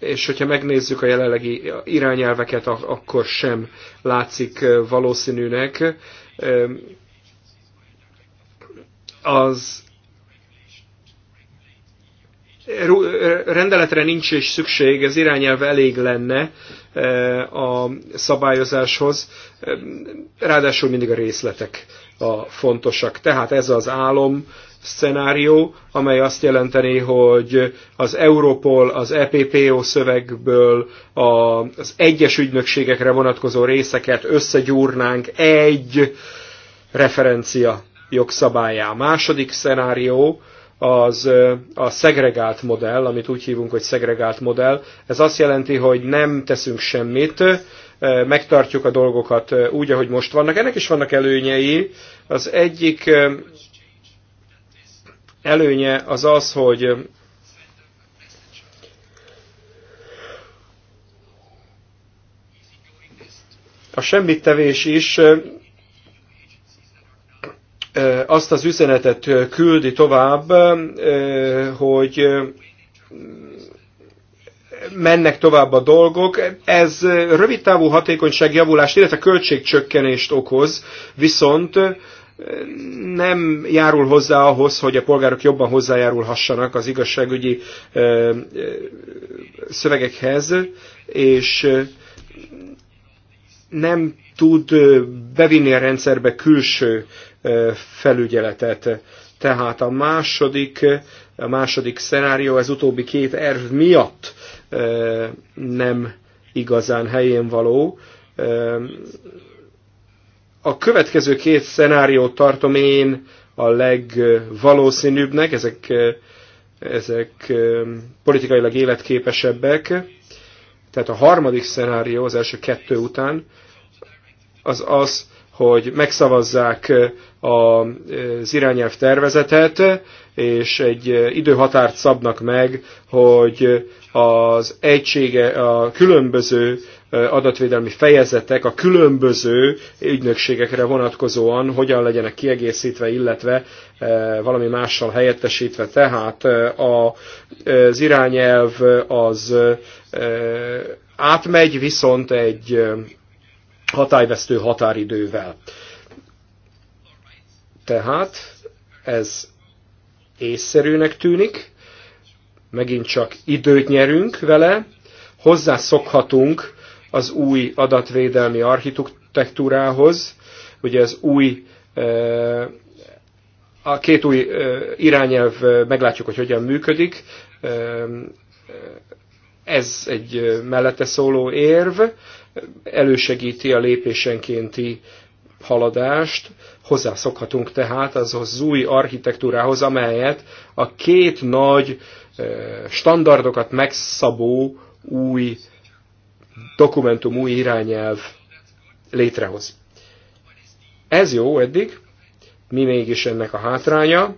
[SPEAKER 1] és hogyha megnézzük a jelenlegi irányelveket, akkor sem látszik valószínűnek. Az rendeletre nincs is szükség, ez irányelv elég lenne a szabályozáshoz, ráadásul mindig a részletek a fontosak. Tehát ez az álom szenárió, amely azt jelenteni, hogy az Europol, az EPPO szövegből az egyes ügynökségekre vonatkozó részeket összegyúrnánk egy referencia jogszabályá. Második szenárió, az a szegregált modell, amit úgy hívunk, hogy szegregált modell. Ez azt jelenti, hogy nem teszünk semmit, megtartjuk a dolgokat úgy, ahogy most vannak. Ennek is vannak előnyei. Az egyik előnye az az, hogy a semmittevés is azt az üzenetet küldi tovább, hogy mennek tovább a dolgok. Ez rövid távú hatékonyság javulást, illetve költségcsökkenést okoz, viszont nem járul hozzá ahhoz, hogy a polgárok jobban hozzájárulhassanak az igazságügyi szövegekhez, és nem tud bevinni a rendszerbe külső felügyeletet. Tehát a második, a második szenárió ez utóbbi két erv miatt nem igazán helyén való. A következő két szenáriót tartom én a legvalószínűbbnek, ezek, ezek politikailag életképesebbek. Tehát a harmadik szenárió az első kettő után az az, hogy megszavazzák az irányelv tervezetet, és egy időhatárt szabnak meg, hogy az egysége, a különböző adatvédelmi fejezetek a különböző ügynökségekre vonatkozóan hogyan legyenek kiegészítve, illetve valami mással helyettesítve. Tehát az irányelv az átmegy, viszont egy hatályvesztő határidővel. Tehát ez észszerűnek tűnik, megint csak időt nyerünk vele, hozzászokhatunk az új adatvédelmi architektúrához, ugye az új, a két új irányelv meglátjuk, hogy hogyan működik, ez egy mellette szóló érv, elősegíti a lépésenkénti haladást, hozzászokhatunk tehát az az új architektúrához, amelyet a két nagy standardokat megszabó új dokumentum, új irányelv létrehoz. Ez jó eddig, mi mégis ennek a hátránya,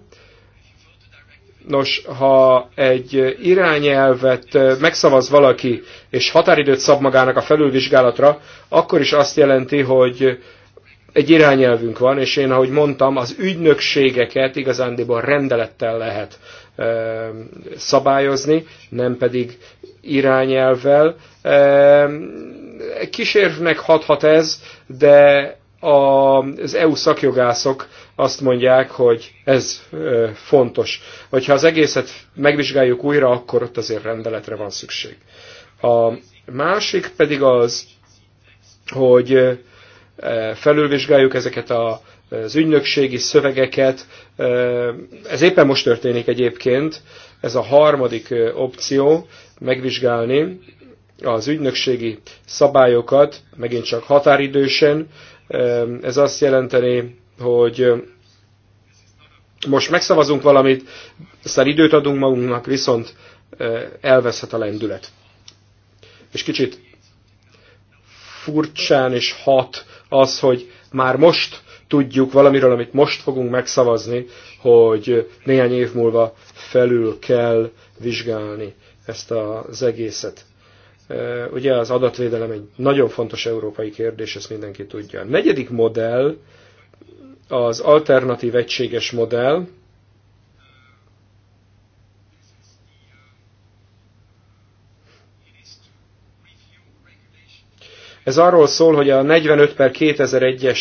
[SPEAKER 1] Nos, ha egy irányelvet megszavaz valaki, és határidőt szab magának a felülvizsgálatra, akkor is azt jelenti, hogy egy irányelvünk van, és én, ahogy mondtam, az ügynökségeket igazándiból rendelettel lehet ö, szabályozni, nem pedig irányelvvel. Ö, kísérvnek hathat ez, de a, az EU szakjogászok azt mondják, hogy ez fontos. Hogyha az egészet megvizsgáljuk újra, akkor ott azért rendeletre van szükség. A másik pedig az, hogy felülvizsgáljuk ezeket a, az ügynökségi szövegeket. Ez éppen most történik egyébként, ez a harmadik opció, megvizsgálni az ügynökségi szabályokat, megint csak határidősen. Ez azt jelenteni, hogy most megszavazunk valamit, aztán időt adunk magunknak, viszont elveszhet a lendület. És kicsit furcsán is hat az, hogy már most tudjuk valamiről, amit most fogunk megszavazni, hogy néhány év múlva felül kell vizsgálni ezt az egészet. Ugye az adatvédelem egy nagyon fontos európai kérdés, ezt mindenki tudja. A negyedik modell az alternatív egységes modell, Ez arról szól, hogy a 45 per 2001-es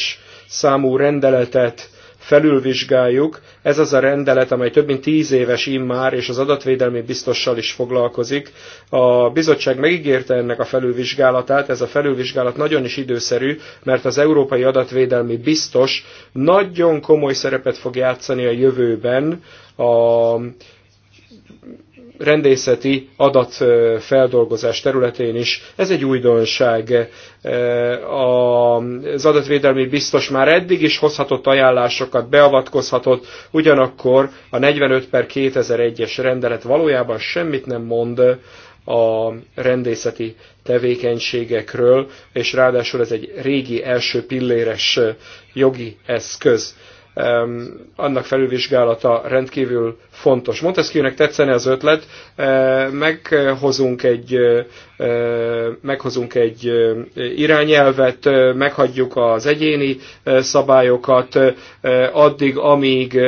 [SPEAKER 1] számú rendeletet felülvizsgáljuk. Ez az a rendelet, amely több mint tíz éves immár, és az adatvédelmi biztossal is foglalkozik. A bizottság megígérte ennek a felülvizsgálatát, ez a felülvizsgálat nagyon is időszerű, mert az Európai Adatvédelmi Biztos nagyon komoly szerepet fog játszani a jövőben a rendészeti adatfeldolgozás területén is. Ez egy újdonság. Az adatvédelmi biztos már eddig is hozhatott ajánlásokat, beavatkozhatott, ugyanakkor a 45 per 2001-es rendelet valójában semmit nem mond a rendészeti tevékenységekről, és ráadásul ez egy régi első pilléres jogi eszköz annak felülvizsgálata rendkívül fontos. Montesquieu-nek tetszene az ötlet, e, meghozunk egy, e, e, meghozunk egy irányelvet, meghagyjuk az egyéni szabályokat, addig, amíg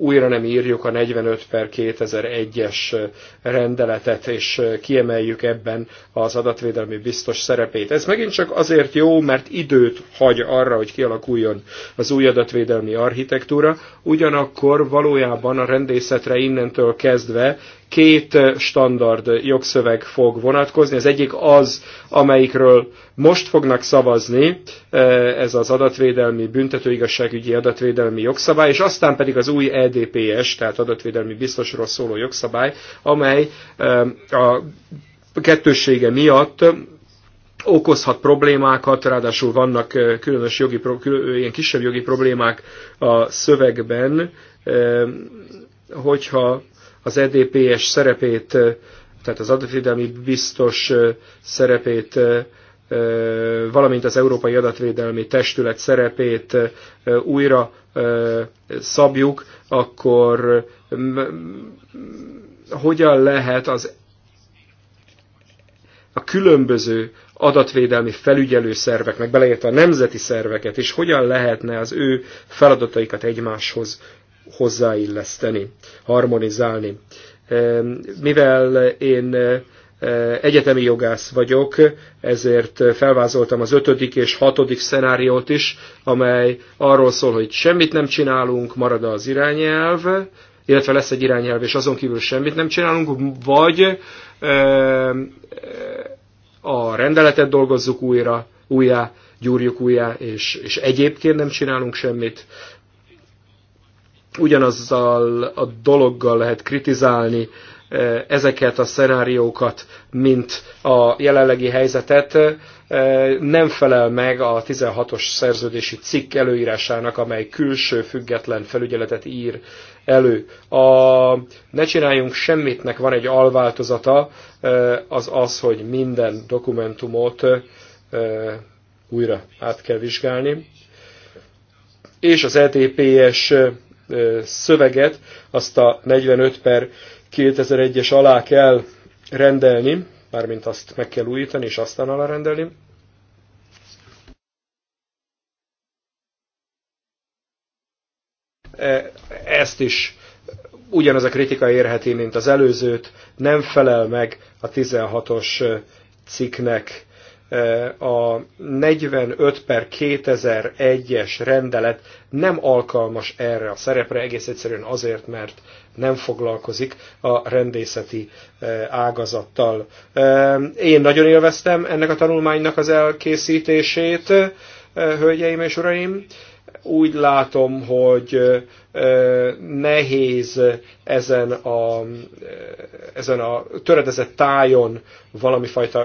[SPEAKER 1] újra nem írjuk a 45 per 2001-es rendeletet, és kiemeljük ebben az adatvédelmi biztos szerepét. Ez megint csak azért jó, mert időt hagy arra, hogy kialakuljon az új adatvédelmi architektúra, ugyanakkor valójában a rendészetre innentől kezdve két eh, standard eh, jogszöveg fog vonatkozni. Az egyik az, amelyikről most fognak szavazni, eh, ez az adatvédelmi, büntetőigazságügyi adatvédelmi jogszabály, és aztán pedig az új EDPS, tehát adatvédelmi biztosról szóló jogszabály, amely a kettőssége miatt okozhat problémákat, ráadásul vannak különös jogi, ilyen kisebb jogi problémák a szövegben, hogyha az EDPS szerepét, tehát az adatvédelmi biztos szerepét, valamint az Európai Adatvédelmi Testület szerepét újra szabjuk, akkor hogyan lehet az a különböző adatvédelmi felügyelő szerveknek, beleértve a nemzeti szerveket, és hogyan lehetne az ő feladataikat egymáshoz hozzáilleszteni, harmonizálni. Mivel én e, egyetemi jogász vagyok, ezért felvázoltam az ötödik és hatodik szenáriót is, amely arról szól, hogy semmit nem csinálunk, marad az irányelv, illetve lesz egy irányelv, és azon kívül semmit nem csinálunk, vagy a rendeletet dolgozzuk újra, újjá, gyúrjuk újjá, és, és egyébként nem csinálunk semmit, ugyanazzal a dologgal lehet kritizálni eh, ezeket a szenáriókat, mint a jelenlegi helyzetet, eh, nem felel meg a 16-os szerződési cikk előírásának, amely külső független felügyeletet ír elő. A ne csináljunk semmitnek van egy alváltozata, eh, az az, hogy minden dokumentumot újra át kell vizsgálni. És az LTPS e szöveget, azt a 45 per 2001-es alá kell rendelni, mármint azt meg kell újítani, és aztán alá rendelni. E, ezt is ugyanaz a kritika érheti, mint az előzőt, nem felel meg a 16-os cikknek Eh, a 45 per 2001-es rendelet nem alkalmas erre a szerepre, egész egyszerűen azért, mert nem foglalkozik a rendészeti eh, ágazattal. Eh, én nagyon élveztem ennek a tanulmánynak az elkészítését, hölgyeim és uraim. Úgy látom, hogy nehéz ezen a, ezen a töredezett tájon valami fajta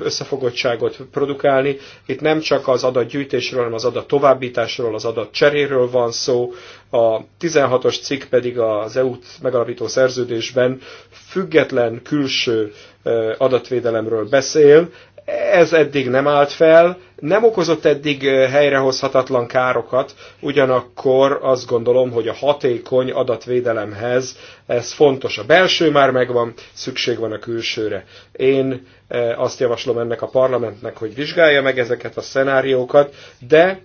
[SPEAKER 1] összefogottságot produkálni. Itt nem csak az adatgyűjtésről, hanem az adat továbbításról, az adat cseréről van szó. A 16-os cikk pedig az EU-t megalapító szerződésben független külső adatvédelemről beszél. Ez eddig nem állt fel, nem okozott eddig helyrehozhatatlan károkat, ugyanakkor azt gondolom, hogy a hatékony adatvédelemhez ez fontos. A belső már megvan, szükség van a külsőre. Én azt javaslom ennek a parlamentnek, hogy vizsgálja meg ezeket a szenáriókat, de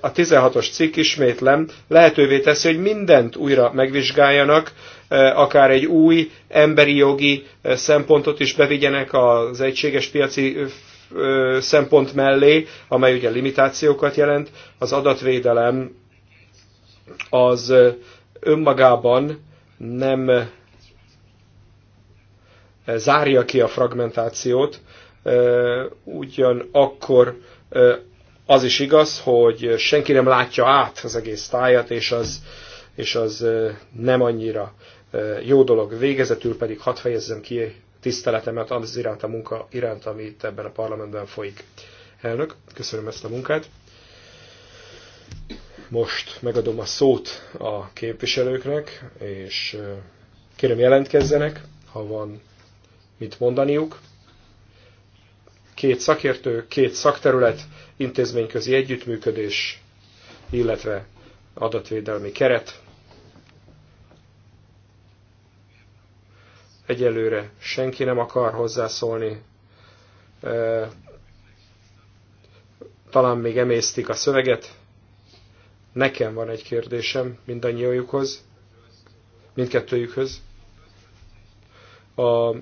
[SPEAKER 1] a 16-os cikk ismétlem lehetővé teszi, hogy mindent újra megvizsgáljanak, akár egy új emberi jogi szempontot is bevigyenek az egységes piaci szempont mellé, amely ugye limitációkat jelent, az adatvédelem az önmagában nem zárja ki a fragmentációt, ugyanakkor az is igaz, hogy senki nem látja át az egész tájat, és az, és az nem annyira jó dolog. Végezetül pedig hadd fejezzem ki tiszteletemet az iránt a munka iránt, ami itt ebben a parlamentben folyik. Elnök, köszönöm ezt a munkát. Most megadom a szót a képviselőknek, és kérem jelentkezzenek, ha van mit mondaniuk. Két szakértő, két szakterület, intézményközi együttműködés, illetve adatvédelmi keret. Egyelőre senki nem akar hozzászólni. Talán még emésztik a szöveget. Nekem van egy kérdésem mindannyiójukhoz, mindkettőjükhöz. A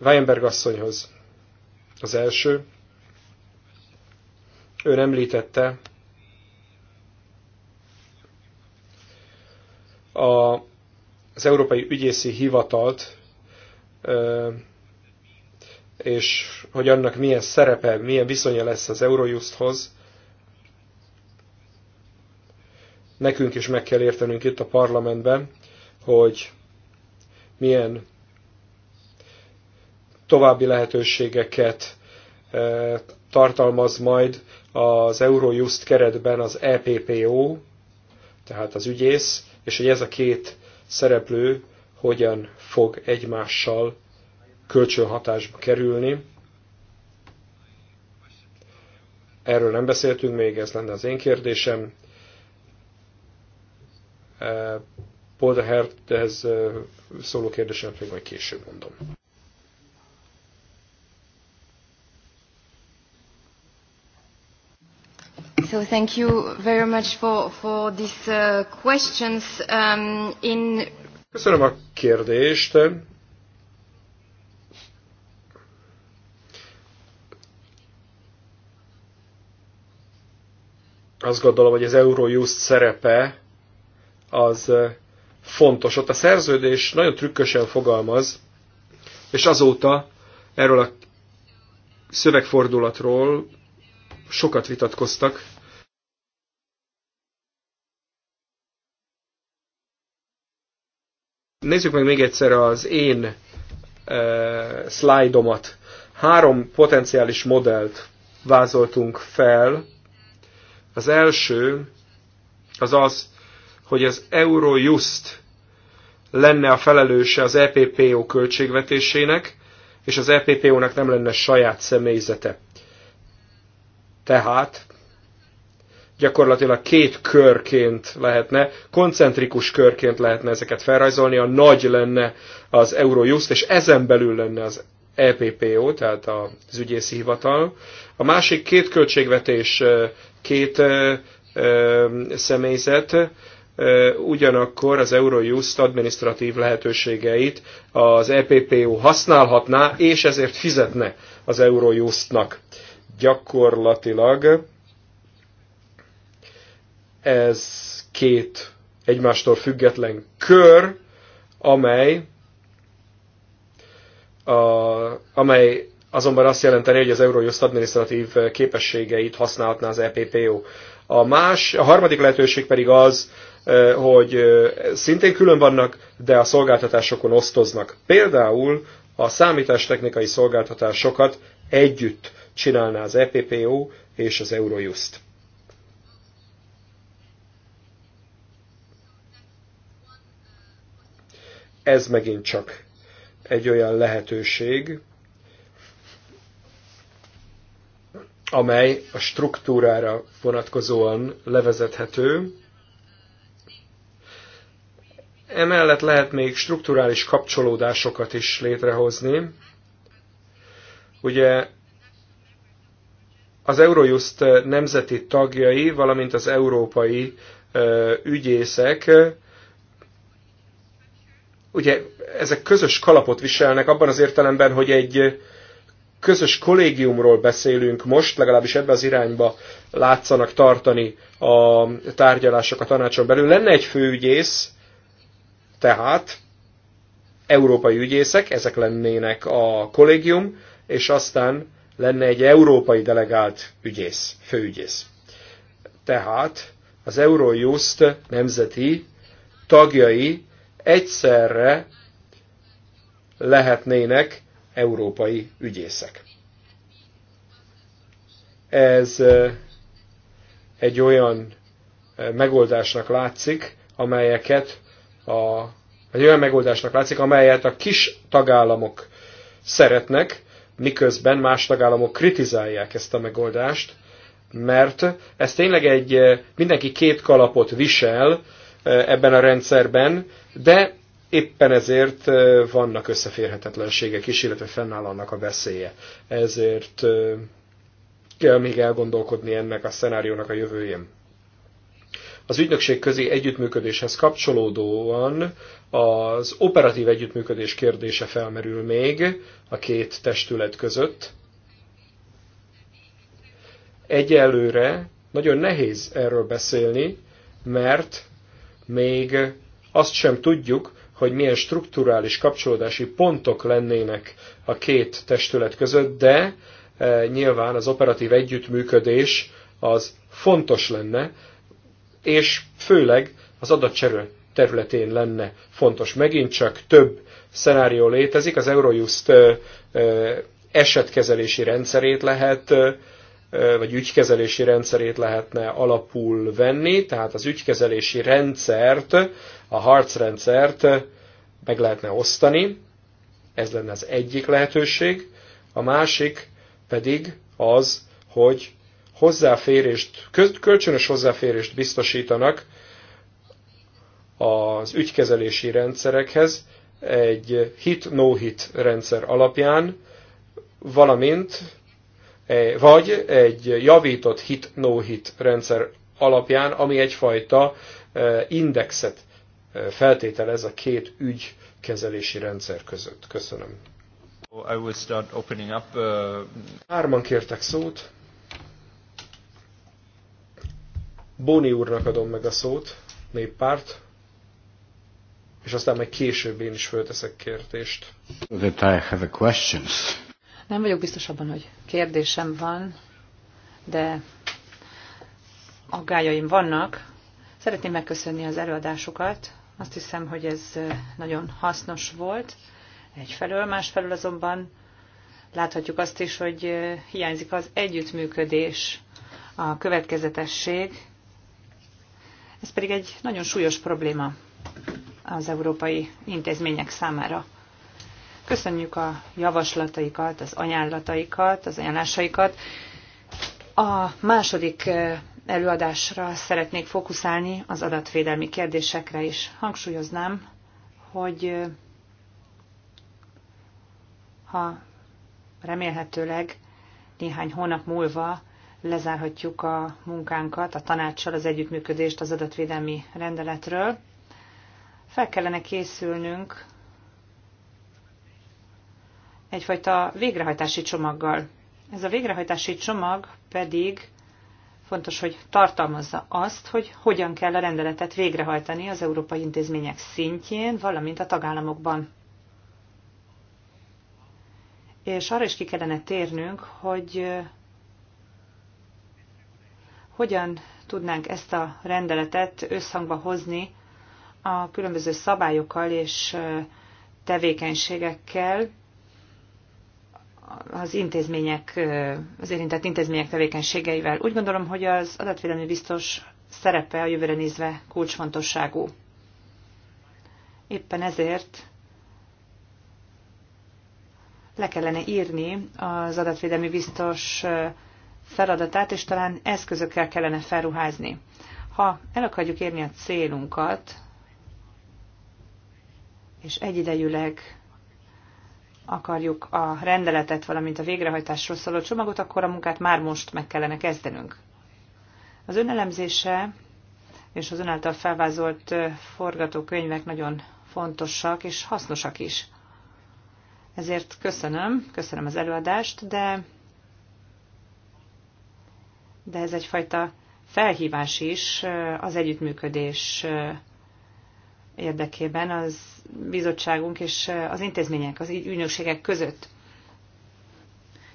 [SPEAKER 1] Weinberg asszonyhoz az első. Ő említette a az Európai Ügyészi Hivatalt, és hogy annak milyen szerepe, milyen viszonya lesz az Eurojusthoz, nekünk is meg kell értenünk itt a parlamentben, hogy milyen további lehetőségeket tartalmaz majd az Eurojust keretben az EPPO, tehát az ügyész, és hogy ez a két szereplő hogyan fog egymással kölcsönhatásba kerülni. Erről nem beszéltünk még, ez lenne az én kérdésem. Eh, Polderherthez eh, szóló kérdésemet még majd később mondom.
[SPEAKER 3] So thank you very much for, for these uh, questions. Um, in... Köszönöm
[SPEAKER 1] a kérdést. Azt gondolom, hogy az Eurojust szerepe az uh, fontos. Ott a szerződés nagyon trükkösen fogalmaz, és azóta erről a szövegfordulatról sokat vitatkoztak. Nézzük meg még egyszer az én e, szlájdomat. Három potenciális modellt vázoltunk fel. Az első az az, hogy az Eurojust lenne a felelőse az EPPO költségvetésének, és az EPPO-nak nem lenne saját személyzete. Tehát gyakorlatilag két körként lehetne, koncentrikus körként lehetne ezeket felrajzolni, a nagy lenne az Eurojust, és ezen belül lenne az EPPO, tehát az ügyészi hivatal. A másik két költségvetés, két személyzet, ugyanakkor az Eurojust administratív lehetőségeit az EPPO használhatná, és ezért fizetne az Eurojustnak. Gyakorlatilag ez két egymástól független kör, amely, a, amely azonban azt jelenteni, hogy az Eurojust adminisztratív képességeit használhatná az EPPO. A, más, a harmadik lehetőség pedig az, hogy szintén külön vannak, de a szolgáltatásokon osztoznak. Például a számítástechnikai szolgáltatásokat együtt csinálná az EPPO és az Eurojust. Ez megint csak egy olyan lehetőség, amely a struktúrára vonatkozóan levezethető. Emellett lehet még strukturális kapcsolódásokat is létrehozni. Ugye az Eurojust nemzeti tagjai, valamint az európai ügyészek ugye ezek közös kalapot viselnek abban az értelemben, hogy egy közös kollégiumról beszélünk most, legalábbis ebbe az irányba látszanak tartani a tárgyalások a tanácson belül. Lenne egy főügyész, tehát európai ügyészek, ezek lennének a kollégium, és aztán lenne egy európai delegált ügyész, főügyész. Tehát az Eurojust nemzeti tagjai egyszerre lehetnének európai ügyészek. Ez egy olyan megoldásnak látszik, amelyeket a, egy olyan megoldásnak látszik, amelyet a kis tagállamok szeretnek, miközben más tagállamok kritizálják ezt a megoldást, mert ez tényleg egy, mindenki két kalapot visel, ebben a rendszerben, de éppen ezért vannak összeférhetetlenségek is, illetve fennáll annak a veszélye. Ezért kell még elgondolkodni ennek a szenáriónak a jövőjén. Az ügynökség közé együttműködéshez kapcsolódóan az operatív együttműködés kérdése felmerül még a két testület között. Egyelőre nagyon nehéz erről beszélni, mert még azt sem tudjuk, hogy milyen strukturális kapcsolódási pontok lennének a két testület között, de e, nyilván az operatív együttműködés az fontos lenne, és főleg az adatcserő területén lenne fontos. Megint csak több szenárió létezik, az Eurojust e, e, esetkezelési rendszerét lehet vagy ügykezelési rendszerét lehetne alapul venni, tehát az ügykezelési rendszert, a harc rendszert meg lehetne osztani, ez lenne az egyik lehetőség, a másik pedig az, hogy hozzáférést, kölcsönös hozzáférést biztosítanak az ügykezelési rendszerekhez egy hit-no-hit -no -hit rendszer alapján, valamint E, vagy egy javított hit-no-hit -no -hit rendszer alapján, ami egyfajta e, indexet e, feltételez a két ügy kezelési rendszer között. Köszönöm. I will start opening up, uh... Hárman kértek szót. Bóni úrnak adom meg a szót, néppárt, és aztán meg később én is fölteszek kérdést. That I have a questions.
[SPEAKER 2] Nem vagyok biztos abban, hogy kérdésem van, de aggájaim vannak. Szeretném megköszönni az előadásokat. Azt hiszem, hogy ez nagyon hasznos volt egyfelől, másfelől azonban láthatjuk azt is, hogy hiányzik az együttműködés, a következetesség. Ez pedig egy nagyon súlyos probléma az európai intézmények számára. Köszönjük a javaslataikat, az ajánlataikat, az ajánlásaikat. A második eh, előadásra szeretnék fókuszálni az adatvédelmi kérdésekre is. Hangsúlyoznám, hogy eh, ha remélhetőleg néhány hónap múlva lezárhatjuk a munkánkat, a tanácssal az együttműködést az adatvédelmi rendeletről. Fel kellene készülnünk egyfajta végrehajtási csomaggal. Ez a végrehajtási csomag pedig fontos, hogy tartalmazza azt, hogy hogyan kell a rendeletet végrehajtani az európai intézmények szintjén, valamint a tagállamokban. És arra is ki kellene térnünk, hogy hogyan tudnánk ezt a rendeletet összhangba hozni a különböző szabályokkal és tevékenységekkel, az intézmények, az érintett intézmények tevékenységeivel. Úgy gondolom, hogy az adatvédelmi biztos szerepe a jövőre nézve kulcsfontosságú. Éppen ezért le kellene írni az adatvédelmi biztos feladatát, és talán eszközökkel kellene felruházni. Ha el akarjuk érni a célunkat, és egyidejűleg akarjuk a rendeletet, valamint a végrehajtásról szóló csomagot, akkor a munkát már most meg kellene kezdenünk. Az önelemzése és az önáltal felvázolt forgatókönyvek nagyon fontosak és hasznosak is. Ezért köszönöm, köszönöm az előadást, de, de ez egyfajta felhívás is az együttműködés érdekében az bizottságunk és az intézmények, az ügynökségek között.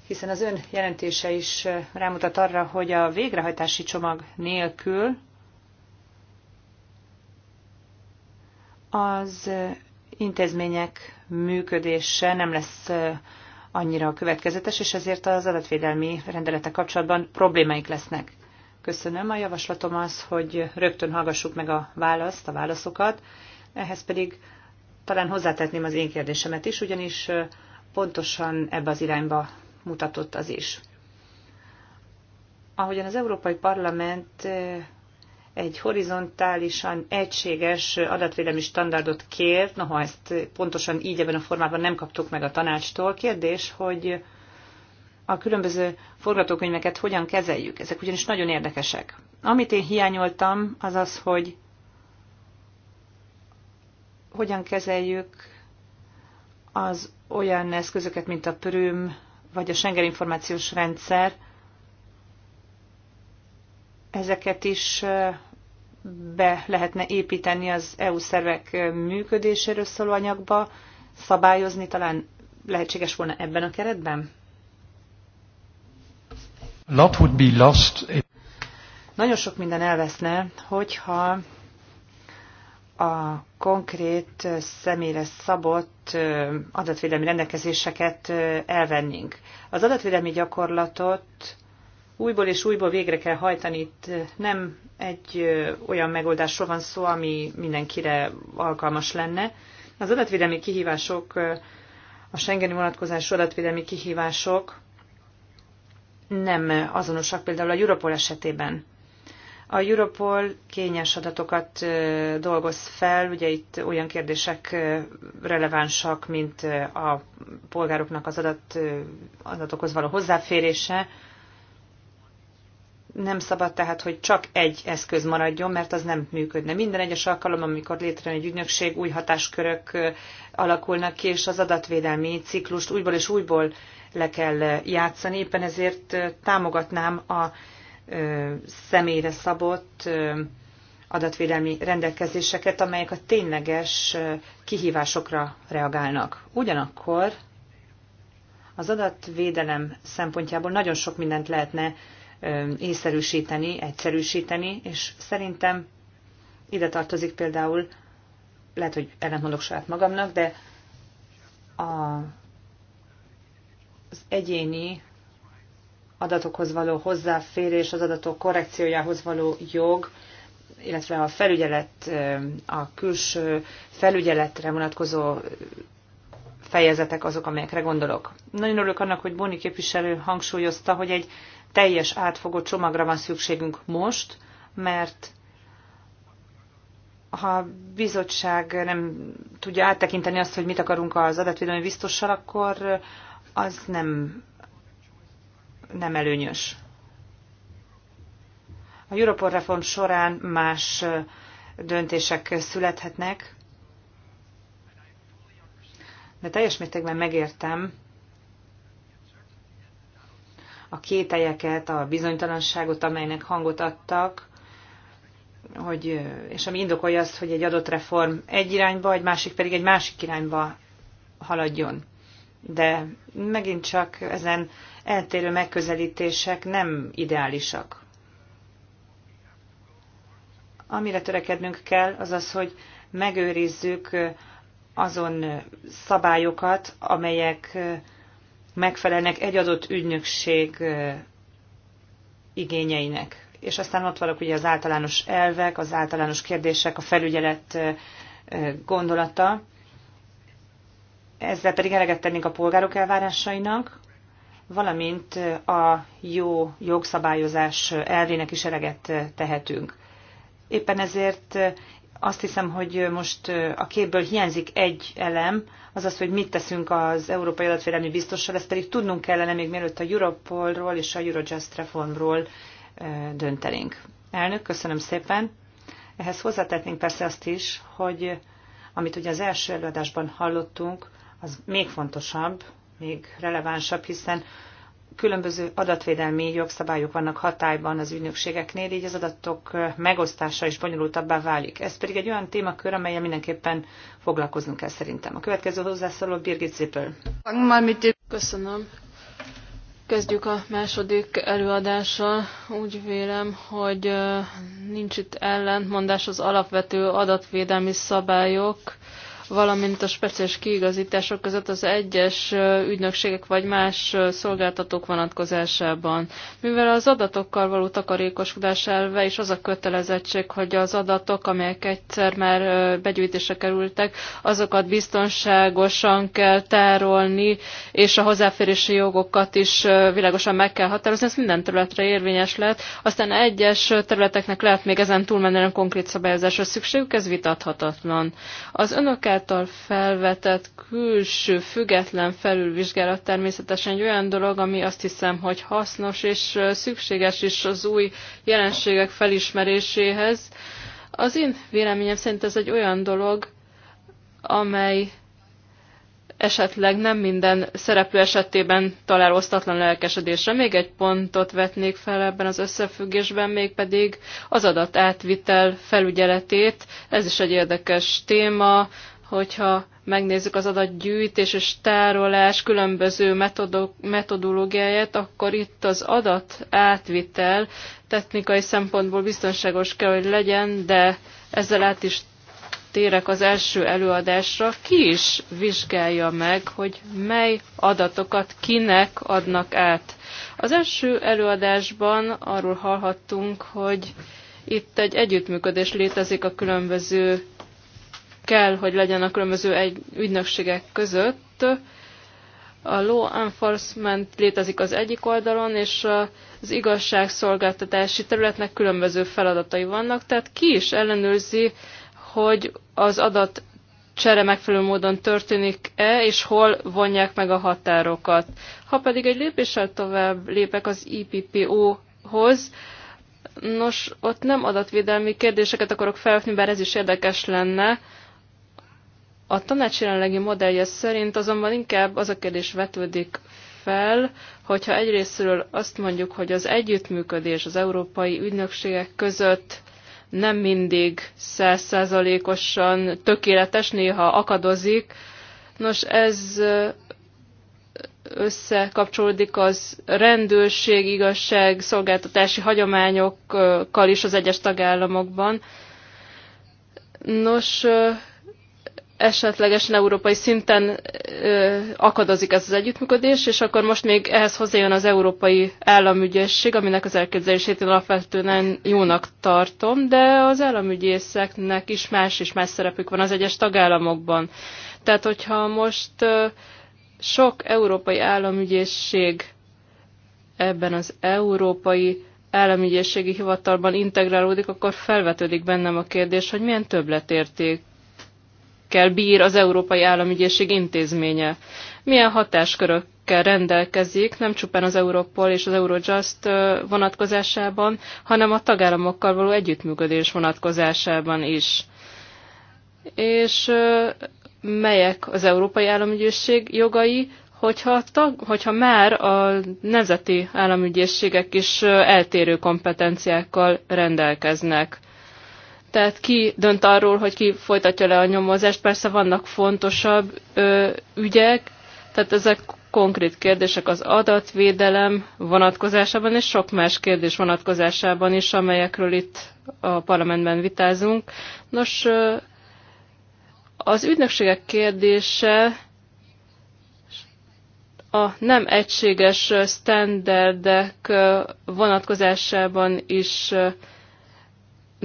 [SPEAKER 2] Hiszen az ön jelentése is rámutat arra, hogy a végrehajtási csomag nélkül az intézmények működése nem lesz annyira következetes, és ezért az adatvédelmi rendelete kapcsolatban problémáik lesznek. Köszönöm. A javaslatom az, hogy rögtön hallgassuk meg a választ, a válaszokat, ehhez pedig talán hozzátetném az én kérdésemet is, ugyanis pontosan ebbe az irányba mutatott az is. Ahogyan az Európai Parlament egy horizontálisan egységes adatvédelmi standardot kér, noha ezt pontosan így ebben a formában nem kaptuk meg a tanácstól, kérdés, hogy a különböző forgatókönyveket hogyan kezeljük. Ezek ugyanis nagyon érdekesek. Amit én hiányoltam, az az, hogy hogyan kezeljük az olyan eszközöket, mint a Prüm vagy a Schengen információs rendszer, ezeket is be lehetne építeni az EU szervek működéséről szóló anyagba, szabályozni talán lehetséges volna ebben a keretben?
[SPEAKER 1] Lot would be lost.
[SPEAKER 2] Nagyon sok minden elveszne, hogyha a konkrét személyre szabott adatvédelmi rendelkezéseket elvennénk. Az adatvédelmi gyakorlatot újból és újból végre kell hajtani. Itt nem egy olyan megoldásról van szó, ami mindenkire alkalmas lenne. Az adatvédelmi kihívások, a Schengeni vonatkozású adatvédelmi kihívások nem azonosak például a Europol esetében. A Europol kényes adatokat dolgoz fel, ugye itt olyan kérdések relevánsak, mint a polgároknak az adat, adatokhoz való hozzáférése. Nem szabad tehát, hogy csak egy eszköz maradjon, mert az nem működne. Minden egyes alkalom, amikor létrejön egy ügynökség, új hatáskörök alakulnak ki, és az adatvédelmi ciklust újból és újból le kell játszani. Éppen ezért támogatnám a személyre szabott adatvédelmi rendelkezéseket, amelyek a tényleges kihívásokra reagálnak. Ugyanakkor az adatvédelem szempontjából nagyon sok mindent lehetne észszerűsíteni, egyszerűsíteni, és szerintem ide tartozik például, lehet, hogy ellentmondok saját magamnak, de a, az egyéni adatokhoz való hozzáférés, az adatok korrekciójához való jog, illetve a felügyelet, a külső felügyeletre vonatkozó fejezetek azok, amelyekre gondolok. Nagyon örülök annak, hogy Boni képviselő hangsúlyozta, hogy egy teljes átfogó csomagra van szükségünk most, mert ha a bizottság nem tudja áttekinteni azt, hogy mit akarunk az adatvédelmi biztossal, akkor az nem nem előnyös. A Europol reform során más döntések születhetnek, de teljes mértékben megértem a kételyeket, a bizonytalanságot, amelynek hangot adtak, hogy, és ami indokolja azt, hogy egy adott reform egy irányba, egy másik pedig egy másik irányba haladjon de megint csak ezen eltérő megközelítések nem ideálisak. Amire törekednünk kell, az az, hogy megőrizzük azon szabályokat, amelyek megfelelnek egy adott ügynökség igényeinek. És aztán ott vannak ugye az általános elvek, az általános kérdések, a felügyelet gondolata, ezzel pedig eleget tennénk a polgárok elvárásainak, valamint a jó jogszabályozás elvének is eleget tehetünk. Éppen ezért azt hiszem, hogy most a képből hiányzik egy elem, az az, hogy mit teszünk az Európai Adatvédelmi Biztossal, ezt pedig tudnunk kellene még mielőtt a Europolról és a Eurojust reformról döntenénk. Elnök, köszönöm szépen. Ehhez hozzátetnénk persze azt is, hogy amit ugye az első előadásban hallottunk, az még fontosabb, még relevánsabb, hiszen különböző adatvédelmi jogszabályok vannak hatályban az ügynökségeknél, így az adatok megosztása is bonyolultabbá válik. Ez pedig egy olyan témakör, amelyen mindenképpen foglalkoznunk kell szerintem. A következő hozzászóló Birgit Zippel.
[SPEAKER 3] Köszönöm. Kezdjük a második előadással. Úgy vélem, hogy nincs itt ellentmondás az alapvető adatvédelmi szabályok valamint a speciális kiigazítások között az egyes ügynökségek vagy más szolgáltatók vonatkozásában. Mivel az adatokkal való takarékoskodás elve és az a kötelezettség, hogy az adatok, amelyek egyszer már begyűjtésre kerültek, azokat biztonságosan kell tárolni, és a hozzáférési jogokat is világosan meg kell határozni, ez minden területre érvényes lett. Aztán egyes területeknek lehet még ezen túlmenően konkrét szabályozásra szükségük, ez vitathatatlan. Az önök által felvetett külső független felülvizsgálat természetesen egy olyan dolog, ami azt hiszem, hogy hasznos és szükséges is az új jelenségek felismeréséhez. Az én véleményem szerint ez egy olyan dolog, amely esetleg nem minden szereplő esetében talál osztatlan lelkesedésre. Még egy pontot vetnék fel ebben az összefüggésben, mégpedig az átvitel felügyeletét. Ez is egy érdekes téma, hogyha megnézzük az adatgyűjtés és tárolás különböző metodok, metodológiáját, akkor itt az adat átvitel technikai szempontból biztonságos kell, hogy legyen, de ezzel át is térek az első előadásra, ki is vizsgálja meg, hogy mely adatokat kinek adnak át. Az első előadásban arról hallhattunk, hogy itt egy együttműködés létezik a különböző kell, hogy legyen a különböző egy ügynökségek között. A law enforcement létezik az egyik oldalon, és az igazságszolgáltatási területnek különböző feladatai vannak, tehát ki is ellenőrzi, hogy az adat csere megfelelő módon történik-e, és hol vonják meg a határokat. Ha pedig egy lépéssel tovább lépek az IPPO-hoz, nos, ott nem adatvédelmi kérdéseket akarok felhívni, bár ez is érdekes lenne, a tanács jelenlegi modellje szerint azonban inkább az a kérdés vetődik fel, hogyha egyrésztről azt mondjuk, hogy az együttműködés az európai ügynökségek között nem mindig százszázalékosan tökéletes, néha akadozik. Nos, ez összekapcsolódik az rendőrség, igazság, szolgáltatási hagyományokkal is az egyes tagállamokban. Nos, esetlegesen európai szinten ö, akadozik ez az együttműködés, és akkor most még ehhez hozzájön az Európai Államügyészség, aminek az elképzelését én alapvetően jónak tartom, de az államügyészeknek is más és más szerepük van az egyes tagállamokban. Tehát, hogyha most ö, sok európai államügyészség ebben az európai államügyészségi hivatalban integrálódik, akkor felvetődik bennem a kérdés, hogy milyen többletérték Kell bír az Európai Államügyészség intézménye. Milyen hatáskörök rendelkezik, nem csupán az Europol és az Eurojust vonatkozásában, hanem a tagállamokkal való együttműködés vonatkozásában is. És melyek az Európai Államügyészség jogai, hogyha, tag, hogyha már a nemzeti államügyészségek is eltérő kompetenciákkal rendelkeznek. Tehát ki dönt arról, hogy ki folytatja le a nyomozást? Persze vannak fontosabb ö, ügyek, tehát ezek konkrét kérdések az adatvédelem vonatkozásában és sok más kérdés vonatkozásában is, amelyekről itt a parlamentben vitázunk. Nos, ö, az ügynökségek kérdése a nem egységes standardek vonatkozásában is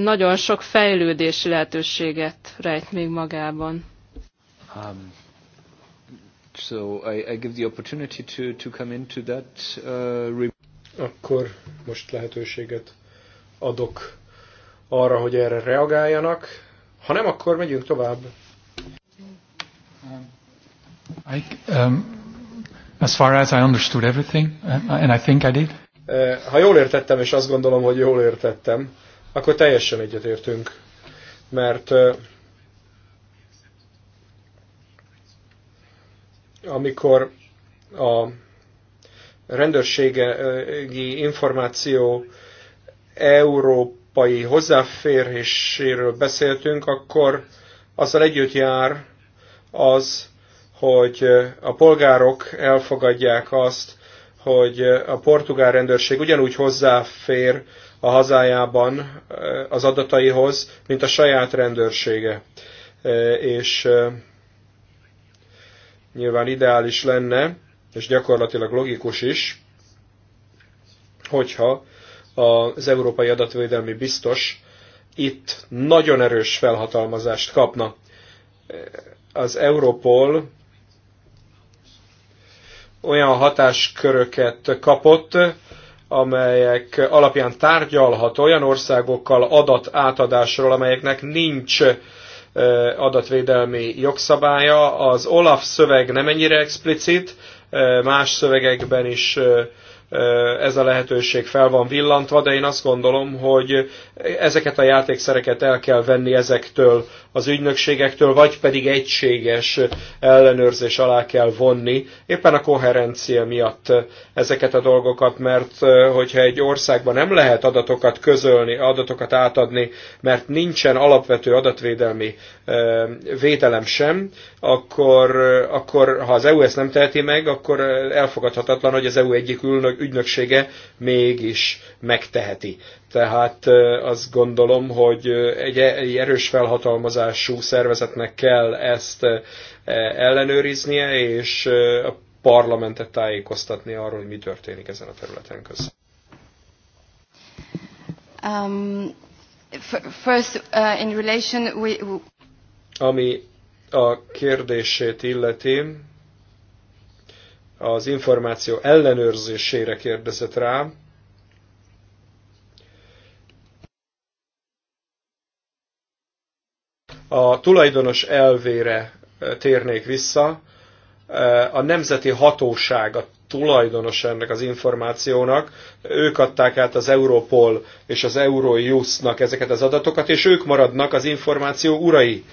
[SPEAKER 3] nagyon sok fejlődési lehetőséget rejt még magában.
[SPEAKER 1] Um, so I, I give the opportunity to, to come into that uh, Akkor most lehetőséget adok arra, hogy erre reagáljanak. Ha nem, akkor megyünk tovább. Um, I, um, as far as I understood everything, uh, and I think I did. Uh, ha jól értettem, és azt gondolom, hogy jól értettem, akkor teljesen egyetértünk. Mert amikor a rendőrségi információ európai hozzáféréséről beszéltünk, akkor azzal együtt jár az, hogy a polgárok elfogadják azt, hogy a portugál rendőrség ugyanúgy hozzáfér a hazájában eh, az adataihoz, mint a saját rendőrsége. Eh, és eh, nyilván ideális lenne, és gyakorlatilag logikus is, hogyha az Európai Adatvédelmi Biztos itt nagyon erős felhatalmazást kapna. Az Europol olyan hatásköröket kapott, amelyek alapján tárgyalhat olyan országokkal adat átadásról, amelyeknek nincs adatvédelmi jogszabálya. Az OLAF szöveg nem ennyire explicit, más szövegekben is ez a lehetőség fel van villantva, de én azt gondolom, hogy ezeket a játékszereket el kell venni ezektől az ügynökségektől, vagy pedig egységes ellenőrzés alá kell vonni, éppen a koherencia miatt ezeket a dolgokat, mert hogyha egy országban nem lehet adatokat közölni, adatokat átadni, mert nincsen alapvető adatvédelmi védelem sem, akkor, akkor ha az EU ezt nem teheti meg, akkor elfogadhatatlan, hogy az EU egyik ülnök, ügynöksége mégis megteheti. Tehát azt gondolom, hogy e-, egy, erős felhatalmazású szervezetnek kell ezt e, ellenőriznie, és a parlamentet tájékoztatni arról, hogy mi történik ezen a területen közben.
[SPEAKER 3] Um, first, uh, in relation we...
[SPEAKER 1] Ami a kérdését illeti, az információ ellenőrzésére kérdezett rá. A tulajdonos elvére eh, térnék vissza. Eh, a nemzeti hatóság, a tulajdonos ennek az információnak, ők adták át az Europol és az Eurojustnak ezeket az adatokat, és ők maradnak az információ urai,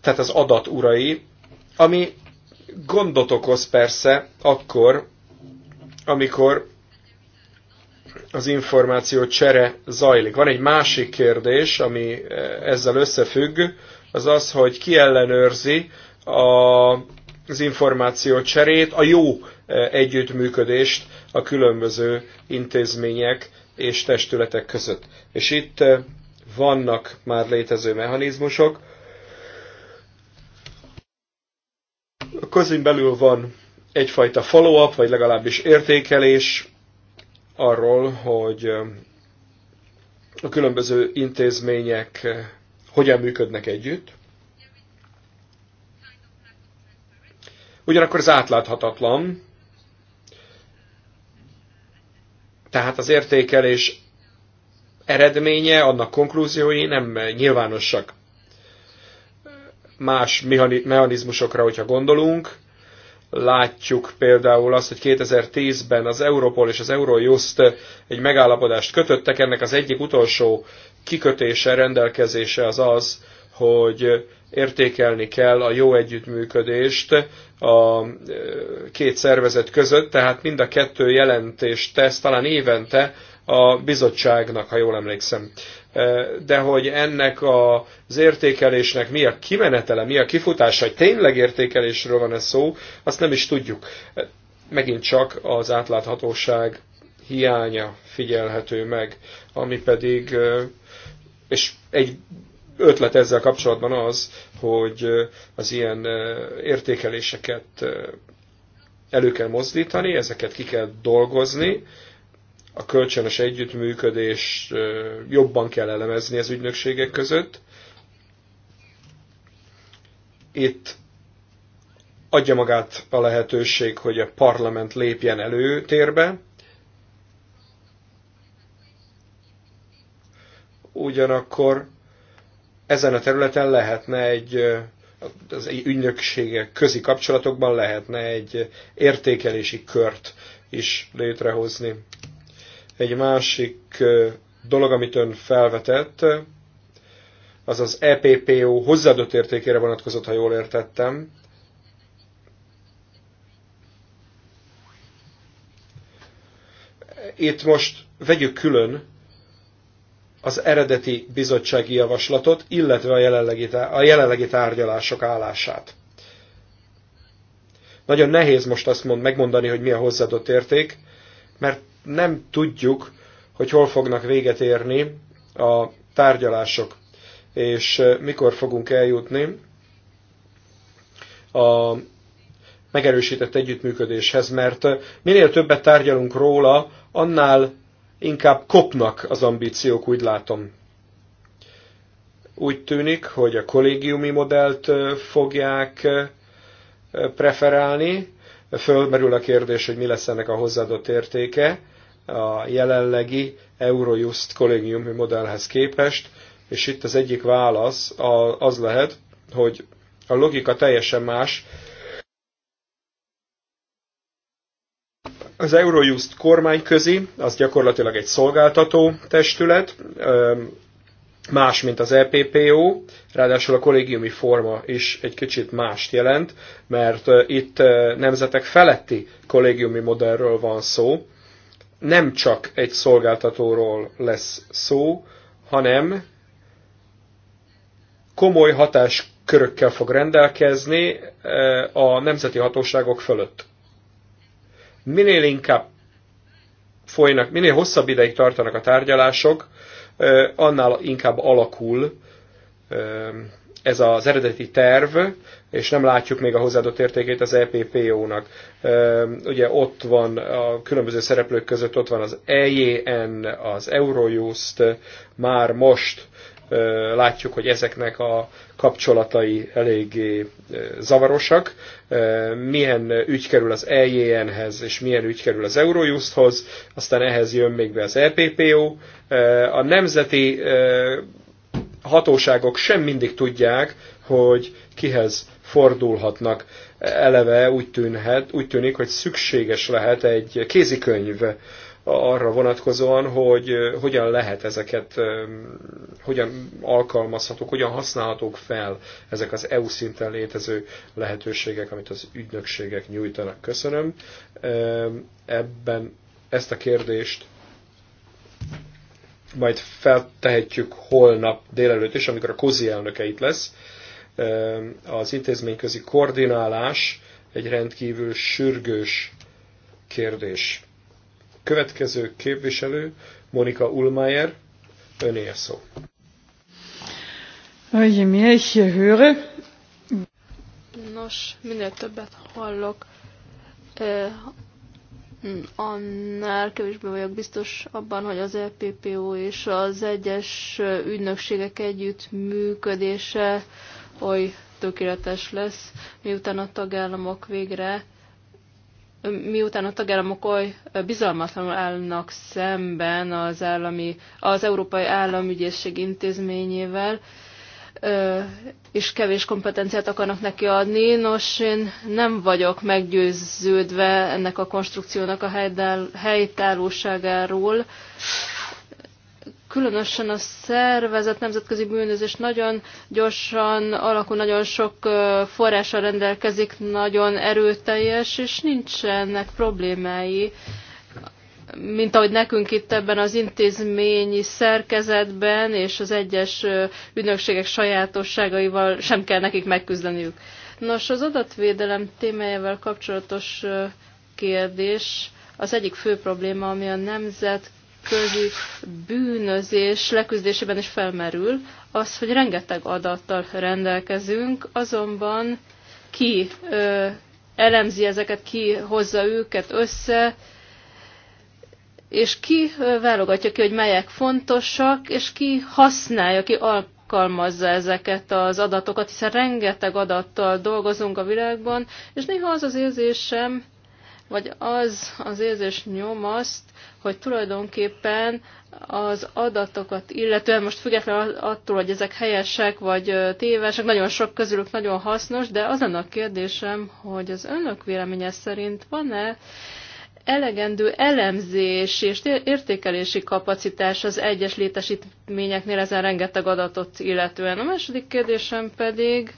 [SPEAKER 1] tehát az adat urai, ami Gondot okoz persze akkor, amikor az információ csere zajlik. Van egy másik kérdés, ami eh, ezzel összefügg, az az, hogy ki ellenőrzi a, az információ cserét, a jó eh, együttműködést a különböző intézmények és testületek között. És itt eh, vannak már létező mechanizmusok, Közünk belül van egyfajta follow-up, vagy legalábbis értékelés arról, hogy a különböző intézmények hogyan működnek együtt. Ugyanakkor ez átláthatatlan, tehát az értékelés eredménye, annak konklúziói nem nyilvánosak más mechanizmusokra, hogyha gondolunk. Látjuk például azt, hogy 2010-ben az Europol és az Eurojust egy megállapodást kötöttek. Ennek az egyik utolsó kikötése, rendelkezése az az, hogy értékelni kell a jó együttműködést a e, két szervezet között, tehát mind a kettő jelentést tesz talán évente a bizottságnak, ha jól emlékszem de hogy ennek az értékelésnek mi a kimenetele, mi a kifutása, hogy tényleg értékelésről van-e szó, azt nem is tudjuk. Megint csak az átláthatóság hiánya figyelhető meg, ami pedig, és egy ötlet ezzel kapcsolatban az, hogy az ilyen értékeléseket elő kell mozdítani, ezeket ki kell dolgozni, a kölcsönös együttműködés jobban kell elemezni az ügynökségek között. Itt adja magát a lehetőség, hogy a parlament lépjen előtérbe. Ugyanakkor ezen a területen lehetne egy az ügynökségek közi kapcsolatokban lehetne egy értékelési kört is létrehozni. Egy másik dolog, amit ön felvetett, az az EPPO hozzáadott értékére vonatkozott, ha jól értettem. Itt most vegyük külön az eredeti bizottsági javaslatot, illetve a jelenlegi, a jelenlegi tárgyalások állását. Nagyon nehéz most azt mond, megmondani, hogy mi a hozzáadott érték, mert nem tudjuk, hogy hol fognak véget érni a tárgyalások, és mikor fogunk eljutni a megerősített együttműködéshez, mert minél többet tárgyalunk róla, annál inkább kopnak az ambíciók, úgy látom. Úgy tűnik, hogy a kollégiumi modellt fogják preferálni, fölmerül a kérdés, hogy mi lesz ennek a hozzáadott értéke, a jelenlegi Eurojust kollégiumi modellhez képest, és itt az egyik válasz az lehet, hogy a logika teljesen más. Az Eurojust kormányközi, az gyakorlatilag egy szolgáltató testület, más, mint az EPPO, ráadásul a kollégiumi forma is egy kicsit mást jelent, mert itt nemzetek feletti kollégiumi modellről van szó, nem csak egy szolgáltatóról lesz szó, hanem komoly hatáskörökkel fog rendelkezni eh, a nemzeti hatóságok fölött. Minél inkább folynak, minél hosszabb ideig tartanak a tárgyalások, eh, annál inkább alakul eh, ez az eredeti terv, és nem látjuk még a hozzáadott értékét az EPPO-nak. Ugye ott van a különböző szereplők között, ott van az EJN, az Eurojust, már most látjuk, hogy ezeknek a kapcsolatai eléggé zavarosak. Milyen ügy kerül az EJN-hez, és milyen ügy kerül az Eurojusthoz, aztán ehhez jön még be az EPPO. A nemzeti hatóságok sem mindig tudják, hogy kihez fordulhatnak. Eleve úgy, tűnhet, úgy tűnik, hogy szükséges lehet egy kézikönyv arra vonatkozóan, hogy hogyan lehet ezeket, hogyan alkalmazhatók, hogyan használhatók fel ezek az EU szinten létező lehetőségek, amit az ügynökségek nyújtanak. Köszönöm. Ebben ezt a kérdést majd feltehetjük holnap délelőtt is, amikor a kozi elnöke itt lesz. Az intézményközi koordinálás egy rendkívül sürgős kérdés. Következő képviselő, Monika Ulmayer, öné a szó.
[SPEAKER 3] Nos, minél többet hallok Mm, annál kevésbé vagyok biztos abban, hogy az LPPO e és az egyes ügynökségek együtt működése oly tökéletes lesz, miután a tagállamok végre miután a tagállamok oly bizalmatlanul állnak szemben az, állami, az Európai Államügyészség intézményével, és kevés kompetenciát akarnak neki adni. Nos, én nem vagyok meggyőződve ennek a konstrukciónak a helytállóságáról. Különösen a szervezet nemzetközi bűnözés nagyon gyorsan alakul, nagyon sok forrással rendelkezik, nagyon erőteljes, és nincsenek problémái mint ahogy nekünk itt ebben az intézményi szerkezetben és az egyes ügynökségek sajátosságaival sem kell nekik megküzdeniük. Nos, az adatvédelem témájával kapcsolatos kérdés az egyik fő probléma, ami a nemzet közi bűnözés leküzdésében is felmerül, az, hogy rengeteg adattal rendelkezünk, azonban ki ö, elemzi ezeket, ki hozza őket össze, és ki válogatja ki, hogy melyek fontosak, és ki használja, ki alkalmazza ezeket az adatokat, hiszen rengeteg adattal dolgozunk a világban, és néha az az érzésem, vagy az az érzés nyom azt, hogy tulajdonképpen az adatokat, illetően most független attól, hogy ezek helyesek vagy tévesek, nagyon sok közülük nagyon hasznos, de az a kérdésem, hogy az önök véleménye szerint van-e elegendő elemzés és értékelési kapacitás az egyes létesítményeknél ezen rengeteg adatot illetően. A második kérdésem pedig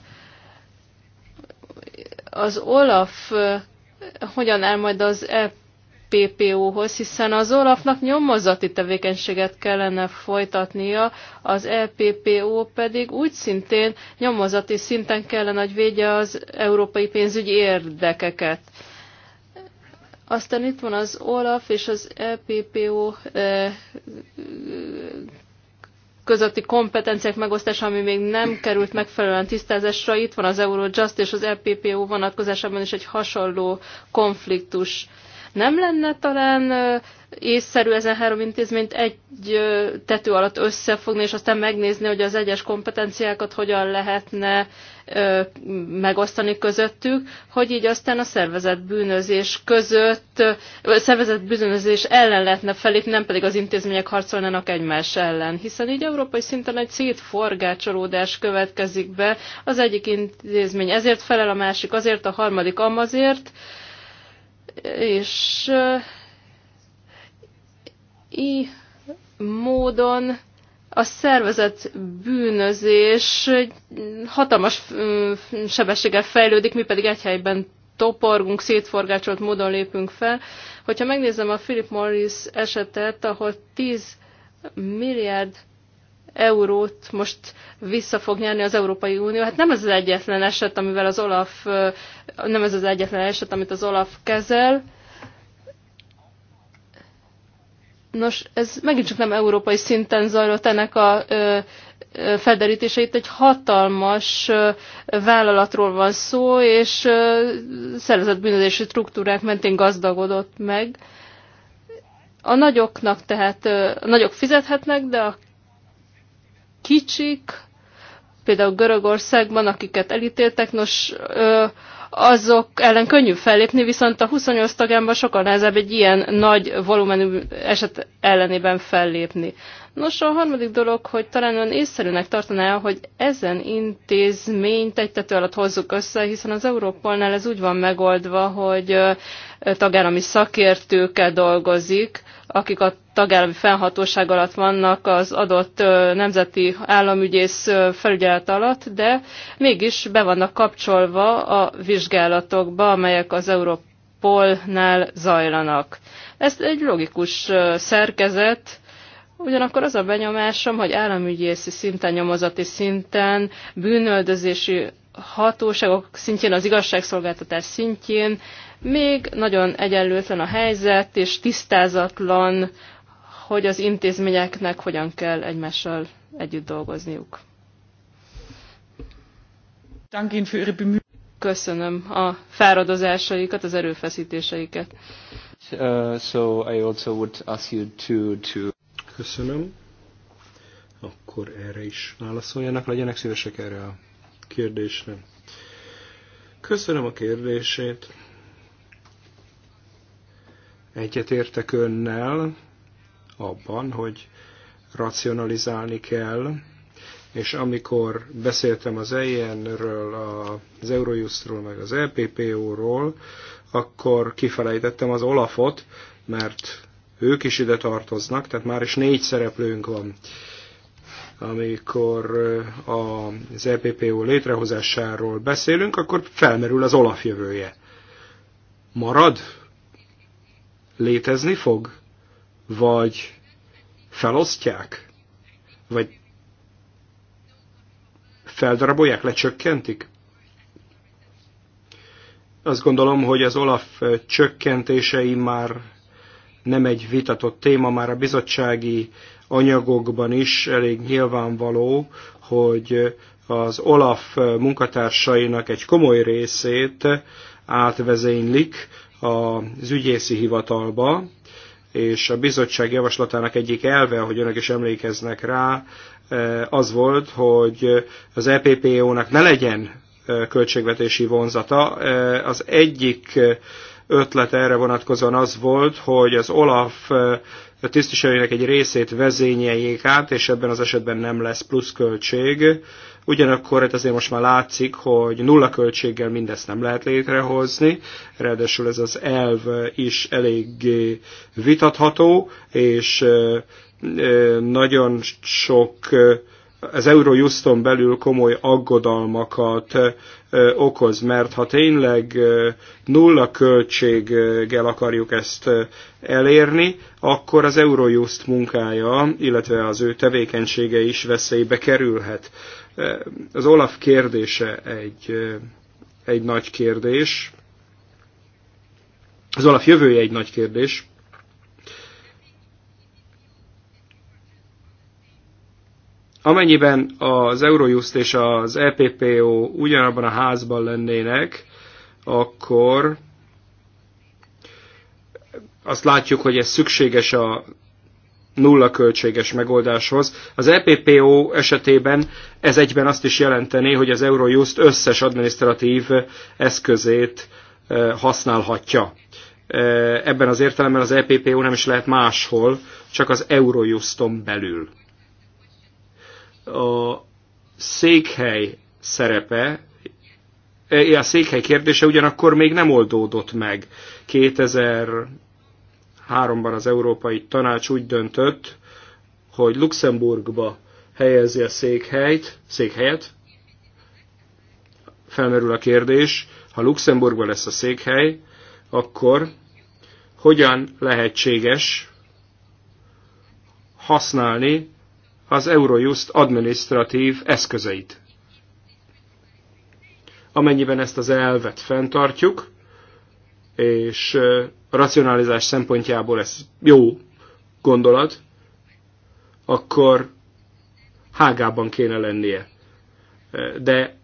[SPEAKER 3] az Olaf hogyan áll majd az EPPO-hoz, hiszen az Olafnak nyomozati tevékenységet kellene folytatnia, az EPPO pedig úgy szintén nyomozati szinten kellene, hogy védje az európai pénzügyi érdekeket. Aztán itt van az OLAF és az EPPO eh, közötti kompetenciák megosztása, ami még nem került megfelelően tisztázásra. Itt van az Eurojust és az EPPO vonatkozásában is egy hasonló konfliktus. Nem lenne talán észszerű ezen három intézményt egy tető alatt összefogni, és aztán megnézni, hogy az egyes kompetenciákat hogyan lehetne megosztani közöttük, hogy így aztán a szervezet bűnözés között, a szervezet bűnözés ellen lehetne felépni, nem pedig az intézmények harcolnának egymás ellen. Hiszen így európai szinten egy szétforgácsolódás következik be, az egyik intézmény ezért felel, a másik azért, a harmadik amazért, és így módon a szervezet bűnözés hatalmas sebességgel fejlődik, mi pedig egy helyben toporgunk, szétforgácsolt módon lépünk fel. Hogyha megnézem a Philip Morris esetet, ahol 10 milliárd eurót most vissza fog nyerni az Európai Unió. Hát nem ez az egyetlen eset, amivel az Olaf, nem ez az egyetlen eset, amit az Olaf kezel. Nos, ez megint csak nem európai szinten zajlott ennek a ö, felderítése. Itt egy hatalmas vállalatról van szó, és szervezett bűnözési struktúrák mentén gazdagodott meg. A nagyoknak tehát, a nagyok fizethetnek, de a kicsik, például Görögországban, akiket elítéltek, nos, azok ellen könnyű fellépni, viszont a 28 tagámban sokkal nehezebb egy ilyen nagy volumenű eset ellenében fellépni. Nos, a harmadik dolog, hogy talán ön észszerűnek tartaná, hogy ezen intézményt egy tető alatt hozzuk össze, hiszen az Európolnál ez úgy van megoldva, hogy tagállami szakértőkkel dolgozik, akik a tagállami felhatóság alatt vannak az adott nemzeti államügyész felügyelet alatt, de mégis be vannak kapcsolva a vizsgálatokba, amelyek az Európolnál zajlanak. Ez egy logikus szerkezet, Ugyanakkor az a benyomásom, hogy államügyészi szinten, nyomozati szinten, bűnöldözési hatóságok szintjén, az igazságszolgáltatás szintjén még nagyon egyenlőtlen a helyzet, és tisztázatlan, hogy az intézményeknek hogyan kell egymással együtt dolgozniuk. Köszönöm a fáradozásaikat, az erőfeszítéseiket.
[SPEAKER 1] Uh, so I also would ask you to, to... Köszönöm. Akkor erre is válaszoljanak, legyenek szívesek erre a kérdésre. Köszönöm a kérdését. Egyetértek önnel abban, hogy racionalizálni kell, és amikor beszéltem az EIN-ről, az Eurojustról, meg az EPPO-ról, akkor kifelejtettem az Olafot, mert ők is ide tartoznak, tehát már is négy szereplőnk van. Amikor az EPPO létrehozásáról beszélünk, akkor felmerül az Olaf jövője. Marad? Létezni fog? Vagy felosztják? Vagy feldarabolják, lecsökkentik? Azt gondolom, hogy az Olaf csökkentései már nem egy vitatott téma, már a bizottsági anyagokban is elég nyilvánvaló, hogy az Olaf munkatársainak egy komoly részét átvezénylik az ügyészi hivatalba, és a bizottság javaslatának egyik elve, ahogy önök is emlékeznek rá, az volt, hogy az EPPO-nak ne legyen költségvetési vonzata. Az egyik ötlet erre vonatkozóan az volt, hogy az Olaf tisztviselőinek egy részét vezényeljék át, és ebben az esetben nem lesz pluszköltség. Ugyanakkor hát azért most már látszik, hogy nulla költséggel mindezt nem lehet létrehozni, ráadásul ez az elv is eléggé vitatható, és nagyon sok az Eurojuston belül komoly aggodalmakat okoz, mert ha tényleg nulla költséggel akarjuk ezt elérni, akkor az Eurojust munkája, illetve az ő tevékenysége is veszélybe kerülhet. Az Olaf kérdése egy, egy nagy kérdés. Az Olaf jövője egy nagy kérdés. Amennyiben az Eurojust és az EPPO ugyanabban a házban lennének, akkor azt látjuk, hogy ez szükséges a nulla költséges megoldáshoz. Az EPPO esetében ez egyben azt is jelenteni, hogy az Eurojust összes adminisztratív eszközét eh, használhatja. Eh, ebben az értelemben az EPPO nem is lehet máshol, csak az Eurojuston belül. A székhely szerepe, e, e, a székhely kérdése ugyanakkor még nem oldódott meg. 2003-ban az Európai Tanács úgy döntött, hogy Luxemburgba helyezi a székhelyt, székhelyet. Felmerül a kérdés, ha Luxemburgban lesz a székhely, akkor hogyan lehetséges használni az Eurojust administratív eszközeit. Amennyiben ezt az elvet fenntartjuk, és a racionalizás szempontjából ez jó gondolat, akkor hágában kéne lennie. De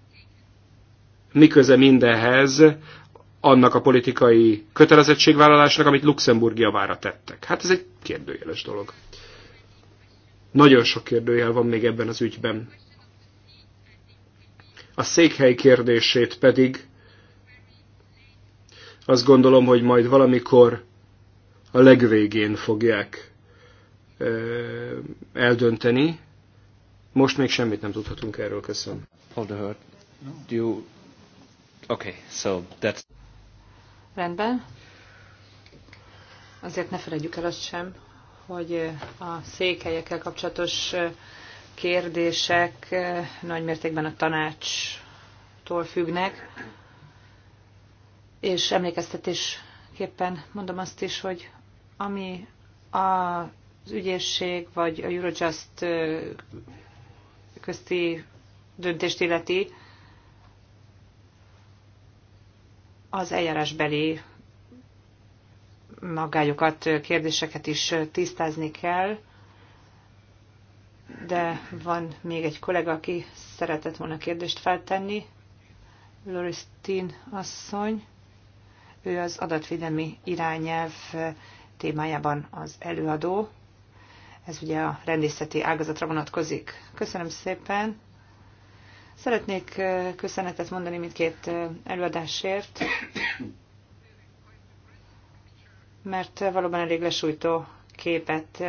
[SPEAKER 1] miköze mindenhez annak a politikai kötelezettségvállalásnak, amit Luxemburg javára tettek? Hát ez egy kérdőjeles dolog. Nagyon sok kérdőjel van még ebben az ügyben. A székhely kérdését pedig azt gondolom, hogy majd valamikor a legvégén fogják eldönteni. Most még semmit nem tudhatunk erről, köszönöm. Hold the hurt. Do you... Okay, so that's...
[SPEAKER 2] Rendben. Azért ne felejtjük el azt sem, hogy a székelyekkel kapcsolatos kérdések eh, nagymértékben a tanácstól függnek, és emlékeztetésképpen mondom azt is, hogy ami az ügyészség vagy a Eurojust eh, közti döntést illeti, az eljárásbeli magájukat, kérdéseket is tisztázni kell. De van még egy kollega, aki szeretett volna kérdést feltenni. Loristin asszony, ő az adatvédelmi irányelv témájában az előadó. Ez ugye a rendészeti ágazatra vonatkozik. Köszönöm szépen. Szeretnék köszönetet mondani mindkét előadásért mert valóban elég lesújtó képet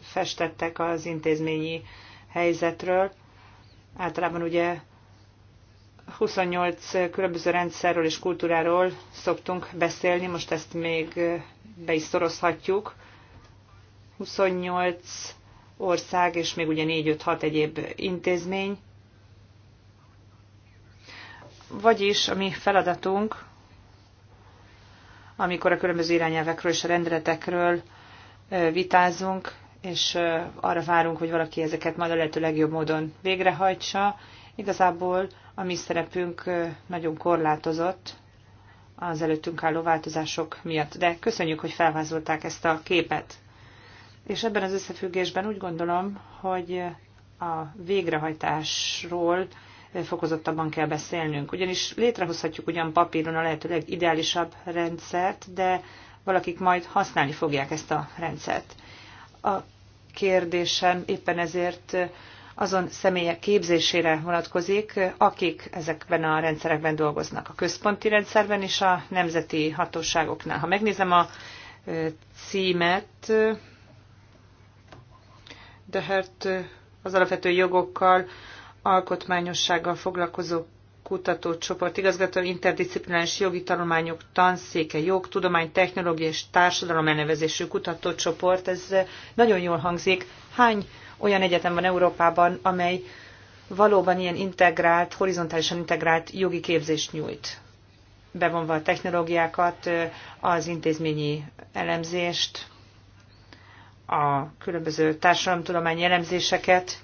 [SPEAKER 2] festettek az intézményi helyzetről. Általában ugye 28 különböző rendszerről és kultúráról szoktunk beszélni, most ezt még be is szorozhatjuk. 28 ország és még ugye 4-5-6 egyéb intézmény. Vagyis a mi feladatunk amikor a különböző irányelvekről és a rendeletekről vitázunk, és arra várunk, hogy valaki ezeket majd a lehető legjobb módon végrehajtsa. Igazából a mi szerepünk nagyon korlátozott az előttünk álló változások miatt, de köszönjük, hogy felvázolták ezt a képet. És ebben az összefüggésben úgy gondolom, hogy a végrehajtásról fokozottabban kell beszélnünk. Ugyanis létrehozhatjuk ugyan papíron a lehető legideálisabb rendszert, de valakik majd használni fogják ezt a rendszert. A kérdésem éppen ezért azon személyek képzésére vonatkozik, akik ezekben a rendszerekben dolgoznak, a központi rendszerben és a nemzeti hatóságoknál. Ha megnézem a címet, hát az alapvető jogokkal, alkotmányossággal foglalkozó kutatócsoport igazgató interdisziplináris jogi tanulmányok tanszéke, jog, tudomány, technológia és társadalom elnevezésű kutatócsoport. Ez eh, nagyon jól hangzik. Hány olyan egyetem van Európában, amely valóban ilyen integrált, horizontálisan integrált jogi képzést nyújt? Bevonva a technológiákat, eh, az intézményi elemzést, a különböző társadalomtudományi elemzéseket,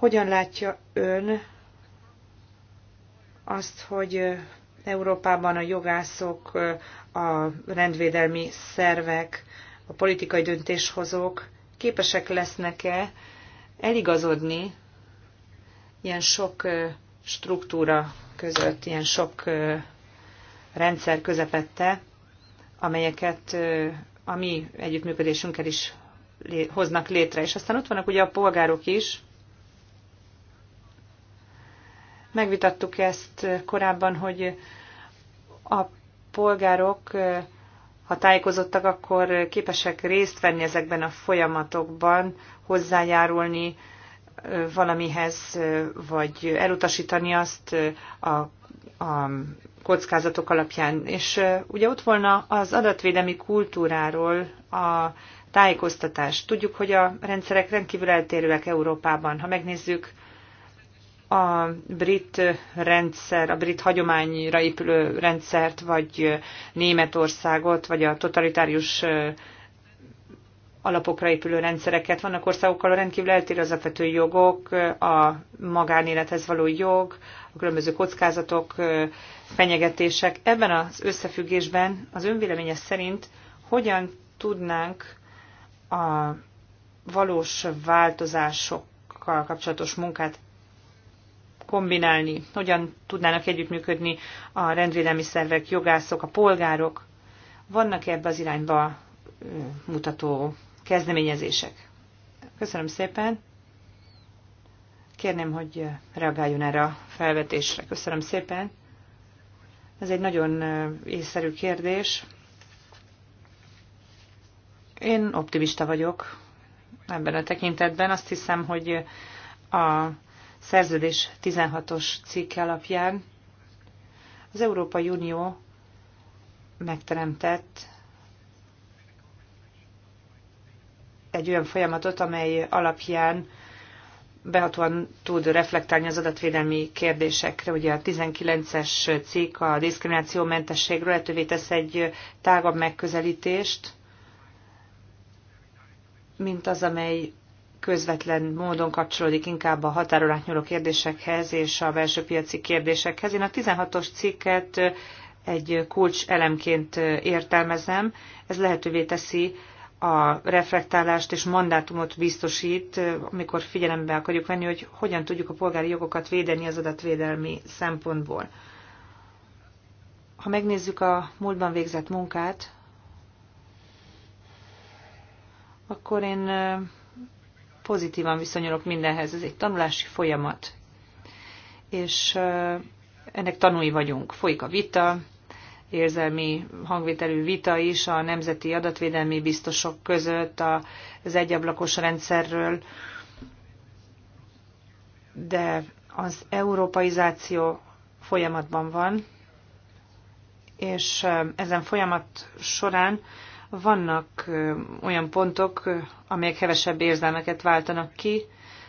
[SPEAKER 2] Hogyan látja ön azt, hogy Európában a jogászok, a rendvédelmi szervek, a politikai döntéshozók képesek lesznek-e eligazodni ilyen sok struktúra között, ilyen sok rendszer közepette, amelyeket a mi együttműködésünkkel is hoznak létre. És aztán ott vannak ugye a polgárok is, Megvitattuk ezt korábban, hogy a polgárok, ha tájékozottak, akkor képesek részt venni ezekben a folyamatokban, hozzájárulni valamihez, vagy elutasítani azt a, a kockázatok alapján. És ugye ott volna az adatvédelmi kultúráról a tájékoztatás. Tudjuk, hogy a rendszerek rendkívül eltérőek Európában. Ha megnézzük a brit rendszer, a brit hagyományra épülő rendszert, vagy Németországot, vagy a totalitárius alapokra épülő rendszereket. Vannak országokkal rendkívül eltérő az alapvető jogok, a magánélethez való jog, a különböző kockázatok, fenyegetések. Ebben az összefüggésben az önvéleménye szerint hogyan tudnánk a valós változásokkal kapcsolatos munkát kombinálni? Hogyan tudnának együttműködni a rendvédelmi szervek, jogászok, a polgárok? Vannak -e ebbe az irányba mutató kezdeményezések? Köszönöm szépen. Kérném, hogy reagáljon erre a felvetésre. Köszönöm szépen. Ez egy nagyon észszerű kérdés. Én optimista vagyok ebben a tekintetben. Azt hiszem, hogy a szerződés 16-os cikk alapján az Európai Unió megteremtett egy olyan folyamatot, amely alapján behatóan tud reflektálni az adatvédelmi kérdésekre. Ugye a 19-es cikk a mentességről lehetővé tesz egy tágabb megközelítést, mint az, amely közvetlen módon kapcsolódik inkább a határon átnyúló kérdésekhez és a belső piaci kérdésekhez. Én a 16-os cikket egy kulcs elemként értelmezem. Ez lehetővé teszi a reflektálást és mandátumot biztosít, amikor figyelembe akarjuk venni, hogy hogyan tudjuk a polgári jogokat védeni az adatvédelmi szempontból. Ha megnézzük a múltban végzett munkát, akkor én pozitívan viszonyulok mindenhez. Ez egy tanulási folyamat. És ennek tanúi vagyunk. Folyik a vita, érzelmi hangvételű vita is a nemzeti adatvédelmi biztosok között, az egyablakos rendszerről, de az európaizáció folyamatban van, és ezen folyamat során vannak olyan pontok, amelyek hevesebb érzelmeket váltanak ki,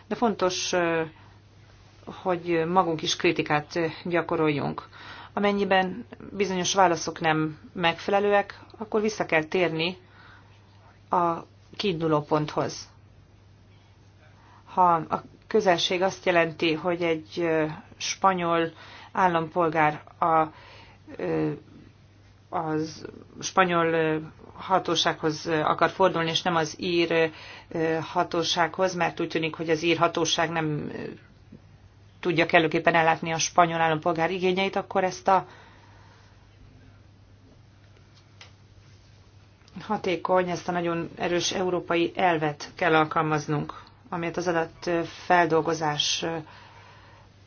[SPEAKER 2] de fontos, hogy magunk is kritikát gyakoroljunk. Amennyiben bizonyos válaszok nem megfelelőek, akkor vissza kell térni a kiinduló ponthoz. Ha a közelség azt jelenti, hogy egy spanyol állampolgár a, az spanyol hatósághoz akar fordulni, és nem az ír hatósághoz, mert úgy tűnik, hogy az ír hatóság nem tudja kellőképpen ellátni a spanyol állampolgár igényeit, akkor ezt a hatékony, ezt a nagyon erős európai elvet kell alkalmaznunk, amit az feldolgozás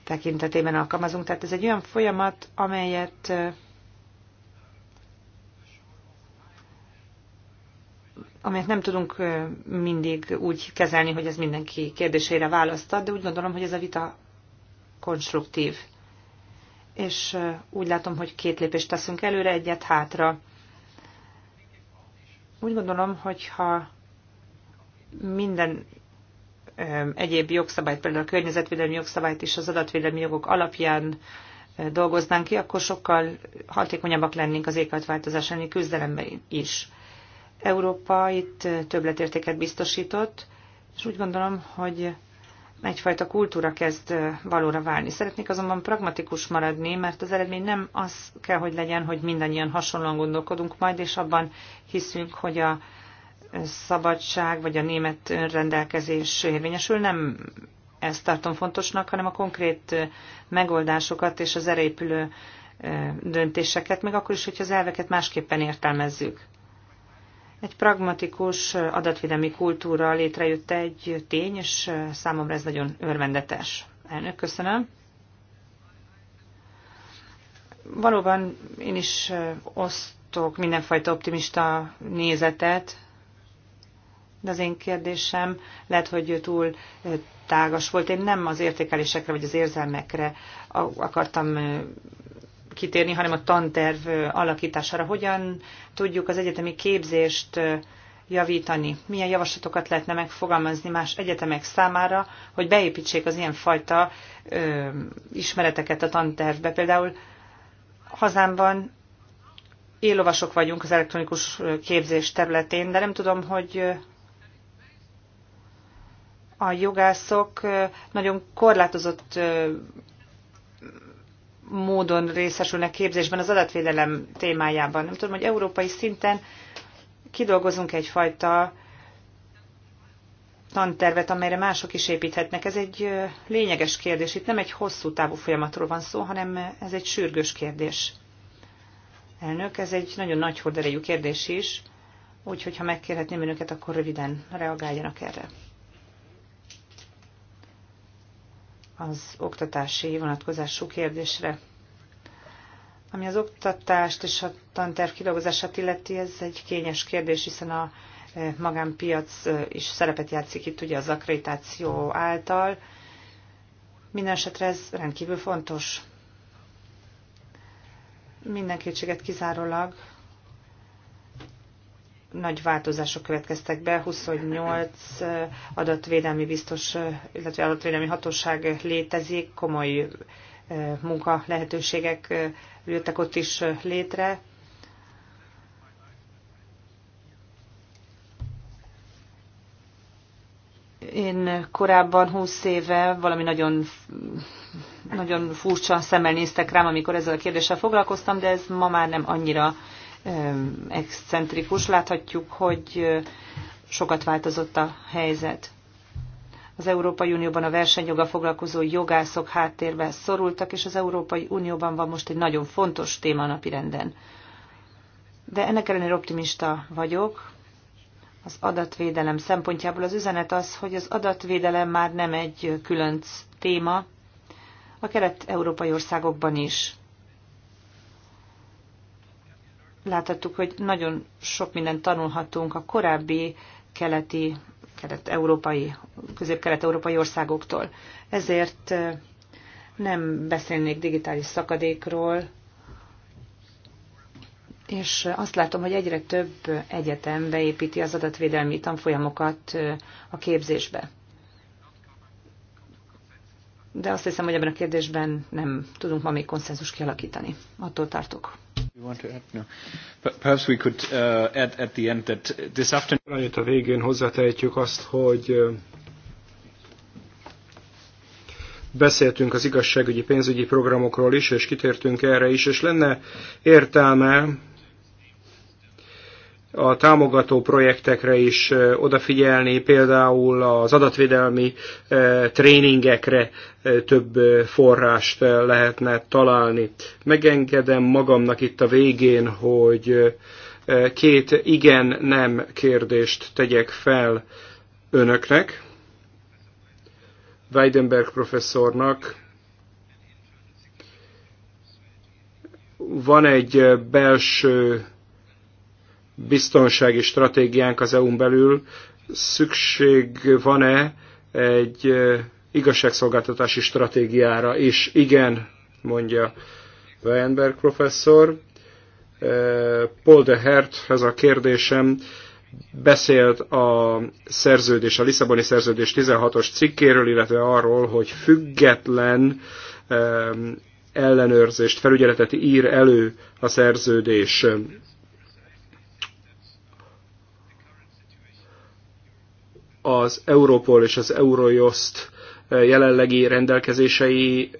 [SPEAKER 2] tekintetében alkalmazunk. Tehát ez egy olyan folyamat, amelyet amelyet nem tudunk mindig úgy kezelni, hogy ez mindenki kérdésére választad, de úgy gondolom, hogy ez a vita konstruktív. És úgy látom, hogy két lépést teszünk előre, egyet hátra. Úgy gondolom, hogy ha minden egyéb jogszabályt, például a környezetvédelmi jogszabályt is az adatvédelmi jogok alapján dolgoznánk ki, akkor sokkal hatékonyabbak lennénk az éghajlatváltozás elleni küzdelemben is. Európa itt többletértéket biztosított, és úgy gondolom, hogy egyfajta kultúra kezd valóra válni. Szeretnék azonban pragmatikus maradni, mert az eredmény nem az kell, hogy legyen, hogy mindannyian hasonlóan gondolkodunk majd, és abban hiszünk, hogy a szabadság vagy a német önrendelkezés érvényesül. Nem ezt tartom fontosnak, hanem a konkrét megoldásokat és az erépülő döntéseket, meg akkor is, hogyha az elveket másképpen értelmezzük. Egy pragmatikus adatvédelmi kultúra létrejött egy tény, és számomra ez nagyon örvendetes. Elnök, köszönöm. Valóban én is osztok mindenfajta optimista nézetet, de az én kérdésem lehet, hogy túl tágas volt. Én nem az értékelésekre vagy az érzelmekre akartam kitérni, hanem a tanterv alakítására. Hogyan tudjuk az egyetemi képzést javítani? Milyen javaslatokat lehetne megfogalmazni más egyetemek számára, hogy beépítsék az ilyenfajta ö, ismereteket a tantervbe? Például hazámban élovasok vagyunk az elektronikus képzés területén, de nem tudom, hogy a jogászok nagyon korlátozott módon részesülnek képzésben az adatvédelem témájában. Nem tudom, hogy európai szinten kidolgozunk egyfajta tantervet, amelyre mások is építhetnek. Ez egy lényeges kérdés. Itt nem egy hosszú távú folyamatról van szó, hanem ez egy sürgős kérdés. Elnök, ez egy nagyon nagy horderejű kérdés is, úgyhogy ha megkérhetném önöket, akkor röviden reagáljanak erre. az oktatási vonatkozású kérdésre. Ami az oktatást és a tanterv kidolgozását illeti, ez egy kényes kérdés, hiszen a e, magánpiac e, is szerepet játszik itt ugye az akkreditáció által. Minden esetre ez rendkívül fontos. Minden kétséget kizárólag nagy változások következtek be, 28 adatvédelmi biztos, illetve adatvédelmi hatóság létezik, komoly eh, munka lehetőségek eh, jöttek ott is eh, létre. Én korábban 20 éve valami nagyon, nagyon furcsa szemmel néztek rám, amikor ezzel a kérdéssel foglalkoztam, de ez ma már nem annyira excentrikus. Láthatjuk, hogy sokat változott a helyzet. Az Európai Unióban a versenyjoga foglalkozó jogászok háttérbe szorultak, és az Európai Unióban van most egy nagyon fontos téma a napirenden. De ennek ellenére optimista vagyok. Az adatvédelem szempontjából az üzenet az, hogy az adatvédelem már nem egy különc téma, a kelet-európai országokban is láthattuk, hogy nagyon sok mindent tanulhatunk a korábbi keleti, kelet-európai, közép-kelet-európai országoktól. Ezért nem beszélnék digitális szakadékról, és azt látom, hogy egyre több egyetem beépíti az adatvédelmi tanfolyamokat a képzésbe. De azt hiszem, hogy ebben a kérdésben nem tudunk ma még konszenzus kialakítani. Attól tartok.
[SPEAKER 1] Annyit a végén hozzátehetjük azt, hogy beszéltünk az igazságügyi pénzügyi programokról is, és kitértünk erre is, és lenne értelme a támogató projektekre is odafigyelni, például az adatvédelmi tréningekre több forrást lehetne találni. Megengedem magamnak itt a végén, hogy két igen-nem kérdést tegyek fel önöknek, Weidenberg professzornak, van egy belső biztonsági stratégiánk az EU-n belül, szükség van-e egy igazságszolgáltatási stratégiára is? Igen, mondja Weinberg professzor. Paul de Hert, ez a kérdésem, beszélt a szerződés, a Lisszaboni szerződés 16-os cikkéről, illetve arról, hogy független ellenőrzést, felügyeletet ír elő a szerződés. az Europol és az Eurojust eh, jelenlegi rendelkezései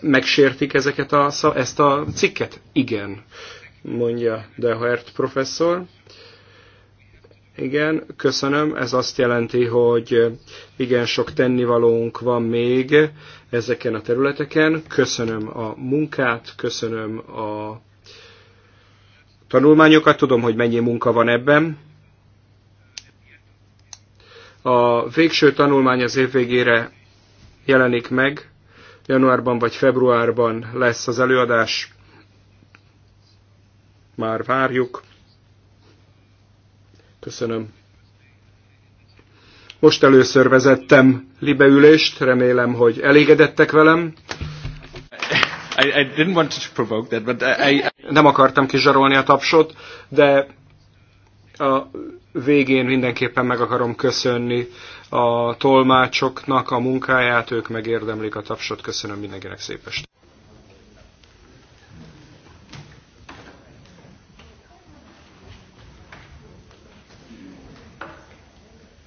[SPEAKER 1] megsértik ezeket a, ezt a cikket? Igen, mondja Dehert professzor. Igen, köszönöm. Ez azt jelenti, hogy igen, sok tennivalónk van még ezeken a területeken. Köszönöm a munkát, köszönöm a tanulmányokat. Tudom, hogy mennyi munka van ebben. A végső tanulmány az év végére jelenik meg, januárban vagy februárban lesz az előadás, már várjuk. Köszönöm. Most először vezettem libeülést, remélem, hogy elégedettek velem. I, I didn't want to provoke that, but I, I... Nem akartam kizsarolni a tapsot, de a végén mindenképpen meg akarom köszönni a tolmácsoknak a munkáját, ők megérdemlik a tapsot. Köszönöm mindenkinek szép estét.